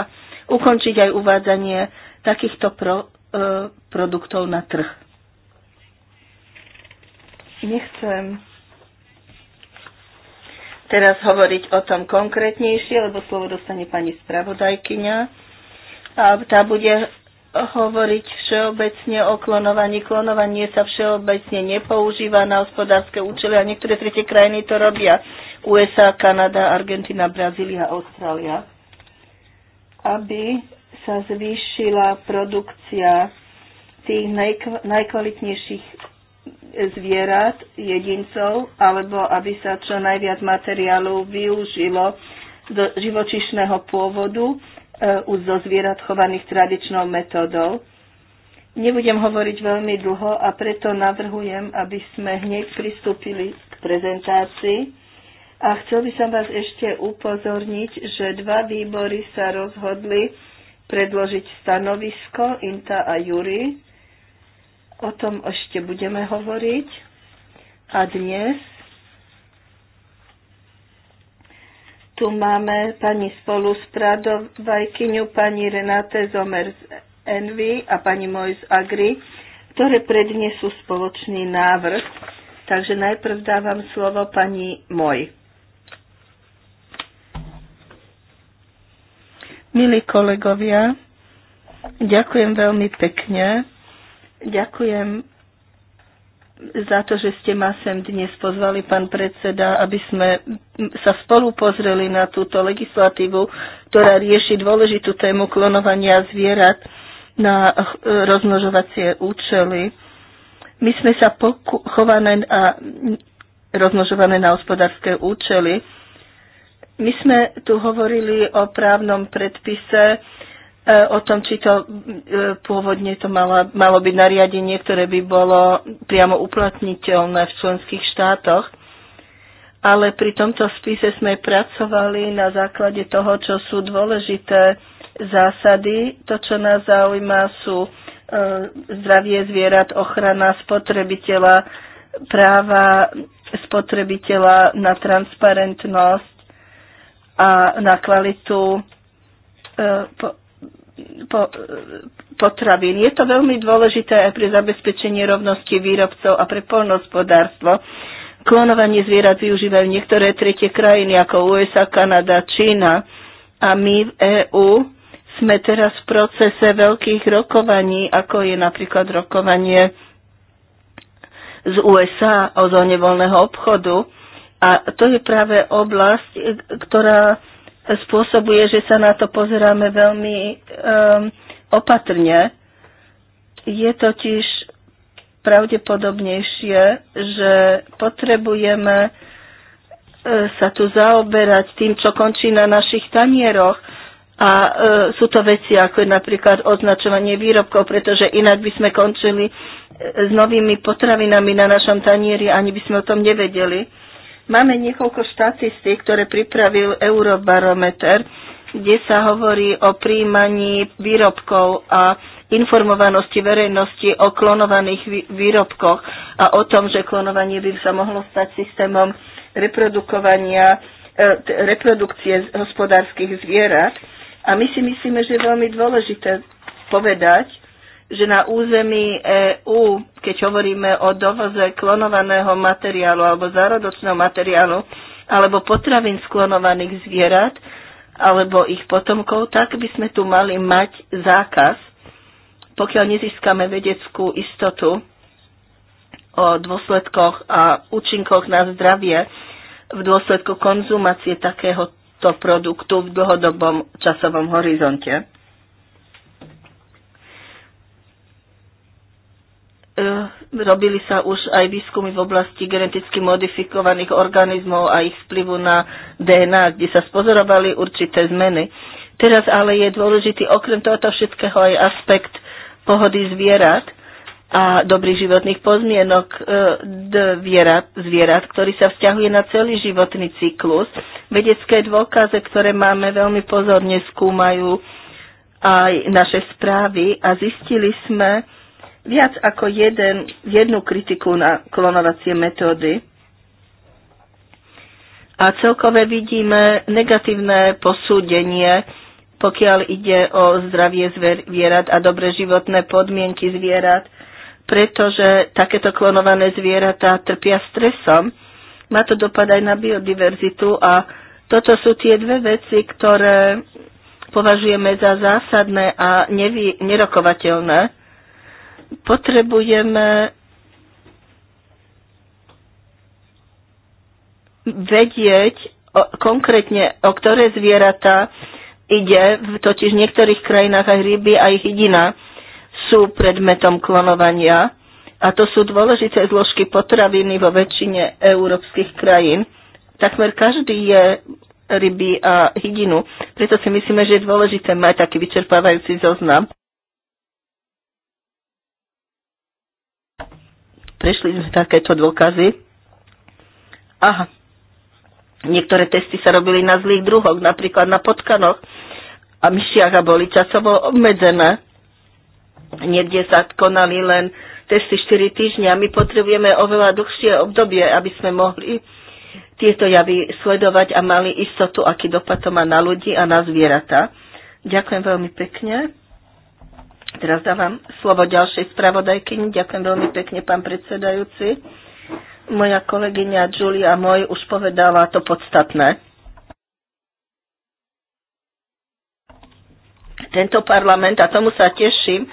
ukončiť aj uvádzanie takýchto pro, e, produktov na trh. Nechcem teraz hovoriť o tom konkrétnejšie, lebo slovo dostane pani spravodajkyňa. A tá bude hovoriť všeobecne o klonovaní. Klonovanie sa všeobecne nepoužíva na hospodárske účely a niektoré tretie krajiny to robia. USA, Kanada, Argentina, Brazília, Austrália. Aby sa zvýšila produkcia tých najkvalitnejších zvierat, jedincov, alebo aby sa čo najviac materiálu využilo do živočišného pôvodu e, už zo zvierat chovaných tradičnou metódou. Nebudem hovoriť veľmi dlho a preto navrhujem, aby sme hneď pristúpili k prezentácii. A chcel by som vás ešte upozorniť, že dva výbory sa rozhodli predložiť stanovisko INTA a JURY O tom ešte budeme hovoriť. A dnes tu máme pani Pradovajkyňu, pani Renate Zomer z Envy a pani Moj z Agri, ktoré predniesú spoločný návrh. Takže najprv dávam slovo pani Moj. Milí kolegovia, ďakujem veľmi pekne Ďakujem za to, že ste ma sem dnes pozvali, pán predseda, aby sme sa spolu pozreli na túto legislatívu, ktorá rieši dôležitú tému klonovania zvierat na rozmnožovacie účely. My sme sa chované a rozmnožované na hospodárske účely. My sme tu hovorili o právnom predpise, E, o tom, či to e, pôvodne to malo, malo byť nariadenie, ktoré by bolo priamo uplatniteľné v členských štátoch. Ale pri tomto spise sme pracovali na základe toho, čo sú dôležité zásady. To, čo nás zaujíma, sú e, zdravie zvierat, ochrana spotrebiteľa, práva spotrebiteľa na transparentnosť a na kvalitu po, potravín. Je to veľmi dôležité aj pri zabezpečení rovnosti výrobcov a pre polnospodárstvo. Klonovanie zvierat využívajú niektoré tretie krajiny ako USA, Kanada, Čína a my v EÚ sme teraz v procese veľkých rokovaní, ako je napríklad rokovanie z USA o zóne voľného obchodu. A to je práve oblasť, ktorá spôsobuje, že sa na to pozeráme veľmi um, opatrne. Je totiž pravdepodobnejšie, že potrebujeme uh, sa tu zaoberať tým, čo končí na našich tanieroch. A e, sú to veci ako je napríklad označovanie výrobkov, pretože inak by sme končili uh, s novými potravinami na našom tanieri, ani by sme o tom nevedeli. Máme niekoľko štatistík, ktoré pripravil Eurobarometer, kde sa hovorí o príjmaní výrobkov a informovanosti verejnosti o klonovaných výrobkoch a o tom, že klonovanie by sa mohlo stať systémom reprodukovania, e, reprodukcie hospodárskych zvierat. A my si myslíme, že je veľmi dôležité povedať, že na území EÚ, keď hovoríme o dovoze klonovaného materiálu alebo zárodočného materiálu, alebo potravín sklonovaných zvierat, alebo ich potomkov, tak by sme tu mali mať zákaz, pokiaľ nezískame vedeckú istotu o dôsledkoch a účinkoch na zdravie v dôsledku konzumácie takéhoto produktu v dlhodobom časovom horizonte. Eh, robili sa už aj výskumy v oblasti geneticky modifikovaných organizmov a ich vplyvu na DNA, kde sa spozorovali určité zmeny. Teraz ale je dôležitý okrem tohoto všetkého aj aspekt pohody zvierat a dobrých životných podmienok zvierat, eh, zvierat, ktorý sa vzťahuje na celý životný cyklus. Vedecké dôkaze, ktoré máme, veľmi pozorne skúmajú aj naše správy a zistili sme, viac ako jeden, jednu kritiku na klonovacie metódy. A celkové vidíme negatívne posúdenie, pokiaľ ide o zdravie zvierat a dobre životné podmienky zvierat, pretože takéto klonované zvieratá trpia stresom. Má to dopad aj na biodiverzitu a toto sú tie dve veci, ktoré považujeme za zásadné a nerokovateľné potrebujeme vedieť o, konkrétne, o ktoré zvieratá ide, totiž v niektorých krajinách aj ryby a ich hydina sú predmetom klonovania a to sú dôležité zložky potraviny vo väčšine európskych krajín. Takmer každý je ryby a hydinu. Preto si myslíme, že je dôležité mať taký vyčerpávajúci zoznam. Prešli sme takéto dôkazy. Aha. Niektoré testy sa robili na zlých druhoch, napríklad na potkanoch a myšiach a boli časovo obmedzené. Niekde sa konali len testy 4 týždňa. My potrebujeme oveľa dlhšie obdobie, aby sme mohli tieto javy sledovať a mali istotu, aký dopad to má na ľudí a na zvieratá. Ďakujem veľmi pekne. Teraz dávam slovo ďalšej spravodajkyni. Ďakujem veľmi pekne, pán predsedajúci. Moja kolegyňa Julia Moj už povedala to podstatné. Tento parlament, a tomu sa teším,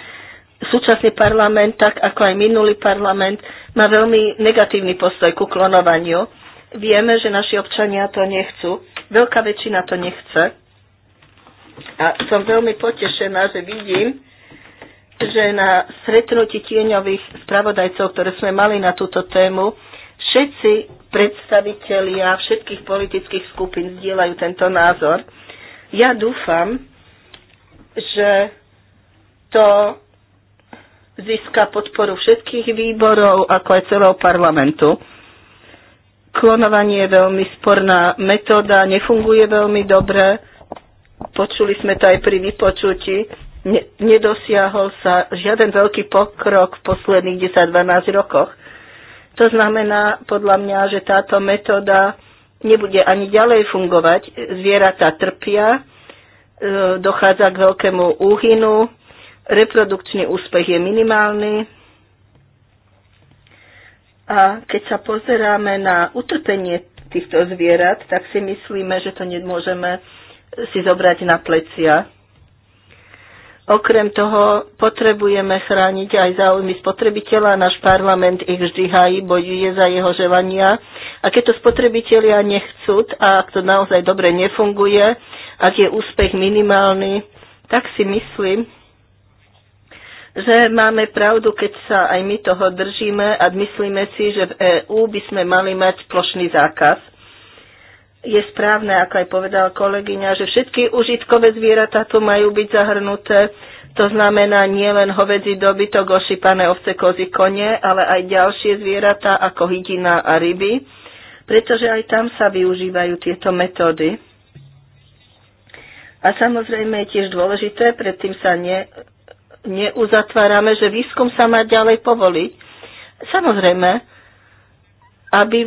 súčasný parlament, tak ako aj minulý parlament, má veľmi negatívny postoj ku klonovaniu. Vieme, že naši občania to nechcú. Veľká väčšina to nechce. A som veľmi potešená, že vidím, že na stretnutí tieňových spravodajcov, ktoré sme mali na túto tému, všetci predstavitelia všetkých politických skupín zdieľajú tento názor. Ja dúfam, že to získa podporu všetkých výborov, ako aj celého parlamentu. Klonovanie je veľmi sporná metóda, nefunguje veľmi dobre. Počuli sme to aj pri vypočutí nedosiahol sa žiaden veľký pokrok v posledných 10-12 rokoch. To znamená podľa mňa, že táto metóda nebude ani ďalej fungovať. Zvieratá trpia, e, dochádza k veľkému úhynu, reprodukčný úspech je minimálny. A keď sa pozeráme na utrpenie týchto zvierat, tak si myslíme, že to nemôžeme si zobrať na plecia. Okrem toho potrebujeme chrániť aj záujmy spotrebiteľa. Náš parlament ich vždy hájí, bojuje za jeho želania. A keď to spotrebitelia nechcú, a ak to naozaj dobre nefunguje, ak je úspech minimálny, tak si myslím, že máme pravdu, keď sa aj my toho držíme a myslíme si, že v EÚ by sme mali mať plošný zákaz je správne, ako aj povedala kolegyňa, že všetky užitkové zvieratá tu majú byť zahrnuté. To znamená nielen hovedzi dobytok, ošipané ovce, kozy, kone, ale aj ďalšie zvieratá ako hydina a ryby, pretože aj tam sa využívajú tieto metódy. A samozrejme je tiež dôležité, predtým sa ne, neuzatvárame, že výskum sa má ďalej povoliť. Samozrejme, aby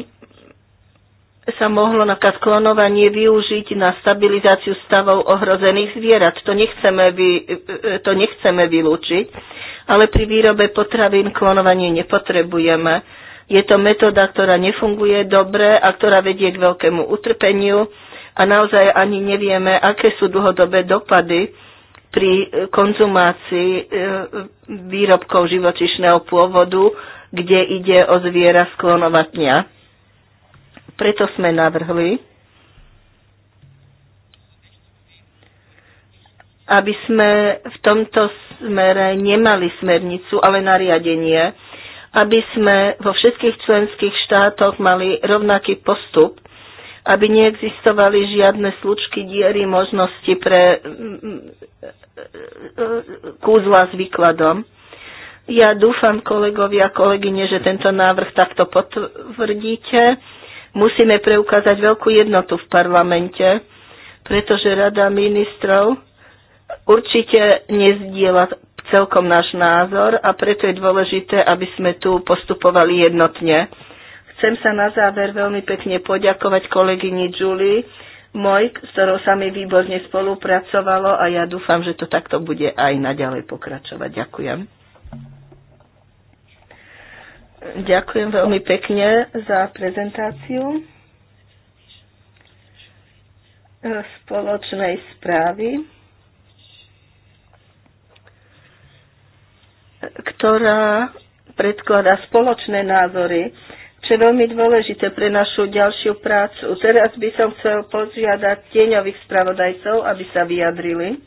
sa mohlo napríklad klonovanie využiť na stabilizáciu stavov ohrozených zvierat. To nechceme, vy, to nechceme vylúčiť, ale pri výrobe potravín klonovanie nepotrebujeme. Je to metóda, ktorá nefunguje dobre a ktorá vedie k veľkému utrpeniu a naozaj ani nevieme, aké sú dlhodobé dopady pri konzumácii e, výrobkov živočišného pôvodu, kde ide o zviera sklonovatňa. Preto sme navrhli, aby sme v tomto smere nemali smernicu, ale nariadenie, aby sme vo všetkých členských štátoch mali rovnaký postup, aby neexistovali žiadne slučky, diery, možnosti pre kúzla s výkladom. Ja dúfam, kolegovia a kolegyne, že tento návrh takto potvrdíte Musíme preukázať veľkú jednotu v parlamente, pretože Rada ministrov určite nezdiela celkom náš názor a preto je dôležité, aby sme tu postupovali jednotne. Chcem sa na záver veľmi pekne poďakovať kolegyni Julie môj, s ktorou sa mi výborne spolupracovalo a ja dúfam, že to takto bude aj naďalej pokračovať. Ďakujem. Ďakujem veľmi pekne za prezentáciu spoločnej správy, ktorá predkladá spoločné názory, čo je veľmi dôležité pre našu ďalšiu prácu. Teraz by som chcel požiadať tieňových spravodajcov, aby sa vyjadrili.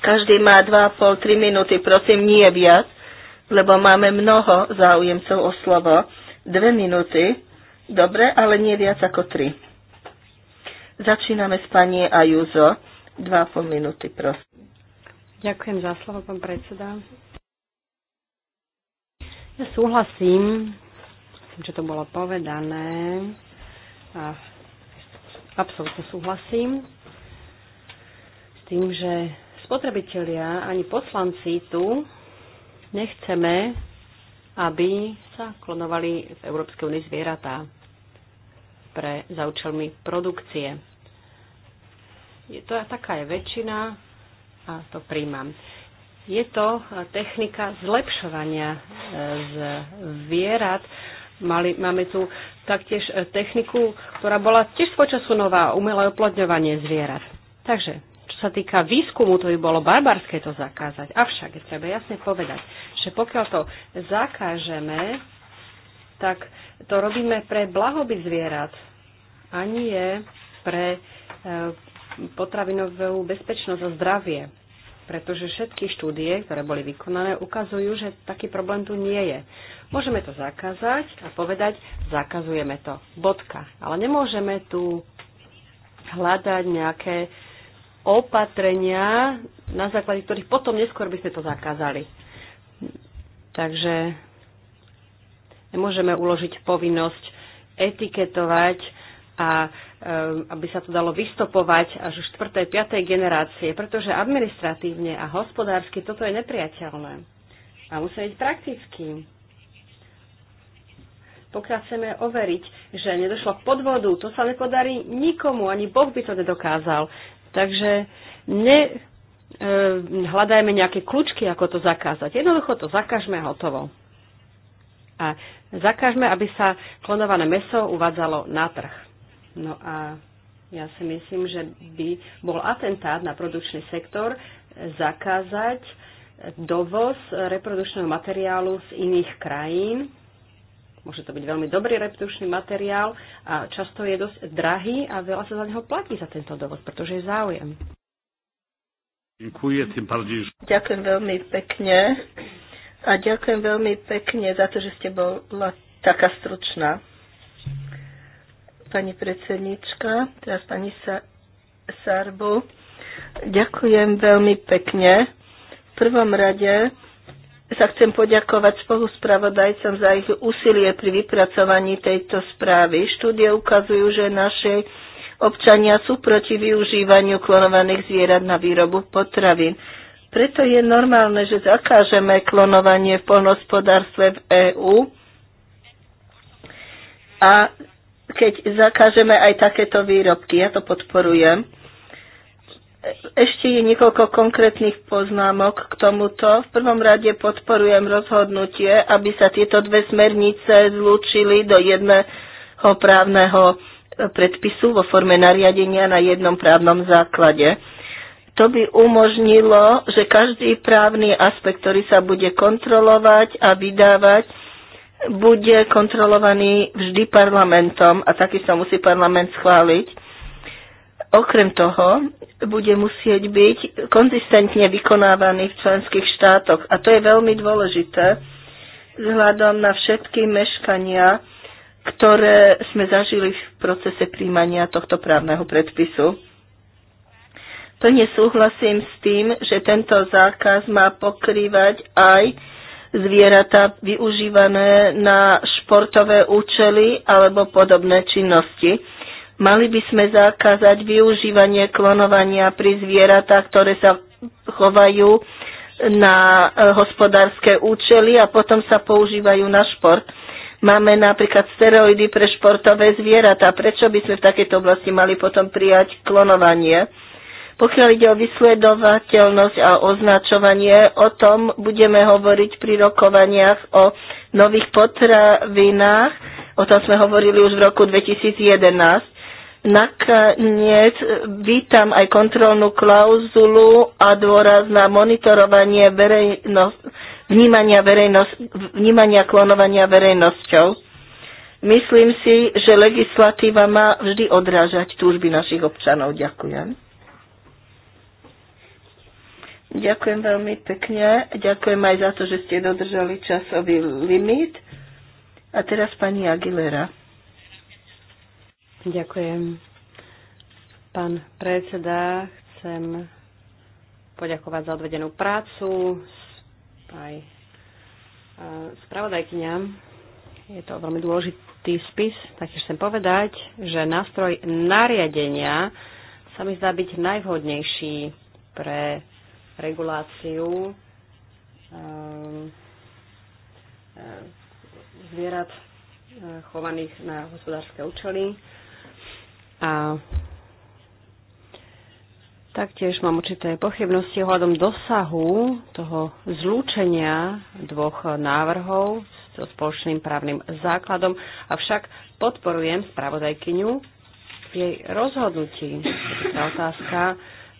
Každý má 2,5-3 minúty, prosím, nie viac lebo máme mnoho záujemcov o slovo. Dve minúty. Dobre, ale nie viac ako tri. Začíname s pani Ajuzo. Dva a pol minúty, prosím. Ďakujem za slovo, pán predseda. Ja súhlasím myslím, že to bolo povedané. A absolútne súhlasím s tým, že spotrebitelia ani poslanci tu Nechceme, aby sa klonovali v Európskej únii zvieratá pre za účelmi produkcie. Je to, taká je väčšina a to príjmam. Je to technika zlepšovania e, zvierat. Mali, máme tu taktiež e, techniku, ktorá bola tiež počasu nová, umelé oplodňovanie zvierat. Takže čo sa týka výskumu, to by bolo barbarské to zakázať. Avšak je treba jasne povedať, že pokiaľ to zakážeme, tak to robíme pre blahobyt zvierat a nie pre e, potravinovú bezpečnosť a zdravie. Pretože všetky štúdie, ktoré boli vykonané, ukazujú, že taký problém tu nie je. Môžeme to zakázať a povedať, zakazujeme to. Bodka. Ale nemôžeme tu hľadať nejaké opatrenia, na základe ktorých potom neskôr by sme to zakázali. Takže nemôžeme uložiť povinnosť etiketovať a eh, aby sa to dalo vystopovať až v 4. 5. generácie, pretože administratívne a hospodársky toto je nepriateľné. A musí byť praktický. Pokiaľ chceme overiť, že nedošlo k podvodu, to sa nepodarí nikomu, ani Boh by to nedokázal. Takže ne, e, hľadajme nejaké kľúčky, ako to zakázať. Jednoducho to zakážme a hotovo. A zakážme, aby sa klonované meso uvádzalo na trh. No a ja si myslím, že by bol atentát na produkčný sektor zakázať dovoz reprodukčného materiálu z iných krajín, Môže to byť veľmi dobrý reprodukčný materiál a často je dosť drahý a veľa sa za neho platí za tento dovod, pretože je záujem. Ďakujem veľmi pekne a ďakujem veľmi pekne za to, že ste bola taká stručná. Pani predsednička, teraz pani Sa- Sarbu. Ďakujem veľmi pekne. V prvom rade sa chcem poďakovať spoluspravodajcom za ich úsilie pri vypracovaní tejto správy. Štúdie ukazujú, že naše občania sú proti využívaniu klonovaných zvierat na výrobu potravín. Preto je normálne, že zakážeme klonovanie v polnospodárstve v EÚ a keď zakážeme aj takéto výrobky, ja to podporujem. Ešte je niekoľko konkrétnych poznámok k tomuto. V prvom rade podporujem rozhodnutie, aby sa tieto dve smernice zlúčili do jedného právneho predpisu vo forme nariadenia na jednom právnom základe. To by umožnilo, že každý právny aspekt, ktorý sa bude kontrolovať a vydávať, bude kontrolovaný vždy parlamentom a taký sa musí parlament schváliť Okrem toho bude musieť byť konzistentne vykonávaný v členských štátoch a to je veľmi dôležité vzhľadom na všetky meškania, ktoré sme zažili v procese príjmania tohto právneho predpisu. To nesúhlasím s tým, že tento zákaz má pokrývať aj zvieratá využívané na športové účely alebo podobné činnosti. Mali by sme zakázať využívanie klonovania pri zvieratách, ktoré sa chovajú na e, hospodárske účely a potom sa používajú na šport. Máme napríklad steroidy pre športové zvieratá. Prečo by sme v takejto oblasti mali potom prijať klonovanie? Pokiaľ ide o vysledovateľnosť a označovanie, o tom budeme hovoriť pri rokovaniach o nových potravinách. O tom sme hovorili už v roku 2011. Nakoniec e, vítam aj kontrolnú klauzulu a dôraz na monitorovanie verejnosť, vnímania, verejnosť, vnímania klonovania verejnosťou. Myslím si, že legislatíva má vždy odrážať túžby našich občanov. Ďakujem. Ďakujem veľmi pekne. Ďakujem aj za to, že ste dodržali časový limit. A teraz pani Aguilera. Ďakujem. Pán predseda, chcem poďakovať za odvedenú prácu aj e, spravodajkyňam. Je to veľmi dôležitý spis. Taktiež chcem povedať, že nástroj nariadenia sa mi zdá byť najvhodnejší pre reguláciu e, e, zvierat chovaných na hospodárske účely. A taktiež mám určité pochybnosti ohľadom dosahu toho zlúčenia dvoch návrhov so spoločným právnym základom, avšak podporujem spravodajkyňu v jej rozhodnutí. Tá otázka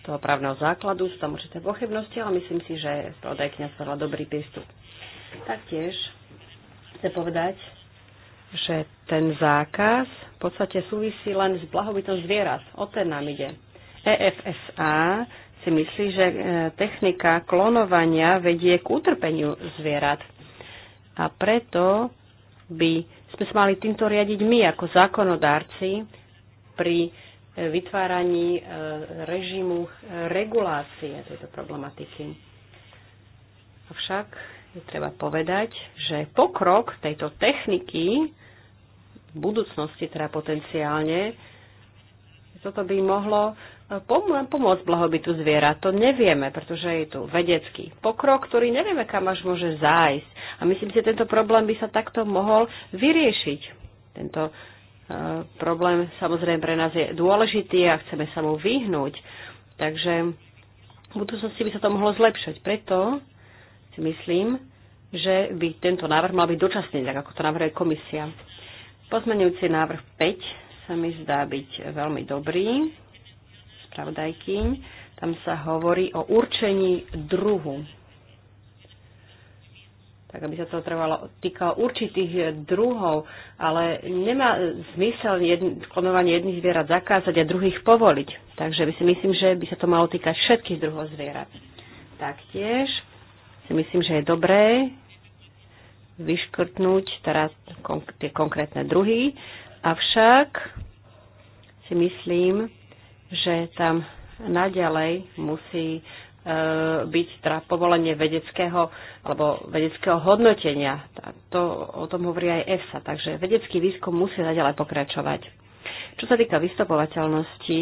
toho právneho základu sú tam určité pochybnosti, ale myslím si, že spravodajkyňa spravila dobrý prístup. Taktiež chcem povedať, že ten zákaz v podstate súvisí len s blahobytom zvierat. O ten nám ide. EFSA si myslí, že e, technika klonovania vedie k utrpeniu zvierat. A preto by sme sa mali týmto riadiť my ako zákonodárci pri e, vytváraní e, režimu regulácie tejto problematiky. Avšak treba povedať, že pokrok tejto techniky v budúcnosti, teda potenciálne, toto by mohlo eh, pomôcť blahobytu zviera. To nevieme, pretože je tu vedecký pokrok, ktorý nevieme, kam až môže zájsť. A myslím si, že tento problém by sa takto mohol vyriešiť. Tento eh, problém samozrejme pre nás je dôležitý a chceme sa mu vyhnúť. Takže v budúcnosti by sa to mohlo zlepšať. Preto si myslím, že by tento návrh mal byť dočasný, tak ako to navrhuje komisia. Pozmenujúci návrh 5 sa mi zdá byť veľmi dobrý, spravodajkyň. Tam sa hovorí o určení druhu. Tak aby sa to trvalo, týkalo určitých druhov, ale nemá zmysel jedn, klonovanie jedných zvierat zakázať a druhých povoliť. Takže by si myslím, že by sa to malo týkať všetkých druhov zvierat. Taktiež si myslím, že je dobré vyškrtnúť teraz tie konkrétne druhy. Avšak si myslím, že tam naďalej musí e, byť teda povolenie vedeckého alebo vedeckého hodnotenia. To, o tom hovorí aj EFSA, takže vedecký výskum musí naďalej pokračovať. Čo sa týka vystupovateľnosti,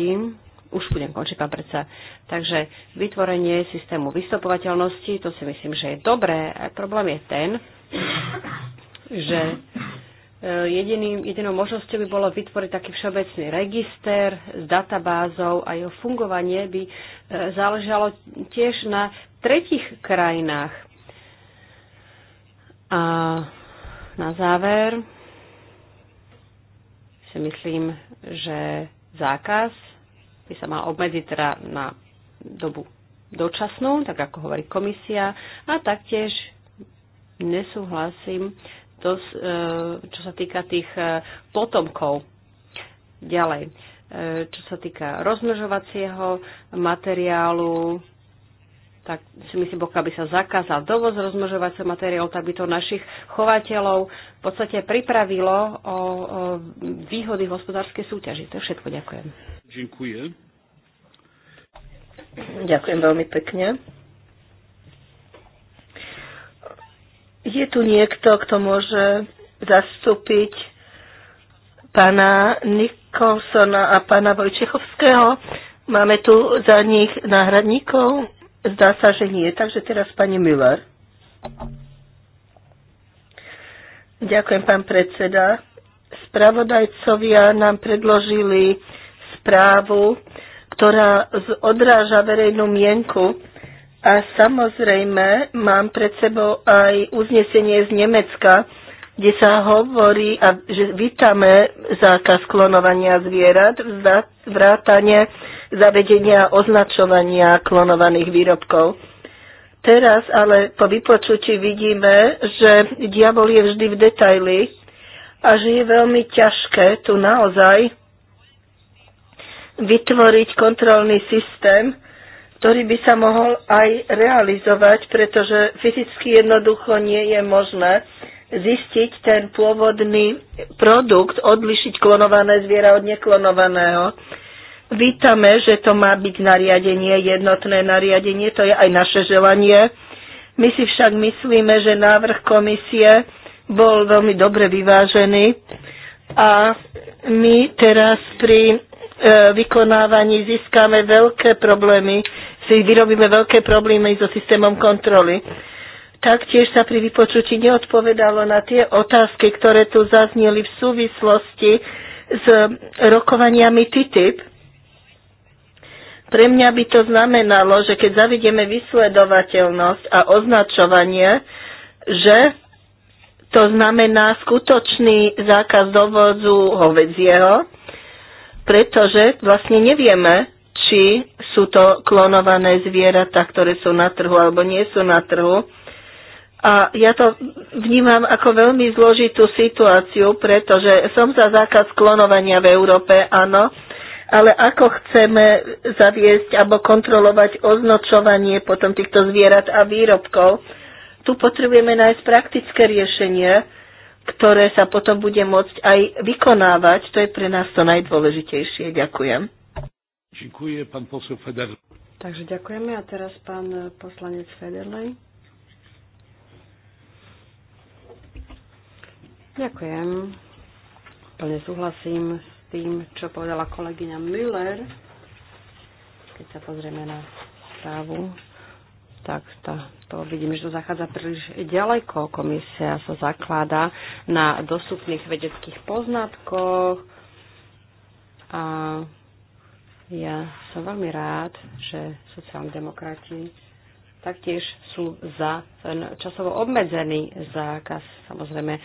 už budem končiť, pán predsa. Takže vytvorenie systému vystupovateľnosti, to si myslím, že je dobré. A problém je ten, že e, jediným, jedinou možnosťou by bolo vytvoriť taký všeobecný register s databázou a jeho fungovanie by e, záležalo tiež na tretich krajinách. A na záver si myslím, že zákaz by sa mal obmedziť teda na dobu dočasnú, tak ako hovorí komisia, a taktiež nesúhlasím, to, e, čo sa týka tých e, potomkov. Ďalej, e, čo sa týka rozmnožovacieho materiálu, tak si myslím, pokiaľ by sa zakázal dovoz rozmnožovacieho materiálu, tak by to našich chovateľov v podstate pripravilo o, o výhody hospodárskej súťaži. To je všetko. Ďakujem. Dziękuję. Ďakujem veľmi pekne. Je tu niekto, kto môže zastúpiť pána Nikolsona a pána Vojčechovského? Máme tu za nich náhradníkov? Zdá sa, že nie. Takže teraz pani Müller. Ďakujem, pán predseda. Spravodajcovia nám predložili správu, ktorá odráža verejnú mienku. A samozrejme mám pred sebou aj uznesenie z Nemecka, kde sa hovorí, a že vítame zákaz klonovania zvierat, vrátane zavedenia označovania klonovaných výrobkov. Teraz ale po vypočutí vidíme, že diabol je vždy v detaily a že je veľmi ťažké tu naozaj vytvoriť kontrolný systém, ktorý by sa mohol aj realizovať, pretože fyzicky jednoducho nie je možné zistiť ten pôvodný produkt, odlišiť klonované zviera od neklonovaného. Vítame, že to má byť nariadenie, jednotné nariadenie, to je aj naše želanie. My si však myslíme, že návrh komisie bol veľmi dobre vyvážený a my teraz pri E, vykonávaní získame veľké problémy, si vyrobíme veľké problémy so systémom kontroly. Taktiež sa pri vypočutí neodpovedalo na tie otázky, ktoré tu zazneli v súvislosti s rokovaniami TTIP. Pre mňa by to znamenalo, že keď zavedieme vysledovateľnosť a označovanie, že to znamená skutočný zákaz dovozu hovedzieho, pretože vlastne nevieme, či sú to klonované zvieratá, ktoré sú na trhu alebo nie sú na trhu. A ja to vnímam ako veľmi zložitú situáciu, pretože som za zákaz klonovania v Európe, áno, ale ako chceme zaviesť alebo kontrolovať označovanie potom týchto zvierat a výrobkov, tu potrebujeme nájsť praktické riešenie, ktoré sa potom bude môcť aj vykonávať. To je pre nás to najdôležitejšie. Ďakujem. Ďakujem, pán posol Federlej. Takže ďakujeme a teraz pán poslanec Federlej. Ďakujem. Plne súhlasím s tým, čo povedala kolegyňa Müller. Keď sa pozrieme na správu tak to, to vidím, že to zachádza príliš ďaleko. Komisia sa zaklada na dostupných vedeckých poznatkoch a ja som veľmi rád, že sociálni demokrati taktiež sú za ten časovo obmedzený zákaz. Samozrejme,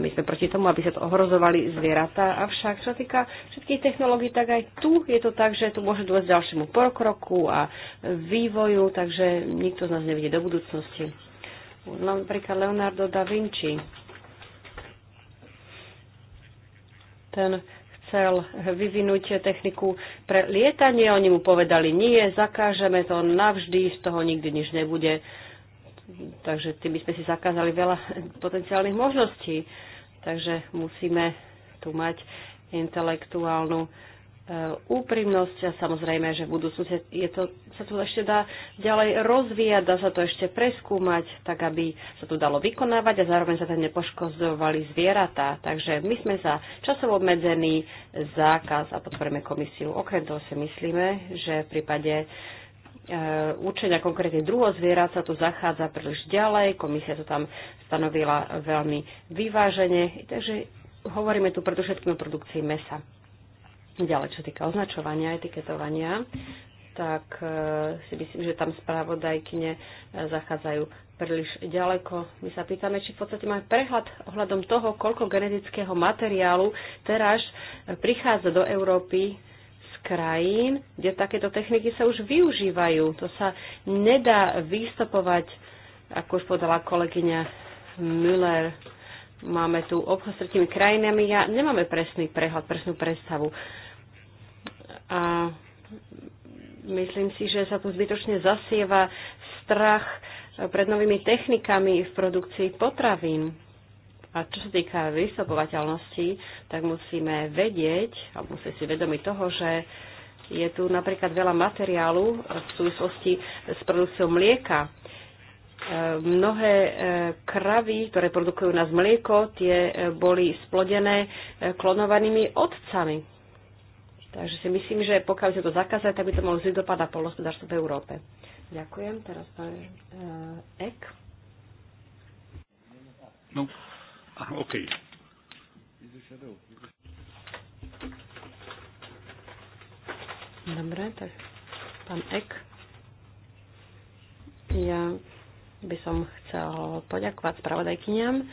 my sme proti tomu, aby sa to ohrozovali zvieratá. Avšak, čo týka všetkých technológií, tak aj tu je to tak, že tu môže dôjsť ďalšiemu pokroku a vývoju, takže nikto z nás nevidí do budúcnosti. Napríklad Leonardo da Vinci. Ten chcel vyvinúť techniku pre lietanie. Oni mu povedali, nie, zakážeme to navždy, z toho nikdy nič nebude. Takže tým by sme si zakázali veľa potenciálnych možností. Takže musíme tu mať intelektuálnu e, úprimnosť a samozrejme, že v budúcnosti je to, sa tu ešte dá ďalej rozvíjať, dá sa to ešte preskúmať, tak aby sa tu dalo vykonávať a zároveň sa tam nepoškozovali zvieratá. Takže my sme za časovo obmedzený zákaz a podporujeme komisiu. Okrem toho si myslíme, že v prípade E, určenia konkrétne druho zvierat sa tu zachádza príliš ďalej, komisia to tam stanovila veľmi vyvážene, takže hovoríme tu predovšetkým o produkcii mesa. Ďalej, čo týka označovania, etiketovania, tak e, si myslím, že tam správodajkyne e, zachádzajú príliš ďaleko. My sa pýtame, či v podstate máme prehľad ohľadom toho, koľko genetického materiálu teraz prichádza do Európy krajín, kde takéto techniky sa už využívajú. To sa nedá vystopovať, ako už povedala kolegyňa Müller. Máme tu obchod s tretimi krajinami a nemáme presný prehľad, presnú predstavu. A myslím si, že sa tu zbytočne zasieva strach pred novými technikami v produkcii potravín a čo sa týka vysobovateľnosti, tak musíme vedieť, a musíme si vedomiť toho, že je tu napríklad veľa materiálu v súvislosti s produkciou mlieka. E, mnohé e, kravy, ktoré produkujú nás mlieko, tie e, boli splodené klonovanými otcami. Takže si myslím, že pokiaľ by sa to zakázali, tak by to mohlo zlý dopad na polnospodárstvo v Európe. Ďakujem. Teraz pán Ek. No, OK. Dobre, tak pán Ek. Ja by som chcel poďakovať spravodajkyniam.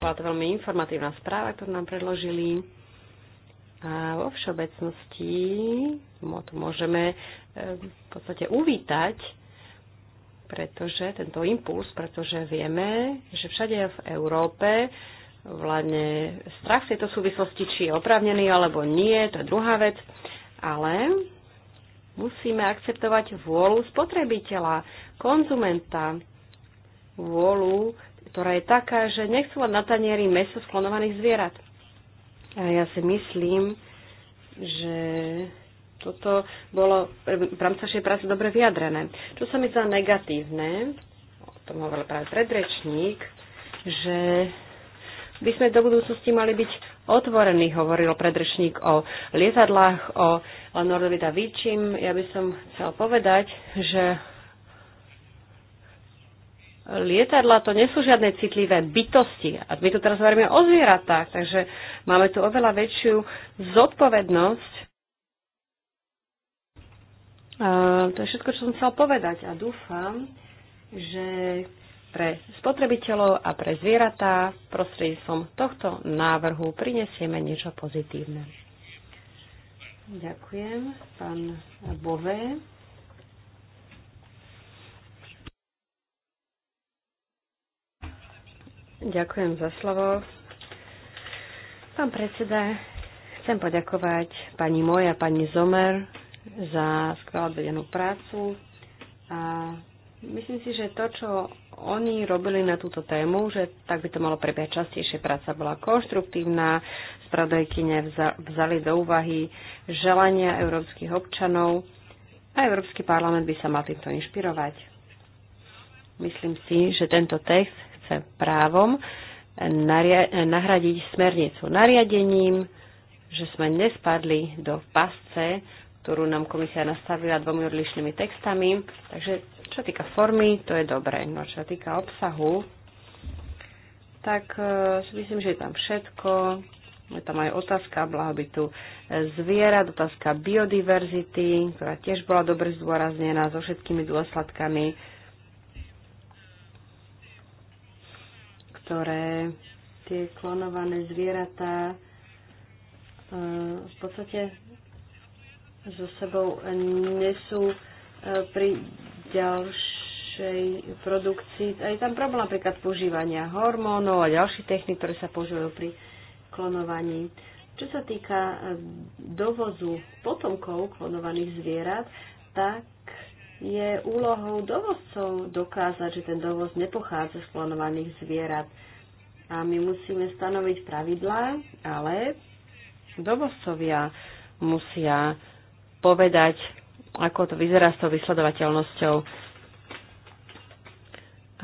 Bola to veľmi informatívna správa, ktorú nám predložili. A vo všeobecnosti to môžeme eh, v podstate uvítať pretože tento impuls, pretože vieme, že všade v Európe vládne strach v tejto súvislosti, či je oprávnený alebo nie, to je druhá vec, ale musíme akceptovať vôľu spotrebiteľa, konzumenta, vôľu, ktorá je taká, že nechcú len na tanieri meso sklonovaných zvierat. A ja si myslím, že toto bolo eh, v rámci našej práce dobre vyjadrené. Čo sa mi zdá negatívne, o tom hovoril práve predrečník, že by sme do budúcnosti mali byť otvorení, hovoril predrečník o lietadlách, o Leonardovi da Vichim. Ja by som chcel povedať, že lietadla to nie sú žiadne citlivé bytosti. A my tu teraz hovoríme o zvieratách, takže máme tu oveľa väčšiu zodpovednosť to je všetko, čo som chcela povedať a dúfam, že pre spotrebiteľov a pre zvieratá prostredníctvom tohto návrhu prinesieme niečo pozitívne. Ďakujem, pán Bové. Ďakujem za slovo. Pán predseda, chcem poďakovať pani moja, pani Zomer, za skvelú odvedenú prácu a myslím si, že to, čo oni robili na túto tému, že tak by to malo prebiehať častejšie. Práca bola konštruktívna, spravodajkyne vzali do úvahy želania európskych občanov a Európsky parlament by sa mal týmto inšpirovať. Myslím si, že tento text chce právom nahradiť smernicu nariadením, že sme nespadli do pasce ktorú nám komisia nastavila dvomi odlišnými textami. Takže čo týka formy, to je dobré. No čo týka obsahu, tak e, si myslím, že je tam všetko. Je tam aj otázka blahobytu zvierat, otázka biodiverzity, ktorá tiež bola dobre zdôraznená so všetkými dôsledkami, ktoré tie klonované zvieratá e, v podstate so sebou nesú e, pri ďalšej produkcii. Je tam problém napríklad používania hormónov a ďalších technik, ktoré sa používajú pri klonovaní. Čo sa týka e, dovozu potomkov klonovaných zvierat, tak je úlohou dovozcov dokázať, že ten dovoz nepochádza z klonovaných zvierat. A my musíme stanoviť pravidlá, ale dovozcovia musia povedať, ako to vyzerá s tou vysledovateľnosťou.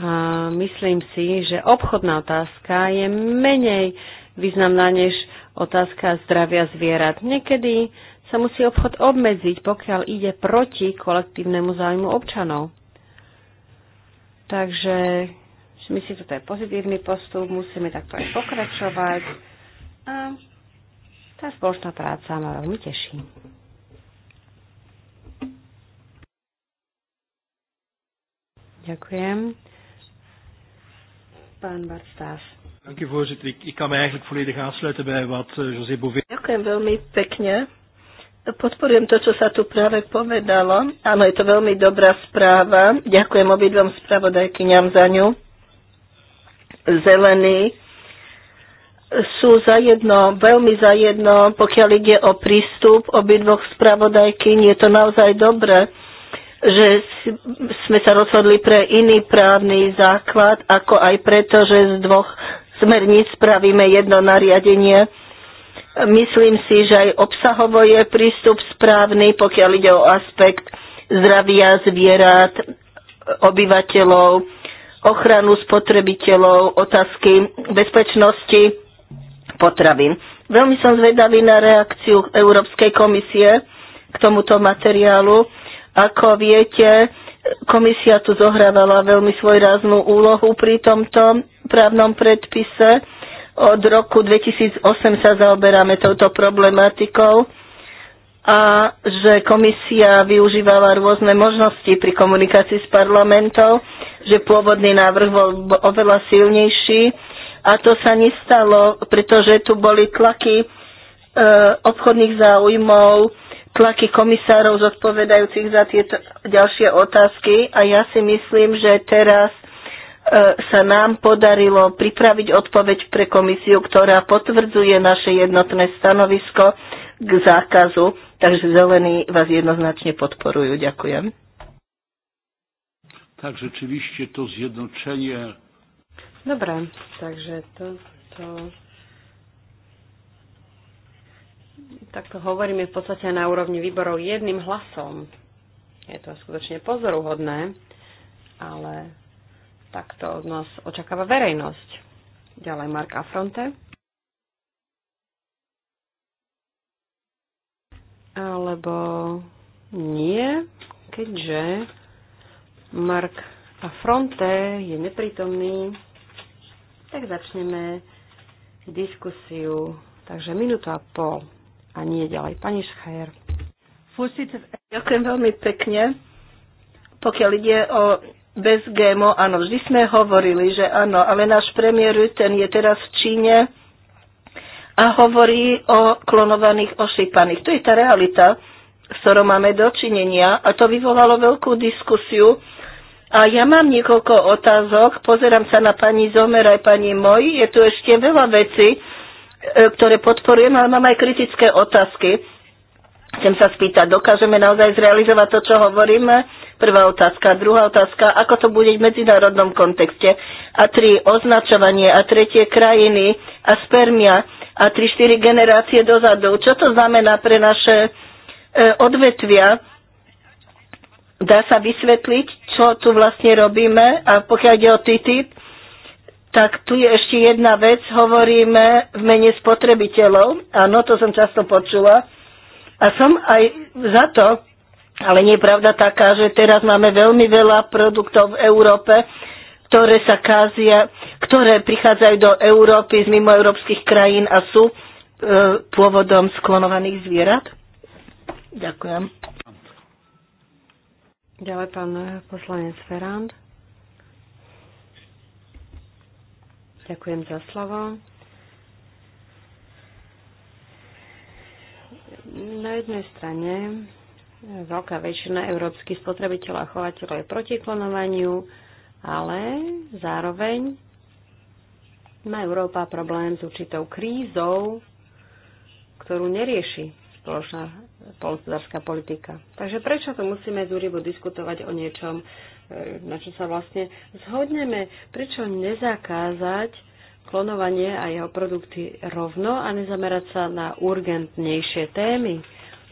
A myslím si, že obchodná otázka je menej významná než otázka zdravia zvierat. Niekedy sa musí obchod obmedziť, pokiaľ ide proti kolektívnemu záujmu občanov. Takže myslím, že to je pozitívny postup, musíme takto aj pokračovať. A tá spoločná práca ma veľmi teší. Ďakujem. Pán Barstáv. Dank u voorzitter. Ik, ik kan me eigenlijk volledig aansluiten bij wat uh, José Bové. Ďakujem veľmi pekne. Podporujem to, čo sa tu práve povedalo. Áno, je to veľmi dobrá správa. Ďakujem obidvom spravodajkyňam za ňu. Zelení sú zajedno, veľmi zajedno, pokiaľ ide o prístup obidvoch spravodajkyň. Je to naozaj dobré že sme sa rozhodli pre iný právny základ, ako aj preto, že z dvoch smerníc spravíme jedno nariadenie. Myslím si, že aj obsahovo je prístup správny, pokiaľ ide o aspekt zdravia zvierat, obyvateľov, ochranu spotrebiteľov, otázky bezpečnosti potravín. Veľmi som zvedavý na reakciu Európskej komisie k tomuto materiálu ako viete, komisia tu zohrávala veľmi svojráznú úlohu pri tomto právnom predpise. Od roku 2008 sa zaoberáme touto problematikou a že komisia využívala rôzne možnosti pri komunikácii s parlamentom, že pôvodný návrh bol oveľa silnejší a to sa nestalo, pretože tu boli tlaky e, obchodných záujmov, tlaky komisárov zodpovedajúcich za tieto ďalšie otázky a ja si myslím, že teraz e, sa nám podarilo pripraviť odpoveď pre komisiu, ktorá potvrdzuje naše jednotné stanovisko k zákazu. Takže zelení vás jednoznačne podporujú. Ďakujem. Tak rzeczywiście to zjednoczenie. Dobra, także to, to tak to hovoríme v podstate na úrovni výborov jedným hlasom. Je to skutočne pozoruhodné, ale takto od nás očakáva verejnosť. Ďalej Mark Afronte. Alebo nie, keďže Mark Afronte je neprítomný, tak začneme diskusiu. Takže minútu a pol a nie ďalej. Pani Šchajer. Ďakujem veľmi pekne. Pokiaľ ide o bez GMO, áno, vždy sme hovorili, že áno, ale náš premiér ten je teraz v Číne a hovorí o klonovaných ošípaných. To je tá realita, s ktorou máme dočinenia a to vyvolalo veľkú diskusiu. A ja mám niekoľko otázok, pozerám sa na pani Zomer aj pani Moj, je tu ešte veľa vecí, E, ktoré podporujem, ale mám aj kritické otázky. Chcem sa spýtať, dokážeme naozaj zrealizovať to, čo hovoríme? Prvá otázka. Druhá otázka, ako to bude v medzinárodnom kontexte? A tri, označovanie. A tretie, krajiny a spermia. A tri, štyri generácie dozadu. Čo to znamená pre naše e, odvetvia? Dá sa vysvetliť, čo tu vlastne robíme? A pokiaľ ide o TTIP, tak tu je ešte jedna vec, hovoríme v mene spotrebiteľov, áno, to som často počula, a som aj za to, ale nie je pravda taká, že teraz máme veľmi veľa produktov v Európe, ktoré sa kázia, ktoré prichádzajú do Európy z mimoeurópskych krajín a sú e, pôvodom sklonovaných zvierat. Ďakujem. Ďalej pán poslanec Ferrand. Ďakujem za slovo. Na jednej strane veľká väčšina európskych spotrebiteľov a chovateľov je proti klonovaniu, ale zároveň má Európa problém s určitou krízou, ktorú nerieši spoločná polnospodárska politika. Takže prečo tu musíme z úrybu diskutovať o niečom, E, na čo sa vlastne zhodneme. Prečo nezakázať klonovanie a jeho produkty rovno a nezamerať sa na urgentnejšie témy?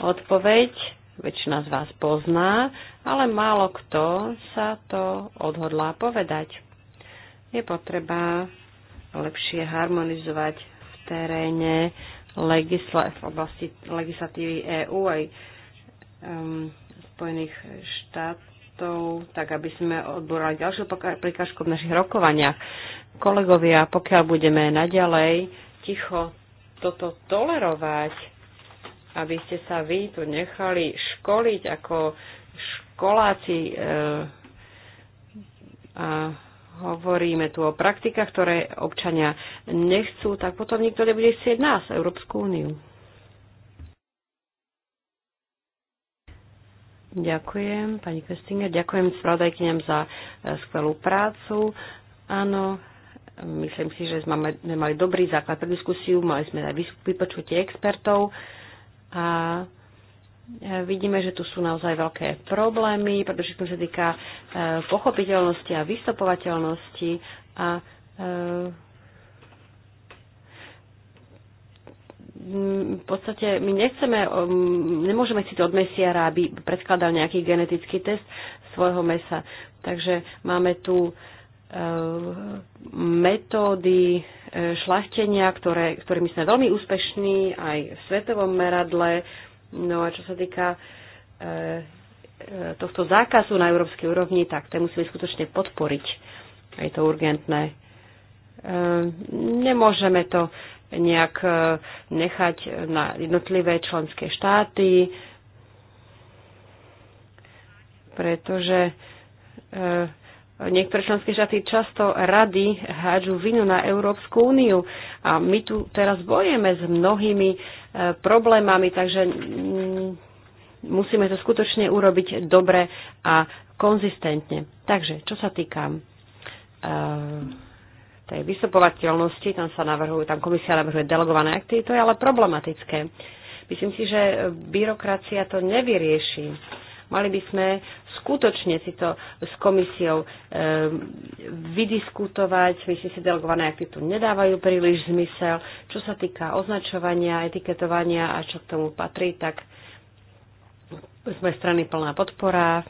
Odpoveď väčšina z vás pozná, ale málo kto sa to odhodlá povedať. Je potreba lepšie harmonizovať v teréne legisla- v oblasti legislatívy EÚ aj um, Spojených štát, kontaktov, tak aby sme odborali ďalšiu prekážku v našich rokovaniach. Kolegovia, pokiaľ budeme naďalej ticho toto tolerovať, aby ste sa vy tu nechali školiť ako školáci e, a hovoríme tu o praktikách, ktoré občania nechcú, tak potom nikto nebude chcieť nás, Európsku úniu. Ďakujem, pani Köstinger. Ďakujem spravodajkyňam za e, skvelú prácu. Áno, myslím si, že sme mali dobrý základ pre diskusiu, mali sme aj vypočutie expertov a e, vidíme, že tu sú naozaj veľké problémy, pretože to sa týka e, pochopiteľnosti a vystupovateľnosti a v podstate my nechceme, um, nemôžeme si to od mesiara, aby predkladal nejaký genetický test svojho mesa. Takže máme tu uh, metódy uh, šlachtenia, ktoré, ktorými sme veľmi úspešní aj v svetovom meradle. No a čo sa týka uh, tohto zákazu na európskej úrovni, tak to musíme skutočne podporiť. Je to urgentné. Nemôžeme to nejak e, nechať na jednotlivé členské štáty, pretože e, niektoré členské štáty často rady hádžu vinu na Európsku úniu a my tu teraz bojujeme s mnohými e, problémami, takže mm, musíme to skutočne urobiť dobre a konzistentne. Takže, čo sa týka tej vystupovateľnosti, tam sa navrhujú, tam komisia navrhuje delegované akty, to je ale problematické. Myslím si, že byrokracia to nevyrieši. Mali by sme skutočne si to s komisiou e, vydiskutovať. Myslím si, delegované akty tu nedávajú príliš zmysel. Čo sa týka označovania, etiketovania a čo k tomu patrí, tak z strany plná podpora.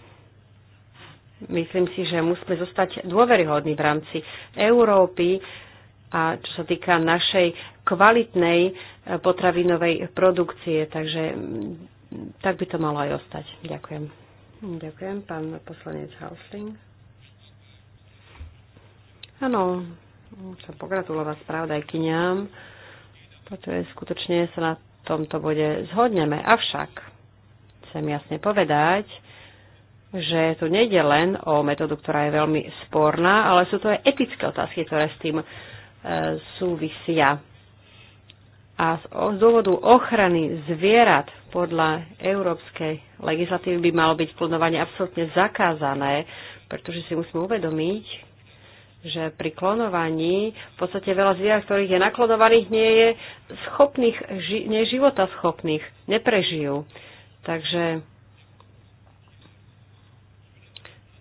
Myslím si, že musíme zostať dôveryhodní v rámci Európy a čo sa týka našej kvalitnej e, potravinovej produkcie. Takže tak by to malo aj ostať. Ďakujem. Ďakujem, pán poslanec Hausling. Áno, chcem pogratulovať spravodajkyňam, pretože skutočne sa na tomto bode zhodneme. Avšak chcem jasne povedať, že to nejde len o metódu, ktorá je veľmi sporná, ale sú to aj etické otázky, ktoré s tým e, súvisia. A z, o, z dôvodu ochrany zvierat podľa európskej legislatívy by malo byť klonovanie absolútne zakázané, pretože si musíme uvedomiť, že pri klonovaní v podstate veľa zvierat, ktorých je naklonovaných, nie je schopných, ži, nie života schopných, neprežijú. Takže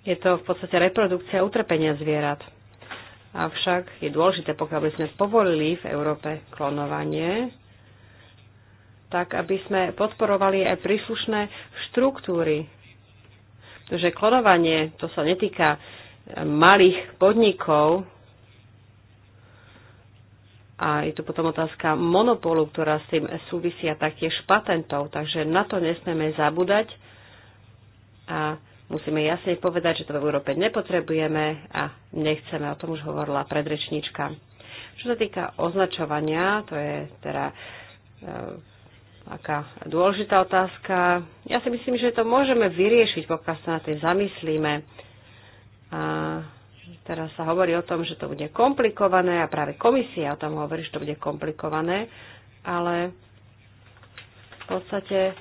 je to v podstate reprodukcia utrpenia zvierat. Avšak je dôležité, pokiaľ by sme povolili v Európe klonovanie, tak aby sme podporovali aj príslušné štruktúry. Pretože klonovanie, to sa netýka malých podnikov, a je tu potom otázka monopolu, ktorá s tým súvisia taktiež patentov, takže na to nesmieme zabúdať. A Musíme jasne povedať, že to v Európe nepotrebujeme a nechceme, o tom už hovorila predrečníčka. Čo sa týka označovania, to je teda eh, aká dôležitá otázka. Ja si myslím, že to môžeme vyriešiť, pokiaľ sa na tým zamyslíme. A teraz sa hovorí o tom, že to bude komplikované a práve komisia o tom hovorí, že to bude komplikované, ale v podstate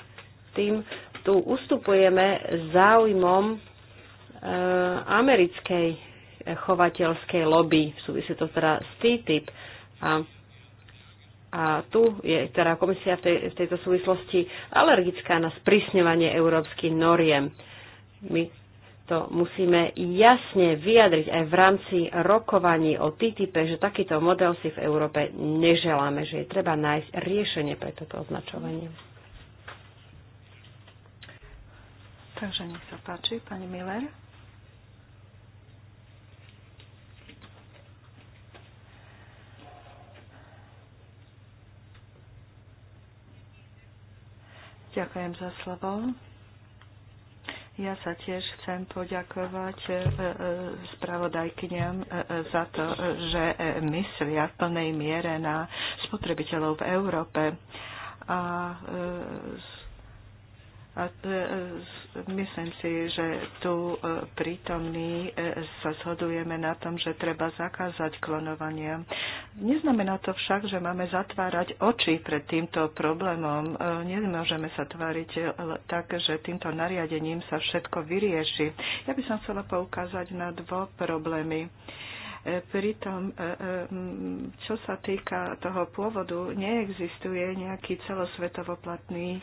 tým tu ustupujeme záujmom e, americkej chovateľskej lobby, v súvisí to teda s TTIP. A, a tu je teda komisia v, tej, v tejto súvislosti alergická na sprísňovanie európskych noriem. My to musíme jasne vyjadriť aj v rámci rokovaní o TTIP, že takýto model si v Európe neželáme, že je treba nájsť riešenie pre toto označovanie. Takže nech sa páči, pani Miller. Ďakujem za slovo. Ja sa tiež chcem poďakovať e, e, spravodajkyniam e, za to, že myslia v plnej miere na spotrebiteľov v Európe. A a e, myslím si, že tu e, prítomní e, sa zhodujeme na tom, že treba zakázať klonovania. Neznamená to však, že máme zatvárať oči pred týmto problémom. Nemôžeme sa tváriť tak, že týmto nariadením sa všetko vyrieši. Ja by som chcela poukázať na dvo problémy pritom, čo sa týka toho pôvodu, neexistuje nejaký celosvetovoplatný platný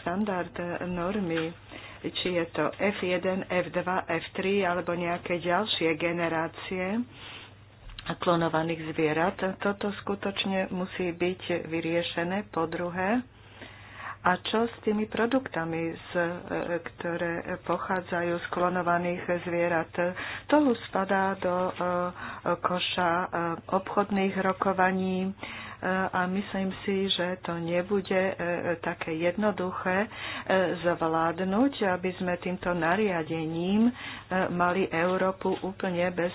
štandard normy, či je to F1, F2, F3 alebo nejaké ďalšie generácie klonovaných zvierat. Toto skutočne musí byť vyriešené. Po druhé, a čo s tými produktami, z, e, ktoré pochádzajú z klonovaných zvierat? To už spadá do e, koša e, obchodných rokovaní a myslím si, že to nebude e, také jednoduché e, zvládnuť, aby sme týmto nariadením e, mali Európu úplne bez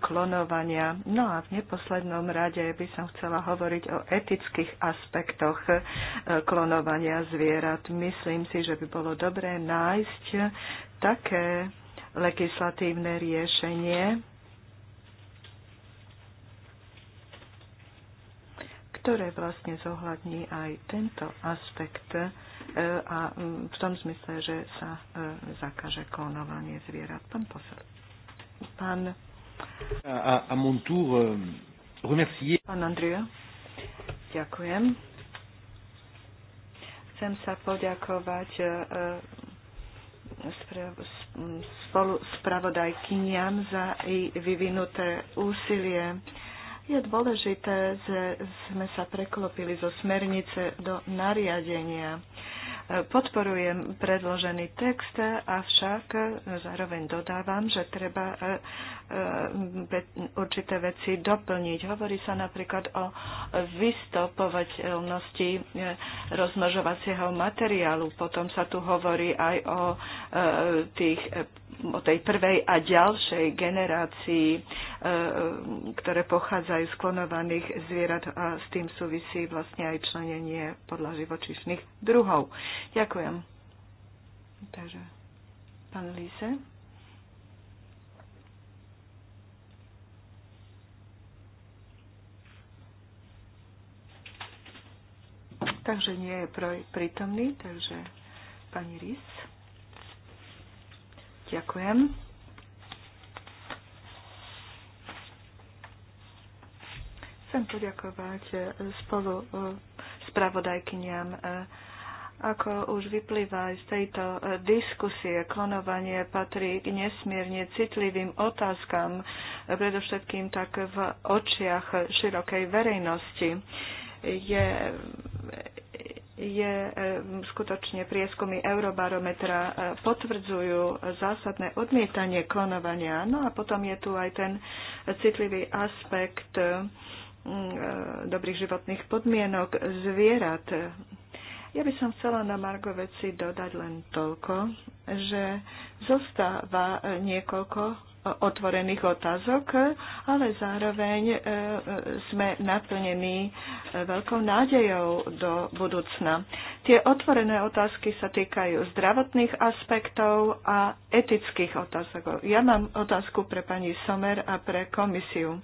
klonovania. No a v neposlednom rade by som chcela hovoriť o etických aspektoch klonovania zvierat. Myslím si, že by bolo dobré nájsť také legislatívne riešenie, ktoré vlastne zohľadní aj tento aspekt e, a mm, v tom zmysle, že sa e, zakaže klonovanie zvierat. Pán posel. Pán... A, a mon tour, e, remercie. Pán Andrea, ďakujem. Chcem sa poďakovať spolu spravodajkyniam za jej vyvinuté úsilie je dôležité, že sme sa preklopili zo smernice do nariadenia. Podporujem predložený text, avšak zároveň dodávam, že treba e, e, určité veci doplniť. Hovorí sa napríklad o vystopovateľnosti e, rozmnožovacieho materiálu. Potom sa tu hovorí aj o, tých, o tej prvej a ďalšej generácii, ktoré pochádzajú predajú sklonovaných zvierat a s tým súvisí vlastne aj členenie podľa živočišných druhov. Ďakujem. Takže, pán Lise. Takže nie je prítomný, takže pani Rís. Ďakujem. Chcem poďakovať eh, spolu eh, spravodajkyniam eh, ako už vyplýva z tejto diskusie, klonovanie patrí k nesmierne citlivým otázkam, predovšetkým tak v očiach širokej verejnosti. Je, je skutočne prieskumy Eurobarometra potvrdzujú zásadné odmietanie klonovania. No a potom je tu aj ten citlivý aspekt Mm, e, dobrých životných podmienok zvierat. Ja by som chcela na Margo veci dodať len toľko, že zostáva niekoľko otvorených otázok, ale zároveň e, e, sme naplnení e, veľkou nádejou do budúcna. Tie otvorené otázky sa týkajú zdravotných aspektov a etických otázok. Ja mám otázku pre pani Somer a pre komisiu.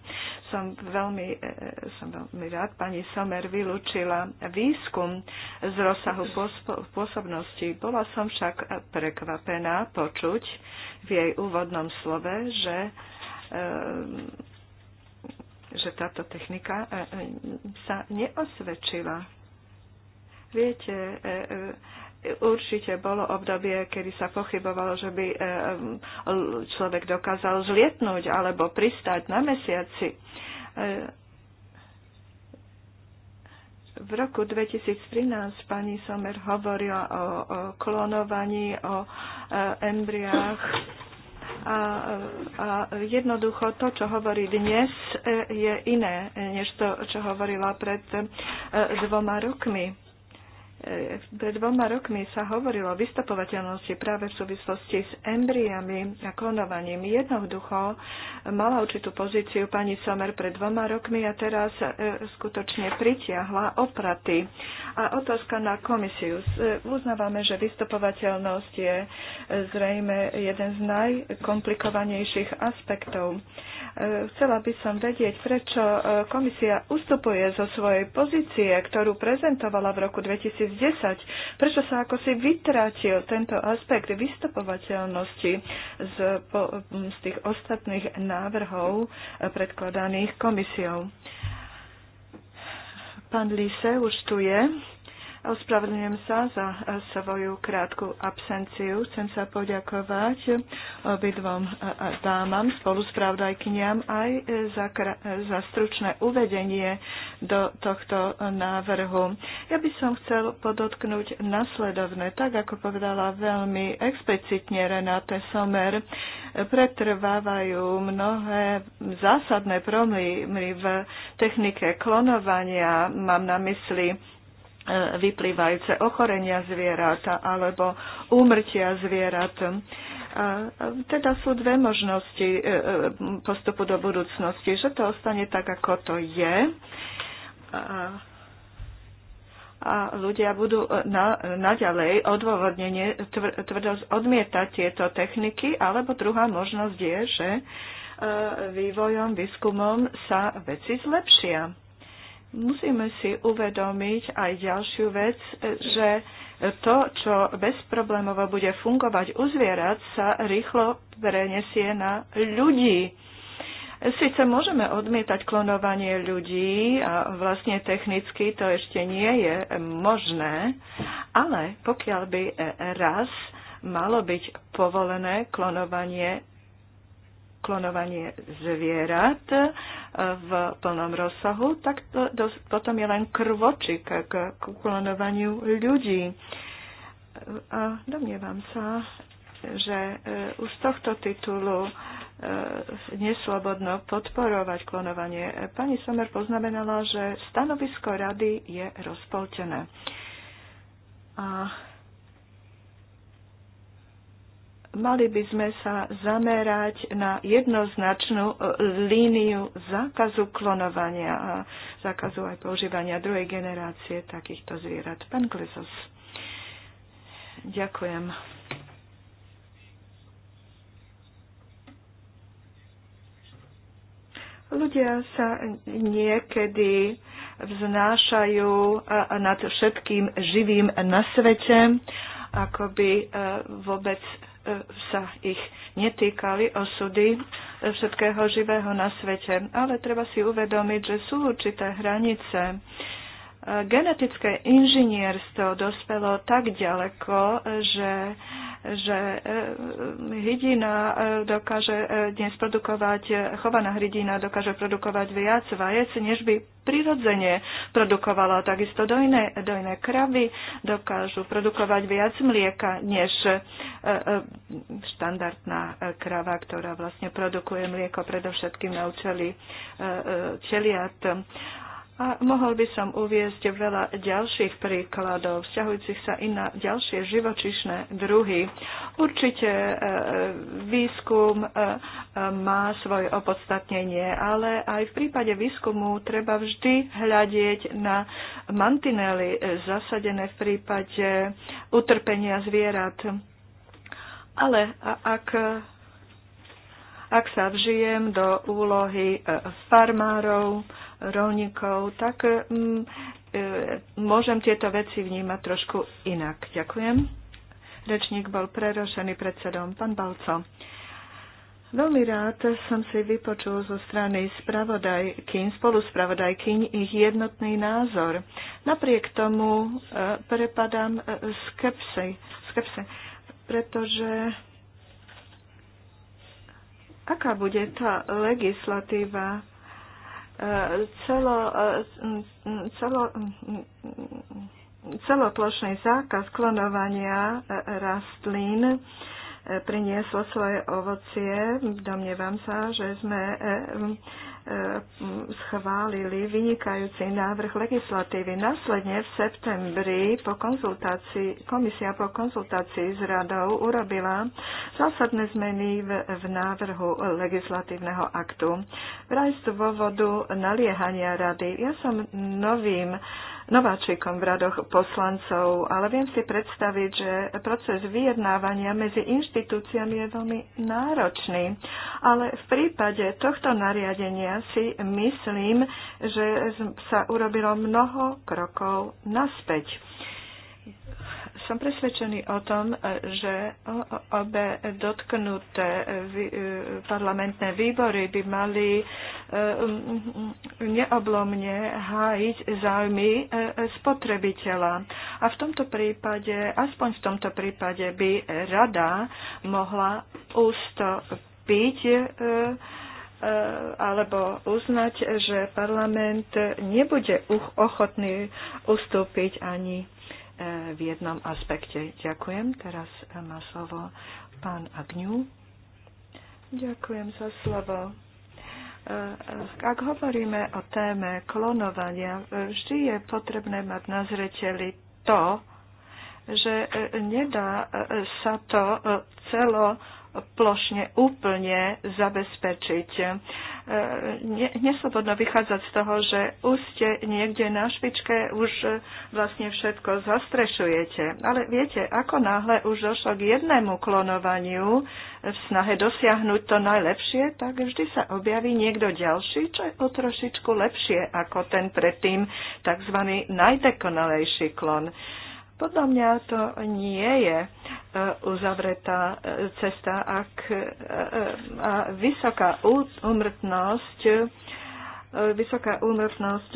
Som veľmi, som veľmi rád, pani Somer vylúčila výskum z rozsahu pôsobnosti. Bola som však prekvapená počuť, v jej úvodnom slove, že, eh, že táto technika eh, eh, sa neosvedčila. Viete, určite bolo obdobie, kedy sa pochybovalo, že by človek dokázal zlietnúť alebo pristať na mesiaci v roku 2013 pani Somer hovorila o, o klonovaní, o e, embriách a, a jednoducho to, čo hovorí dnes, e, je iné, než to, čo hovorila pred e, dvoma rokmi. E, pred dvoma rokmi sa hovorilo o vystopovateľnosti práve v súvislosti s embriami a klonovaním. Jednoducho mala určitú pozíciu pani Somer pred dvoma rokmi a teraz e, skutočne pritiahla opraty. A otázka na komisiu. E, uznávame, že vystupovateľnosť je zrejme jeden z najkomplikovanejších aspektov. Chcela by som vedieť, prečo komisia ustupuje zo svojej pozície, ktorú prezentovala v roku 2000 2010. Prečo sa ako si vytratil tento aspekt vystupovateľnosti z, po, z tých ostatných návrhov eh, predkladaných komisiou? Pán Lise už tu je. Ospravedlňujem sa za eh, svoju krátku absenciu. Chcem sa poďakovať obidvom eh, dámam, spoluspravdajkyniam aj eh, za, za stručné uvedenie do tohto návrhu. Ja by som chcel podotknúť nasledovné, tak ako povedala veľmi explicitne Renate Somer, pretrvávajú mnohé zásadné problémy v technike klonovania, mám na mysli E, vyplývajúce ochorenia zvierat alebo úmrtia zvierat. A e, teda sú dve možnosti e, postupu do budúcnosti, že to ostane tak, ako to je. A ľudia budú na, naďalej odôvodnenie tvrdosť odmietať tieto techniky, alebo druhá možnosť je, že vývojom, výskumom sa veci zlepšia. Musíme si uvedomiť aj ďalšiu vec, že to, čo bezproblémovo bude fungovať u zvierat, sa rýchlo prenesie na ľudí. Sice môžeme odmietať klonovanie ľudí a vlastne technicky to ešte nie je možné, ale pokiaľ by raz malo byť povolené klonovanie klonovanie zvierat e, v plnom rozsahu, tak to, to, potom je len krvočik k, k klonovaniu ľudí. E, a domnievam sa, že e, už z tohto titulu neslobodno podporovať klonovanie. Pani Somer poznamenala, že stanovisko rady je rozpoltené. A mali by sme sa zamerať na jednoznačnú e, líniu zákazu klonovania a zákazu aj používania druhej generácie takýchto zvierat. Pán Klesos. Ďakujem. Ľudia sa niekedy vznášajú e, nad všetkým živým na svete, ako by e, vôbec sa ich netýkali osudy všetkého živého na svete. Ale treba si uvedomiť, že sú určité hranice. Genetické inžinierstvo dospelo tak ďaleko, že že e, hydina e, dokáže e, dnes produkovať, chovaná hydina dokáže produkovať viac vajec, než by prirodzene produkovala. Takisto dojné, dojné kravy dokážu produkovať viac mlieka, než štandardná krava, ktorá vlastne produkuje mlieko predovšetkým na účely čeliat. A mohol by som uviezť veľa ďalších príkladov, vzťahujúcich sa i na ďalšie živočišné druhy. Určite e, výskum e, e, má svoje opodstatnenie, ale aj v prípade výskumu treba vždy hľadieť na mantinely zasadené v prípade utrpenia zvierat. Ale ak ak sa vžijem do úlohy farmárov, rolníkov, tak mm, e, môžem tieto veci vnímať trošku inak. Ďakujem. Rečník bol prerošený predsedom, pán Balco. Veľmi rád som si vypočul zo strany spravodajkyň, spoluspravodajkyň ich jednotný názor. Napriek tomu e, prepadám e, skepse pretože aká bude tá legislatíva celo, celo, celoplošný zákaz klonovania rastlín prinieslo svoje ovocie. Domnievam sa, že sme schválili vynikajúci návrh legislatívy. Následne v septembri po konzultácii, komisia po konzultácii s radou urobila zásadné zmeny v, v návrhu legislatívneho aktu. Vraj z dôvodu naliehania rady. Ja som novým nováčikom v radoch poslancov, ale viem si predstaviť, že proces vyjednávania medzi inštitúciami je veľmi náročný. Ale v prípade tohto nariadenia si myslím, že sa urobilo mnoho krokov naspäť som presvedčený o tom, že obe dotknuté e, parlamentné výbory by mali e, neoblomne hájiť záujmy e, spotrebiteľa. A v tomto prípade, aspoň v tomto prípade, by rada mohla ustúpiť alebo uznať, že parlament nebude ochotný ustúpiť ani v jednom aspekte. Ďakujem. Teraz má slovo pán Agňu. Ďakujem za slovo e, ak hovoríme o téme klonovania, e, vždy je potrebné mať na zreteli to, že e, nedá sa to celo plošne úplne zabezpečiť. E, ne, neslobodno vychádzať z toho, že už ste niekde na špičke, už e, vlastne všetko zastrešujete. Ale viete, ako náhle už došlo k jednému klonovaniu e, v snahe dosiahnuť to najlepšie, tak vždy sa objaví niekto ďalší, čo je o trošičku lepšie ako ten predtým tzv. najdekonalejší klon. Podľa mňa to nie je e, uzavretá e, cesta, ak e, vysoká úmrtnosť Vysoká úmrtnosť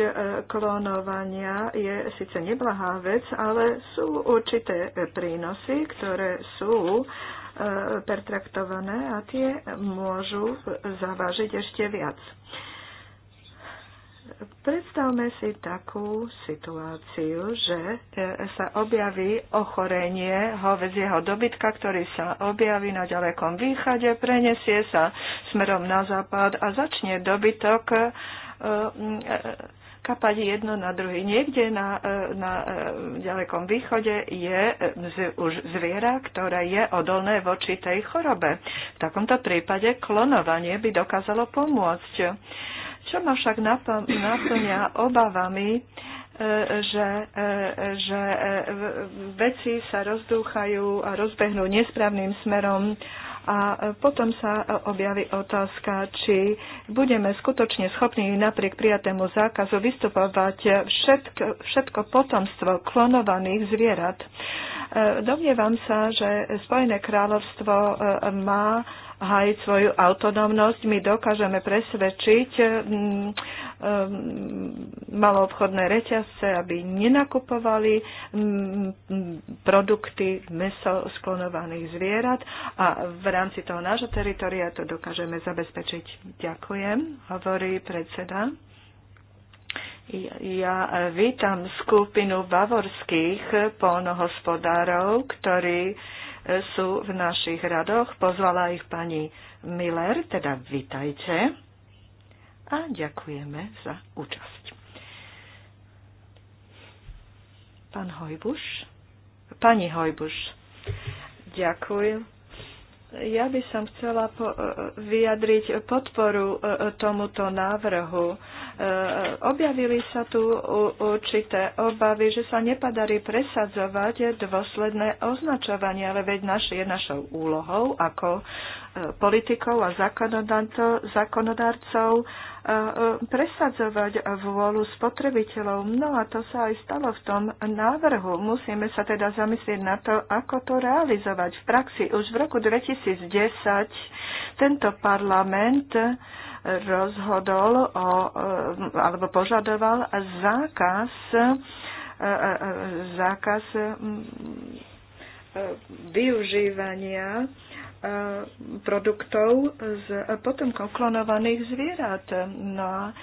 klonovania je síce neblahá vec, ale sú určité prínosy, ktoré sú pertraktované a tie môžu zavážiť ešte viac. Predstavme si takú situáciu, že e, sa objaví ochorenie hovedzieho dobytka, ktorý sa objaví na ďalekom východe, prenesie sa smerom na západ a začne dobytok e, e, kapať jedno na druhý. Niekde na, na ďalekom východe je už zviera, ktoré je odolné voči tej chorobe. V takomto prípade klonovanie by dokázalo pomôcť čo ma však naplňa obavami, e, že, e, že e, veci sa rozdúchajú a rozbehnú nesprávnym smerom a potom sa objaví otázka, či budeme skutočne schopní napriek prijatému zákazu vystupovať všetko, všetko potomstvo klonovaných zvierat. Domnievam sa, že Spojené kráľovstvo má hájiť svoju autonómnosť. My dokážeme presvedčiť mm, mm, maloobchodné reťazce, aby nenakupovali mm, produkty meso sklonovaných zvierat a v rámci toho nášho teritoria to dokážeme zabezpečiť. Ďakujem, hovorí predseda. Ja vítam skupinu bavorských polnohospodárov, ktorí sú v našich radoch. Pozvala ich pani Miller, teda vitajte a ďakujeme za účasť. Pán Hojbuš? Pani Hojbuš, ďakujem ja by som chcela po, e, e, vyjadriť podporu e, tomuto návrhu. Objavili sa tu určité obavy, že sa nepadarí presadzovať dôsledné označovanie, ale veď naš, je našou úlohou ako politikov a zákonodárcov e, e, presadzovať vôľu spotrebiteľov. No a to sa aj stalo v tom návrhu. Musíme sa teda zamyslieť na to, ako to realizovať v praxi. Už v roku 2010 tento parlament rozhodol o, e, alebo požadoval zákaz zákaz využívania Eh, produktov z potomkov klonovaných zvierat. No a eh,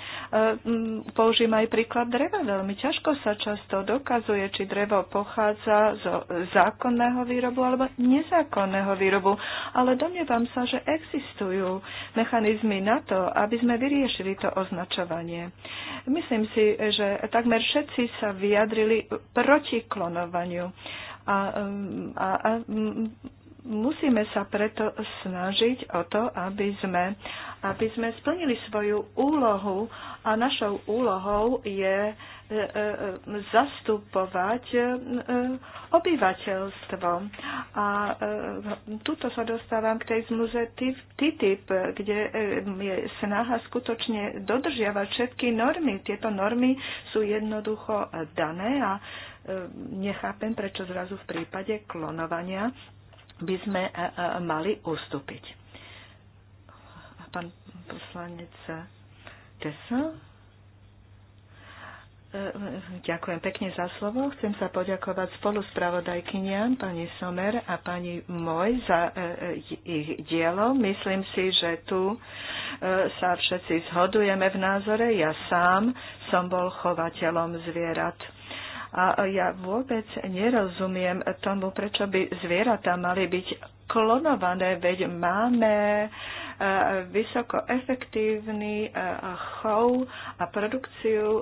použijem aj príklad dreva. Veľmi ťažko sa často dokazuje, či drevo pochádza zo zákonného výrobu alebo nezákonného výrobu. Ale domnievam sa, že existujú mechanizmy na to, aby sme vyriešili to označovanie. Myslím si, že takmer všetci sa vyjadrili proti klonovaniu. A, a, a musíme sa preto snažiť o to, aby sme, aby sme splnili svoju úlohu a našou úlohou je e, e, zastupovať e, obyvateľstvo. A tuto sa dostávam k tej zmluze TTIP, kde je snaha skutočne dodržiavať všetky normy. Tieto normy sú jednoducho dané a nechápem, prečo zrazu v prípade klonovania by sme mali ustúpiť. Pán poslanec Tesa. E, ďakujem pekne za slovo. Chcem sa poďakovať spolu pani Somer a pani Moj za e, e, ich dielo. Myslím si, že tu sa všetci zhodujeme v názore. Ja sám som bol chovateľom zvierat a ja vôbec nerozumiem tomu, prečo by zvieratá mali byť klonované, veď máme e, vysoko efektívny e, chov a produkciu e,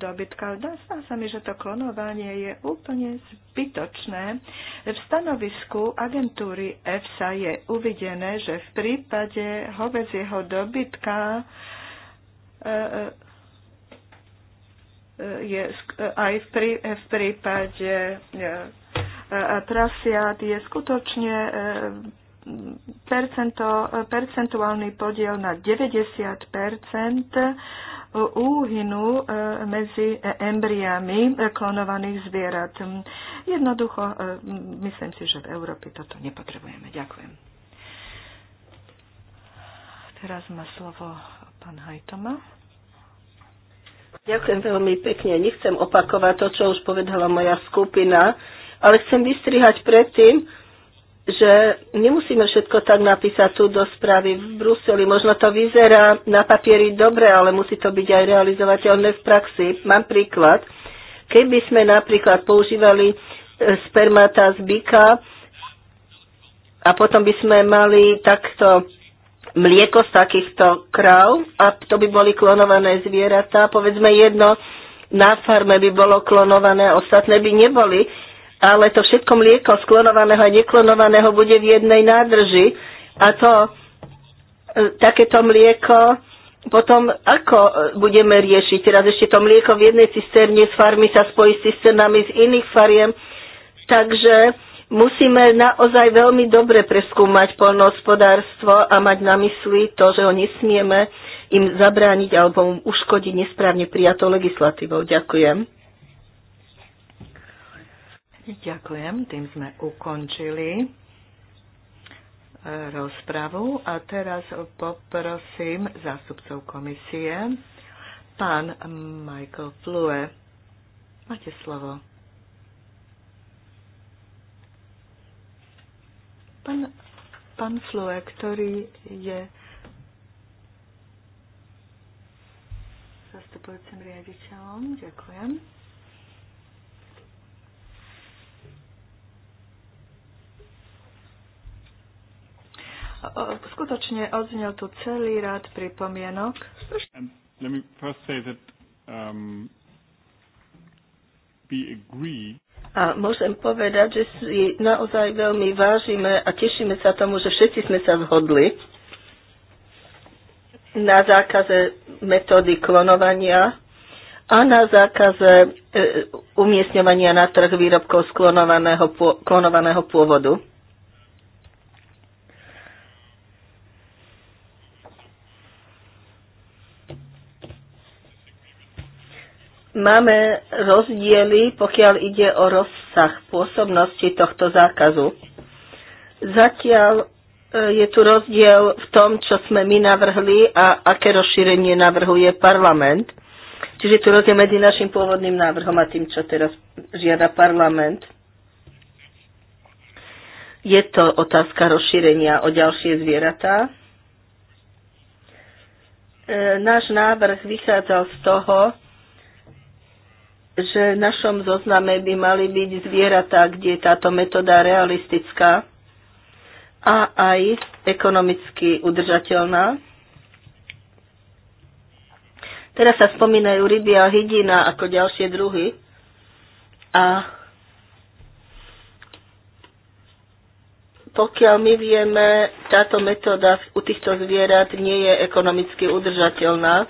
dobytka. Zdá sa mi, že to klonovanie je úplne zbytočné. V stanovisku agentúry EFSA je uvidené, že v prípade hovedzieho dobytka je aj v, prí, v prípade prasiat e, e, je skutočne e, percento, percentuálny podiel na 90 úhynu medzi embriami klonovaných zvierat. Jednoducho, myslím si, že v Európe toto nepotrebujeme. Ďakujem. Teraz má slovo pán Hajtoma. Ďakujem veľmi pekne. Nechcem opakovať to, čo už povedala moja skupina, ale chcem vystrihať predtým, že nemusíme všetko tak napísať tu do správy v Bruseli. Možno to vyzerá na papieri dobre, ale musí to byť aj realizovateľné v praxi. Mám príklad. Keby sme napríklad používali e, spermata z byka a potom by sme mali takto mlieko z takýchto kráv a to by boli klonované zvieratá. Povedzme jedno na farme by bolo klonované, ostatné by neboli, ale to všetko mlieko z klonovaného a neklonovaného bude v jednej nádrži a to e, takéto mlieko potom ako e, budeme riešiť? Teraz ešte to mlieko v jednej cisterne z farmy sa spojí s cisternami z iných fariem, takže Musíme naozaj veľmi dobre preskúmať polnohospodárstvo a mať na mysli to, že ho nesmieme im zabrániť alebo mu uškodiť nesprávne prijatou legislatívou. Ďakujem. Ďakujem. Tým sme ukončili e, rozpravu a teraz poprosím zástupcov komisie. Pán Michael Flue, máte slovo. Pán, pán Flue, ktorý je zastupujúcim riaditeľom, ďakujem. skutočne odznel tu celý rád pripomienok. Let me first say that um, we agree a môžem povedať, že si naozaj veľmi vážime a tešíme sa tomu, že všetci sme sa zhodli na zákaze metódy klonovania a na zákaze e, e umiestňovania na trh výrobkov sklonovaného, pô, klonovaného pôvodu. máme rozdiely, pokiaľ ide o rozsah pôsobnosti tohto zákazu. Zatiaľ e, je tu rozdiel v tom, čo sme my navrhli a aké rozšírenie navrhuje parlament. Čiže tu rozdiel medzi našim pôvodným návrhom a tým, čo teraz žiada parlament. Je to otázka rozšírenia o ďalšie zvieratá. E, náš návrh vychádzal z toho, že v našom zozname by mali byť zvieratá, kde je táto metóda realistická a aj ekonomicky udržateľná. Teraz sa spomínajú ryby a hydina ako ďalšie druhy. A pokiaľ my vieme, táto metóda u týchto zvierat nie je ekonomicky udržateľná.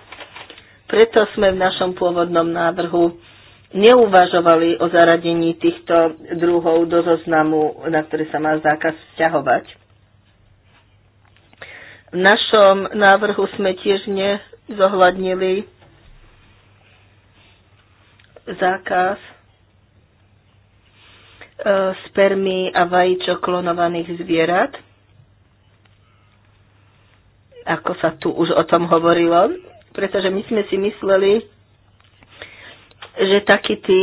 Preto sme v našom pôvodnom návrhu neuvažovali o zaradení týchto druhov do zoznamu, na ktorý sa má zákaz vzťahovať. V našom návrhu sme tiež nezohľadnili zákaz e, spermy a vajíčok klonovaných zvierat. Ako sa tu už o tom hovorilo, pretože my sme si mysleli, že taký tý,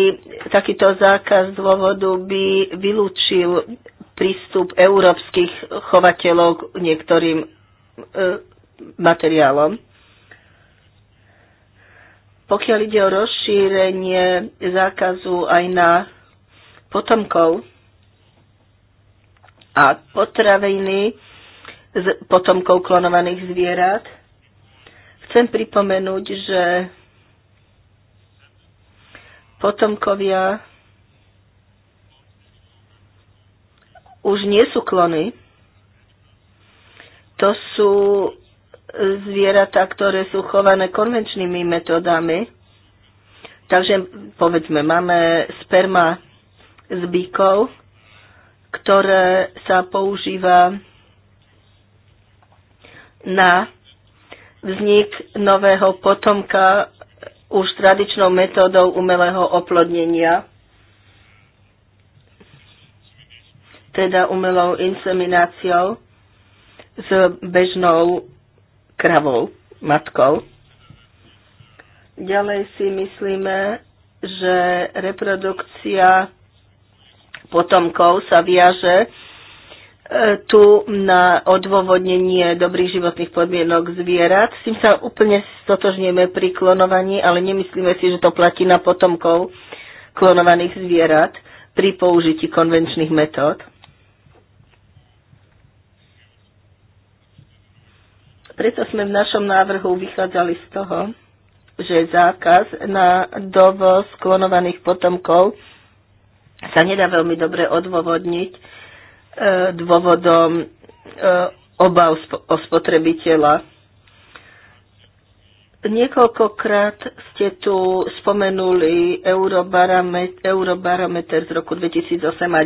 takýto zákaz dôvodu by vylúčil prístup európskych chovateľov k niektorým e, materiálom. Pokiaľ ide o rozšírenie zákazu aj na potomkov a potraviny z potomkov klonovaných zvierat, chcem pripomenúť, že potomkovia už nie sú klony. To sú zvieratá, ktoré sú chované konvenčnými metodami. Takže povedzme, máme sperma z bíkov, ktoré sa používa na vznik nového potomka už tradičnou metódou umelého oplodnenia, teda umelou insemináciou s bežnou kravou, matkou. Ďalej si myslíme, že reprodukcia potomkov sa viaže tu na odôvodnenie dobrých životných podmienok zvierat. S tým sa úplne stotožníme pri klonovaní, ale nemyslíme si, že to platí na potomkov klonovaných zvierat pri použití konvenčných metód. Preto sme v našom návrhu vychádzali z toho, že zákaz na dovoz klonovaných potomkov sa nedá veľmi dobre odôvodniť E, dôvodom e, obav o spotrebiteľa. Niekoľkokrát ste tu spomenuli eurobarometer, eurobarometer z roku 2008 a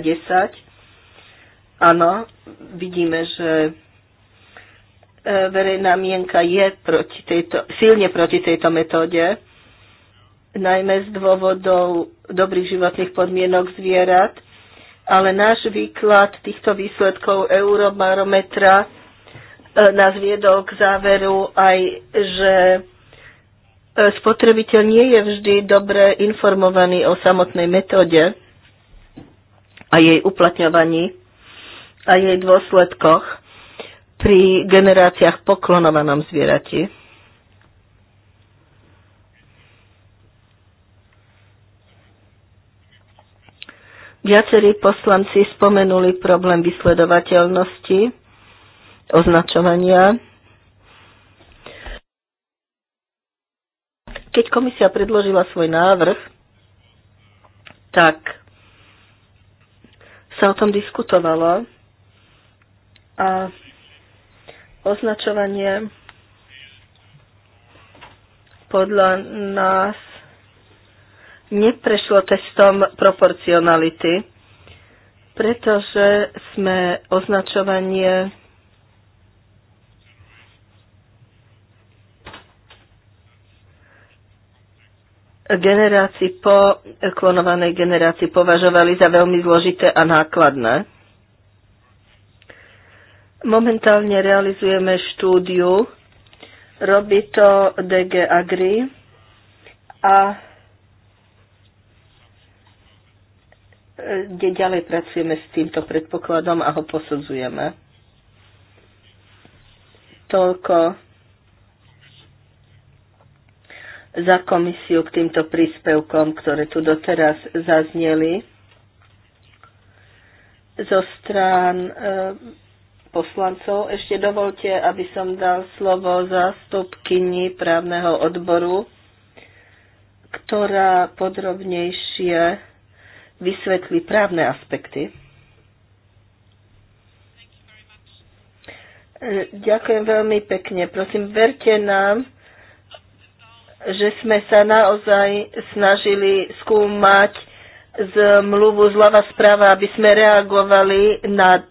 2010. Áno, vidíme, že e, verejná mienka je proti tejto, silne proti tejto metóde, najmä z dôvodov dobrých životných podmienok zvierat ale náš výklad týchto výsledkov Eurobarometra e, nás viedol k záveru aj, že e, spotrebiteľ nie je vždy dobre informovaný o samotnej metóde a jej uplatňovaní a jej dôsledkoch pri generáciách poklonovanom zvierati. Viacerí poslanci spomenuli problém vysledovateľnosti, označovania. Keď komisia predložila svoj návrh, tak sa o tom diskutovalo a označovanie podľa nás neprešlo testom proporcionality, pretože sme označovanie generácii po klonovanej generácii považovali za veľmi zložité a nákladné. Momentálne realizujeme štúdiu, robí to DG Agri a kde ďalej pracujeme s týmto predpokladom a ho posudzujeme. Toľko za komisiu k týmto príspevkom, ktoré tu doteraz zazneli zo strán e, poslancov. Ešte dovolte, aby som dal slovo zástupkyni právneho odboru, ktorá podrobnejšie vysvetli právne aspekty. E, ďakujem veľmi pekne. Prosím, verte nám, že sme sa naozaj snažili skúmať zmluvu zľava správa, aby sme reagovali na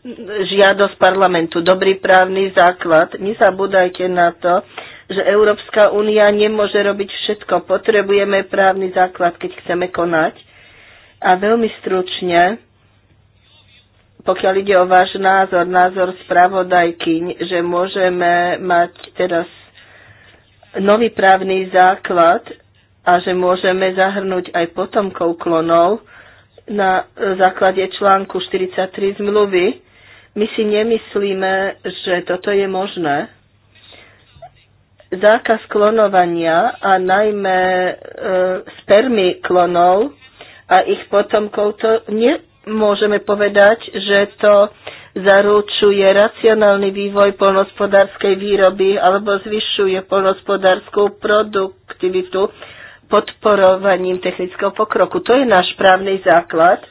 žiadosť parlamentu. Dobrý právny základ. Nezabúdajte na to, že Európska únia nemôže robiť všetko. Potrebujeme právny základ, keď chceme konať. A veľmi stručne, pokiaľ ide o váš názor, názor spravodajkyň, že môžeme mať teraz nový právny základ a že môžeme zahrnúť aj potomkov klonov na základe článku 43 zmluvy. My si nemyslíme, že toto je možné. Zákaz klonovania a najmä e, spermy klonov a ich potomkov, to nemôžeme povedať, že to zaručuje racionálny vývoj polnospodárskej výroby alebo zvyšuje polnospodárskú produktivitu podporovaním technického pokroku. To je náš právny základ.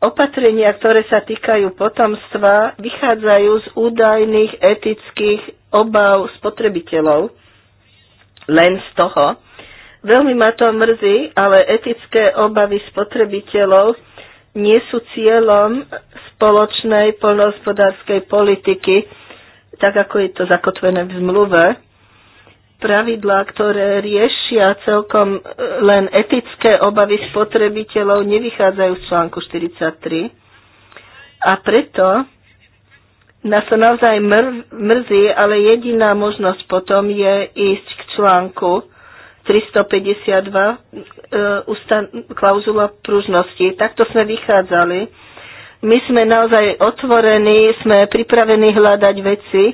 Opatrenia, ktoré sa týkajú potomstva, vychádzajú z údajných etických obav spotrebiteľov. Len z toho, Veľmi ma to mrzí, ale etické obavy spotrebiteľov nie sú cieľom spoločnej poľnohospodárskej politiky, tak ako je to zakotvené v zmluve. Pravidlá, ktoré riešia celkom e, len etické obavy spotrebiteľov, nevychádzajú z článku 43. A preto nás to naozaj mrzí, ale jediná možnosť potom je ísť k článku 352 e, ustan- klauzula pružnosti. Takto sme vychádzali. My sme naozaj otvorení, sme pripravení hľadať veci,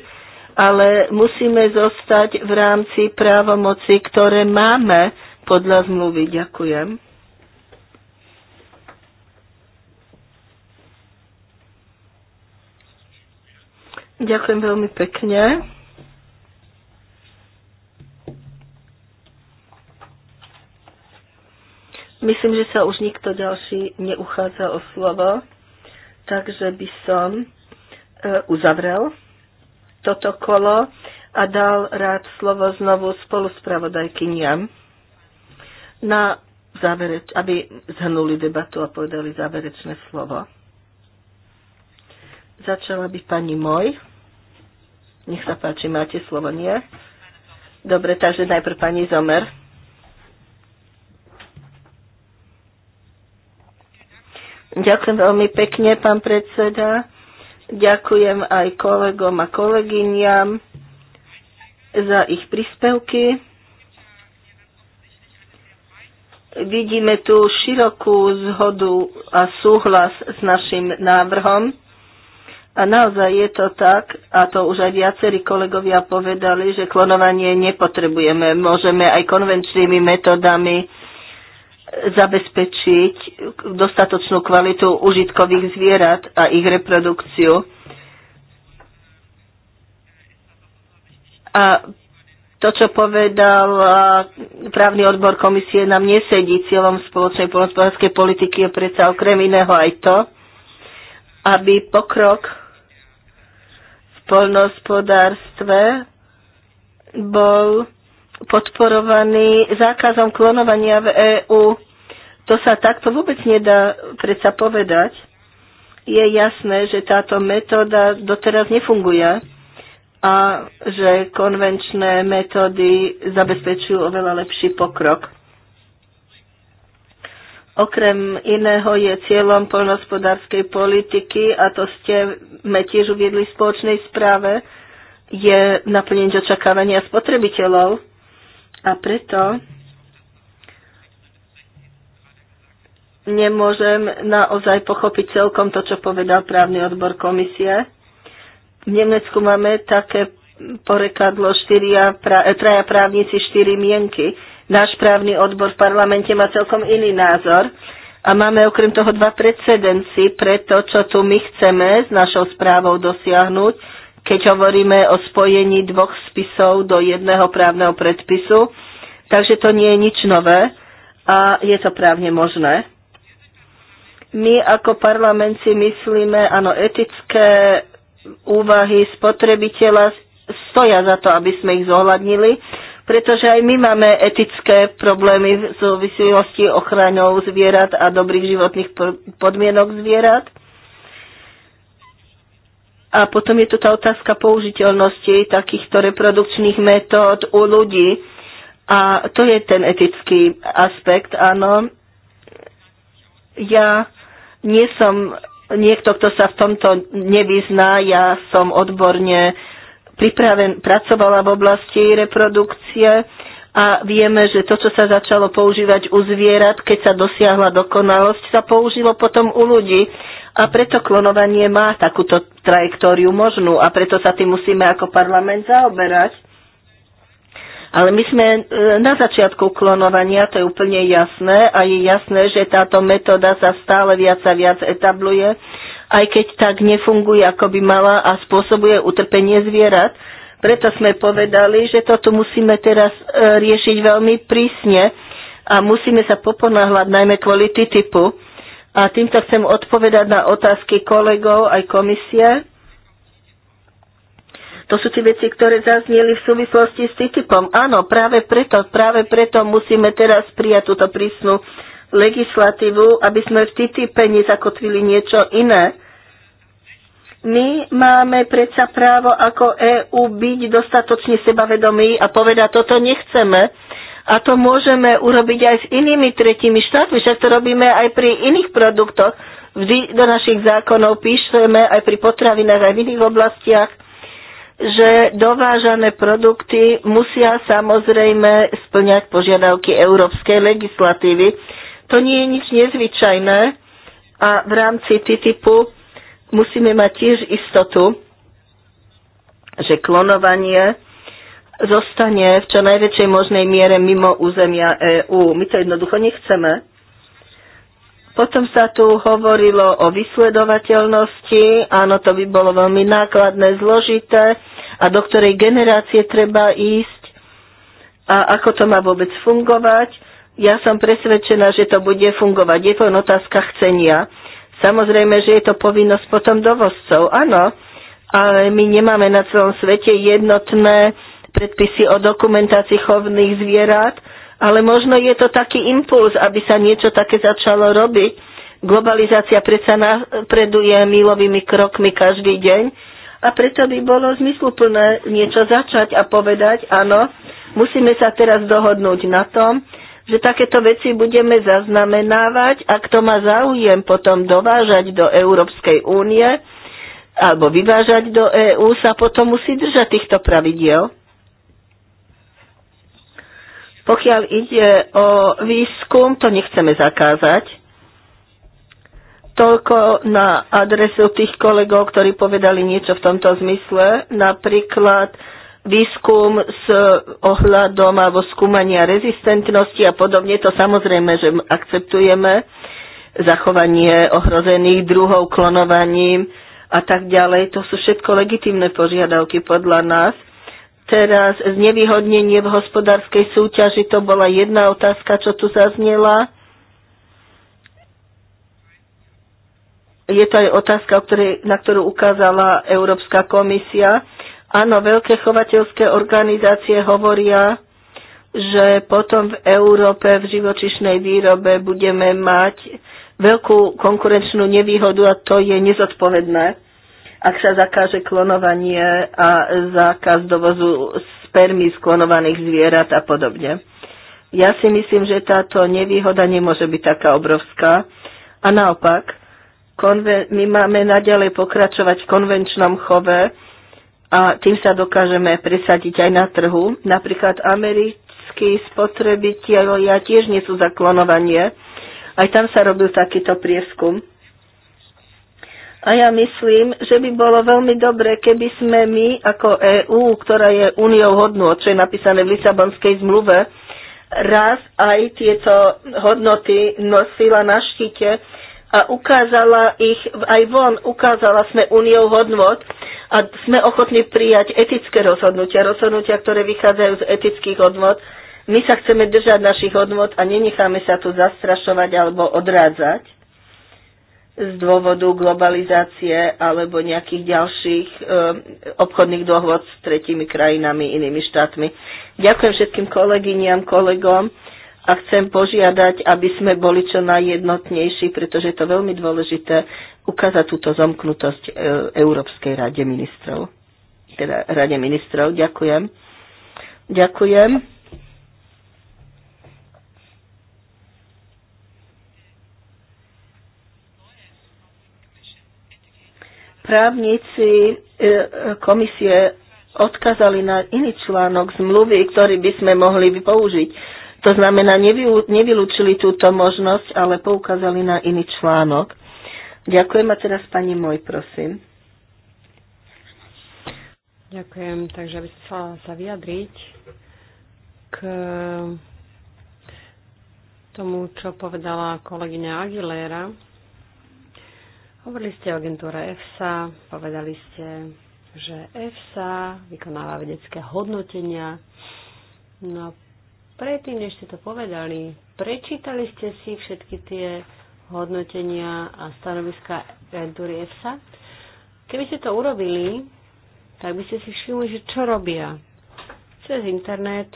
ale musíme zostať v rámci právomoci, ktoré máme podľa zmluvy. Ďakujem. Ďakujem veľmi pekne. Myslím, že sa už nikto ďalší neuchádza o slovo, takže by som e, uzavrel toto kolo a dal rád slovo znovu spoluspravodajkyniam na závereč, aby zhrnuli debatu a povedali záverečné slovo. Začala by pani Moj. Nech sa páči, máte slovo, nie? Dobre, takže najprv pani Zomer. Ďakujem veľmi pekne, pán predseda. Ďakujem aj kolegom a kolegyňam za ich príspevky. Vidíme tu širokú zhodu a súhlas s našim návrhom. A naozaj je to tak, a to už aj viacerí kolegovia povedali, že klonovanie nepotrebujeme. Môžeme aj konvenčnými metodami zabezpečiť dostatočnú kvalitu užitkových zvierat a ich reprodukciu. A to, čo povedal právny odbor komisie, nám nesedí cieľom spoločnej polnospodárskej politiky, je predsa okrem iného aj to, aby pokrok v polnospodárstve bol podporovaný zákazom klonovania v EÚ. To sa takto vôbec nedá predsa povedať. Je jasné, že táto metóda doteraz nefunguje a že konvenčné metódy zabezpečujú oveľa lepší pokrok. Okrem iného je cieľom poľnohospodárskej politiky, a to ste me tiež uviedli v spoločnej správe, je naplniť očakávania spotrebiteľov a preto nemôžem naozaj pochopiť celkom to, čo povedal právny odbor komisie. V Nemecku máme také porekadlo štyria, pra, e, traja právnici, štyri mienky. Náš právny odbor v parlamente má celkom iný názor. A máme okrem toho dva precedenci pre to, čo tu my chceme s našou správou dosiahnuť keď hovoríme o spojení dvoch spisov do jedného právneho predpisu. Takže to nie je nič nové a je to právne možné. My ako parlament si myslíme, áno, etické úvahy spotrebiteľa stoja za to, aby sme ich zohľadnili, pretože aj my máme etické problémy v súvislosti ochranou zvierat a dobrých životných podmienok zvierat. A potom je tu tá otázka použiteľnosti takýchto reprodukčných metód u ľudí. A to je ten etický aspekt, áno. Ja nie som niekto, kto sa v tomto nevyzná. Ja som odborne pripraven, pracovala v oblasti reprodukcie a vieme, že to, čo sa začalo používať u zvierat, keď sa dosiahla dokonalosť, sa použilo potom u ľudí. A preto klonovanie má takúto trajektóriu možnú a preto sa tým musíme ako parlament zaoberať. Ale my sme e, na začiatku klonovania, to je úplne jasné a je jasné, že táto metóda sa stále viac a viac etabluje, aj keď tak nefunguje, ako by mala a spôsobuje utrpenie zvierat. Preto sme povedali, že toto musíme teraz e, riešiť veľmi prísne a musíme sa poponáhľať najmä kvôli typu. A týmto chcem odpovedať na otázky kolegov aj komisie. To sú tie veci, ktoré zazneli v súvislosti s TTIPom. Áno, práve preto, práve preto musíme teraz prijať túto prísnu legislatívu, aby sme v TTIP nezakotvili niečo iné. My máme predsa právo ako EÚ byť dostatočne sebavedomí a povedať, toto nechceme a to môžeme urobiť aj s inými tretími štátmi, však to robíme aj pri iných produktoch. Vždy do našich zákonov píšeme aj pri potravinách, aj v iných oblastiach, že dovážané produkty musia samozrejme splňať požiadavky európskej legislatívy. To nie je nič nezvyčajné a v rámci TTIPu musíme mať tiež istotu, že klonovanie zostane v čo najväčšej možnej miere mimo územia EÚ. My to jednoducho nechceme. Potom sa tu hovorilo o vysledovateľnosti. Áno, to by bolo veľmi nákladné, zložité. A do ktorej generácie treba ísť? A ako to má vôbec fungovať? Ja som presvedčená, že to bude fungovať. Je to len otázka chcenia. Samozrejme, že je to povinnosť potom dovozcov. Áno, ale my nemáme na celom svete jednotné predpisy o dokumentácii chovných zvierat, ale možno je to taký impuls, aby sa niečo také začalo robiť. Globalizácia predsa napreduje milovými krokmi každý deň a preto by bolo zmysluplné niečo začať a povedať, áno, musíme sa teraz dohodnúť na tom, že takéto veci budeme zaznamenávať a kto má záujem potom dovážať do Európskej únie alebo vyvážať do EÚ, sa potom musí držať týchto pravidiel. Pokiaľ ide o výskum, to nechceme zakázať. Toľko na adresu tých kolegov, ktorí povedali niečo v tomto zmysle. Napríklad výskum s ohľadom alebo skúmania rezistentnosti a podobne, to samozrejme, že akceptujeme zachovanie ohrozených druhov klonovaním a tak ďalej. To sú všetko legitimné požiadavky podľa nás. Teraz znevýhodnenie v hospodárskej súťaži, to bola jedna otázka, čo tu zaznela. Je to aj otázka, na ktorú ukázala Európska komisia. Áno, veľké chovateľské organizácie hovoria, že potom v Európe v živočišnej výrobe budeme mať veľkú konkurenčnú nevýhodu a to je nezodpovedné ak sa zakáže klonovanie a zákaz dovozu z sklonovaných zvierat a podobne. Ja si myslím, že táto nevýhoda nemôže byť taká obrovská. A naopak, my máme naďalej pokračovať v konvenčnom chove a tým sa dokážeme presadiť aj na trhu. Napríklad americkí spotrebitelia tiež nie sú za klonovanie. Aj tam sa robil takýto prieskum. A ja myslím, že by bolo veľmi dobre, keby sme my ako EÚ, ktorá je úniou hodnú, čo je napísané v Lisabonskej zmluve, raz aj tieto hodnoty nosila na štite a ukázala ich aj von, ukázala sme úniou hodnot a sme ochotní prijať etické rozhodnutia, rozhodnutia, ktoré vychádzajú z etických hodnot. My sa chceme držať našich hodnot a nenecháme sa tu zastrašovať alebo odrádzať z dôvodu globalizácie alebo nejakých ďalších e, obchodných dohôd s tretimi krajinami, inými štátmi. Ďakujem všetkým kolegyniam, kolegom a chcem požiadať, aby sme boli čo najjednotnejší, pretože je to veľmi dôležité ukázať túto zomknutosť e, Európskej rade ministrov. Teda rade ministrov. Ďakujem. Ďakujem. právnici e, komisie odkazali na iný článok zmluvy, ktorý by sme mohli použiť. To znamená, nevylúčili túto možnosť, ale poukázali na iný článok. Ďakujem a teraz pani môj, prosím. Ďakujem, takže by som chcela sa vyjadriť k tomu, čo povedala kolegyňa Aguilera Hovorili ste o agentúre EFSA, povedali ste, že EFSA vykonáva vedecké hodnotenia. No predtým, než ste to povedali, prečítali ste si všetky tie hodnotenia a stanoviska agentúry EFSA. Keby ste to urobili, tak by ste si všimli, že čo robia. Cez internet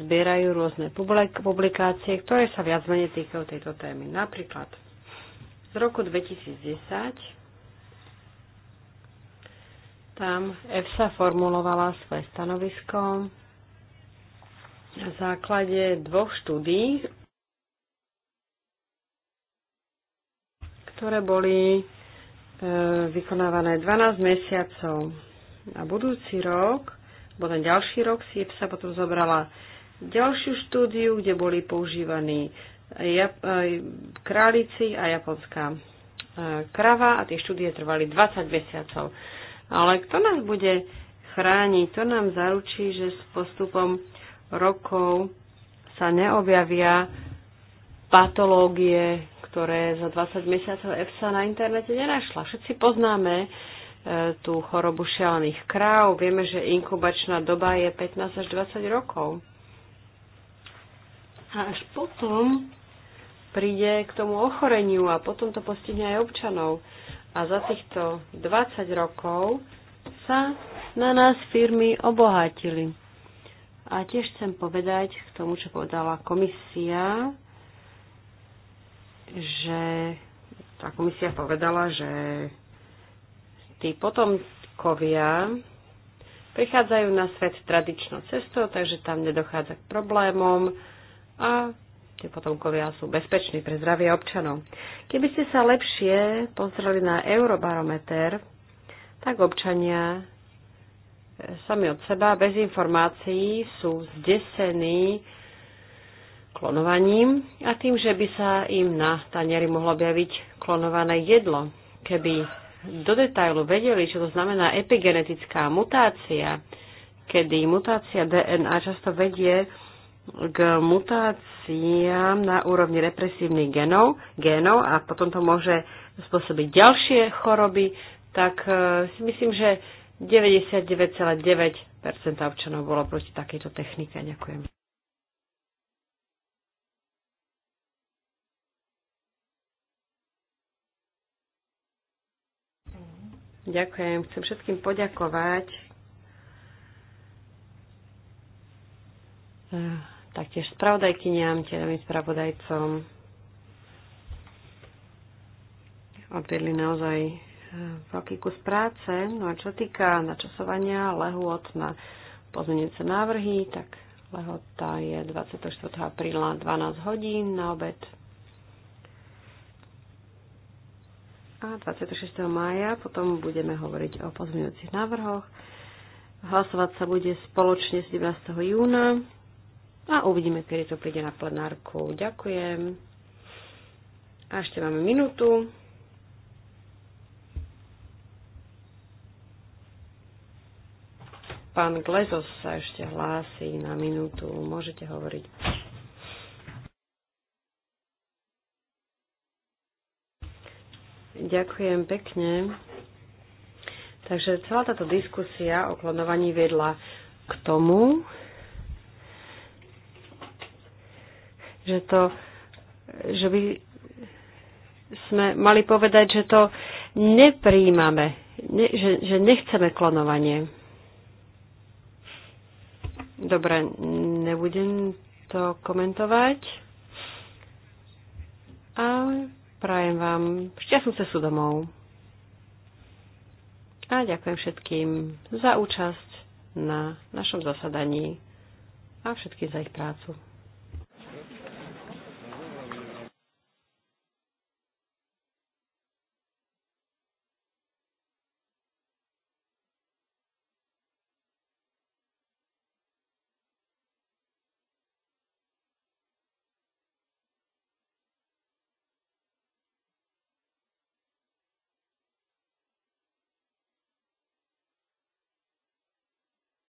zbierajú rôzne publikácie, ktoré sa viac menej týkajú tejto témy. Napríklad z roku 2010. Tam EFSA formulovala svoje stanovisko na základe dvoch štúdí, ktoré boli e, vykonávané 12 mesiacov. A budúci rok, bo ten ďalší rok, si sa potom zobrala ďalšiu štúdiu, kde boli používaní králici a japonská e, krava a tie štúdie trvali 20 mesiacov. Ale kto nás bude chrániť, to nám zaručí, že s postupom rokov sa neobjavia patológie, ktoré za 20 mesiacov EFSA na internete nenašla. Všetci poznáme e, tú chorobu šialených kráv. Vieme, že inkubačná doba je 15 až 20 rokov. A až potom príde k tomu ochoreniu a potom to postihne aj občanov. A za týchto 20 rokov sa na nás firmy obohatili. A tiež chcem povedať k tomu, čo povedala komisia, že tá komisia povedala, že tí potomkovia prichádzajú na svet tradičnou cestou, takže tam nedochádza k problémom, a tie potomkovia sú bezpeční pre zdravie občanov. Keby ste sa lepšie pozreli na eurobarometer, tak občania e, sami od seba bez informácií sú zdesení klonovaním a tým, že by sa im na tanieri mohlo objaviť klonované jedlo. Keby do detailu vedeli, čo to znamená epigenetická mutácia, kedy mutácia DNA často vedie k mutáciám na úrovni represívnych genov, genov a potom to môže spôsobiť ďalšie choroby, tak e, si myslím, že 99,9% občanov bolo proti takejto technike. Ďakujem. Ďakujem. Chcem všetkým poďakovať. E, taktiež spravodajkyniam, tieňovým spravodajcom. Odviedli naozaj e, veľký kus práce. No a čo týka načasovania lehôd na pozmeniace návrhy, tak lehota je 24. apríla 12 hodín na obed. A 26. mája potom budeme hovoriť o pozmeňujúcich návrhoch. Hlasovať sa bude spoločne 17. júna a uvidíme, kedy to príde na plenárku. Ďakujem. A ešte máme minútu. Pán Glezos sa ešte hlási na minútu. Môžete hovoriť. Ďakujem pekne. Takže celá táto diskusia o klonovaní viedla k tomu, že to, že by sme mali povedať, že to nepríjmame, ne, že, že nechceme klonovanie. Dobre, nebudem to komentovať. A prajem vám šťastnú cestu domov. A ďakujem všetkým za účasť na našom zasadaní a všetkým za ich prácu.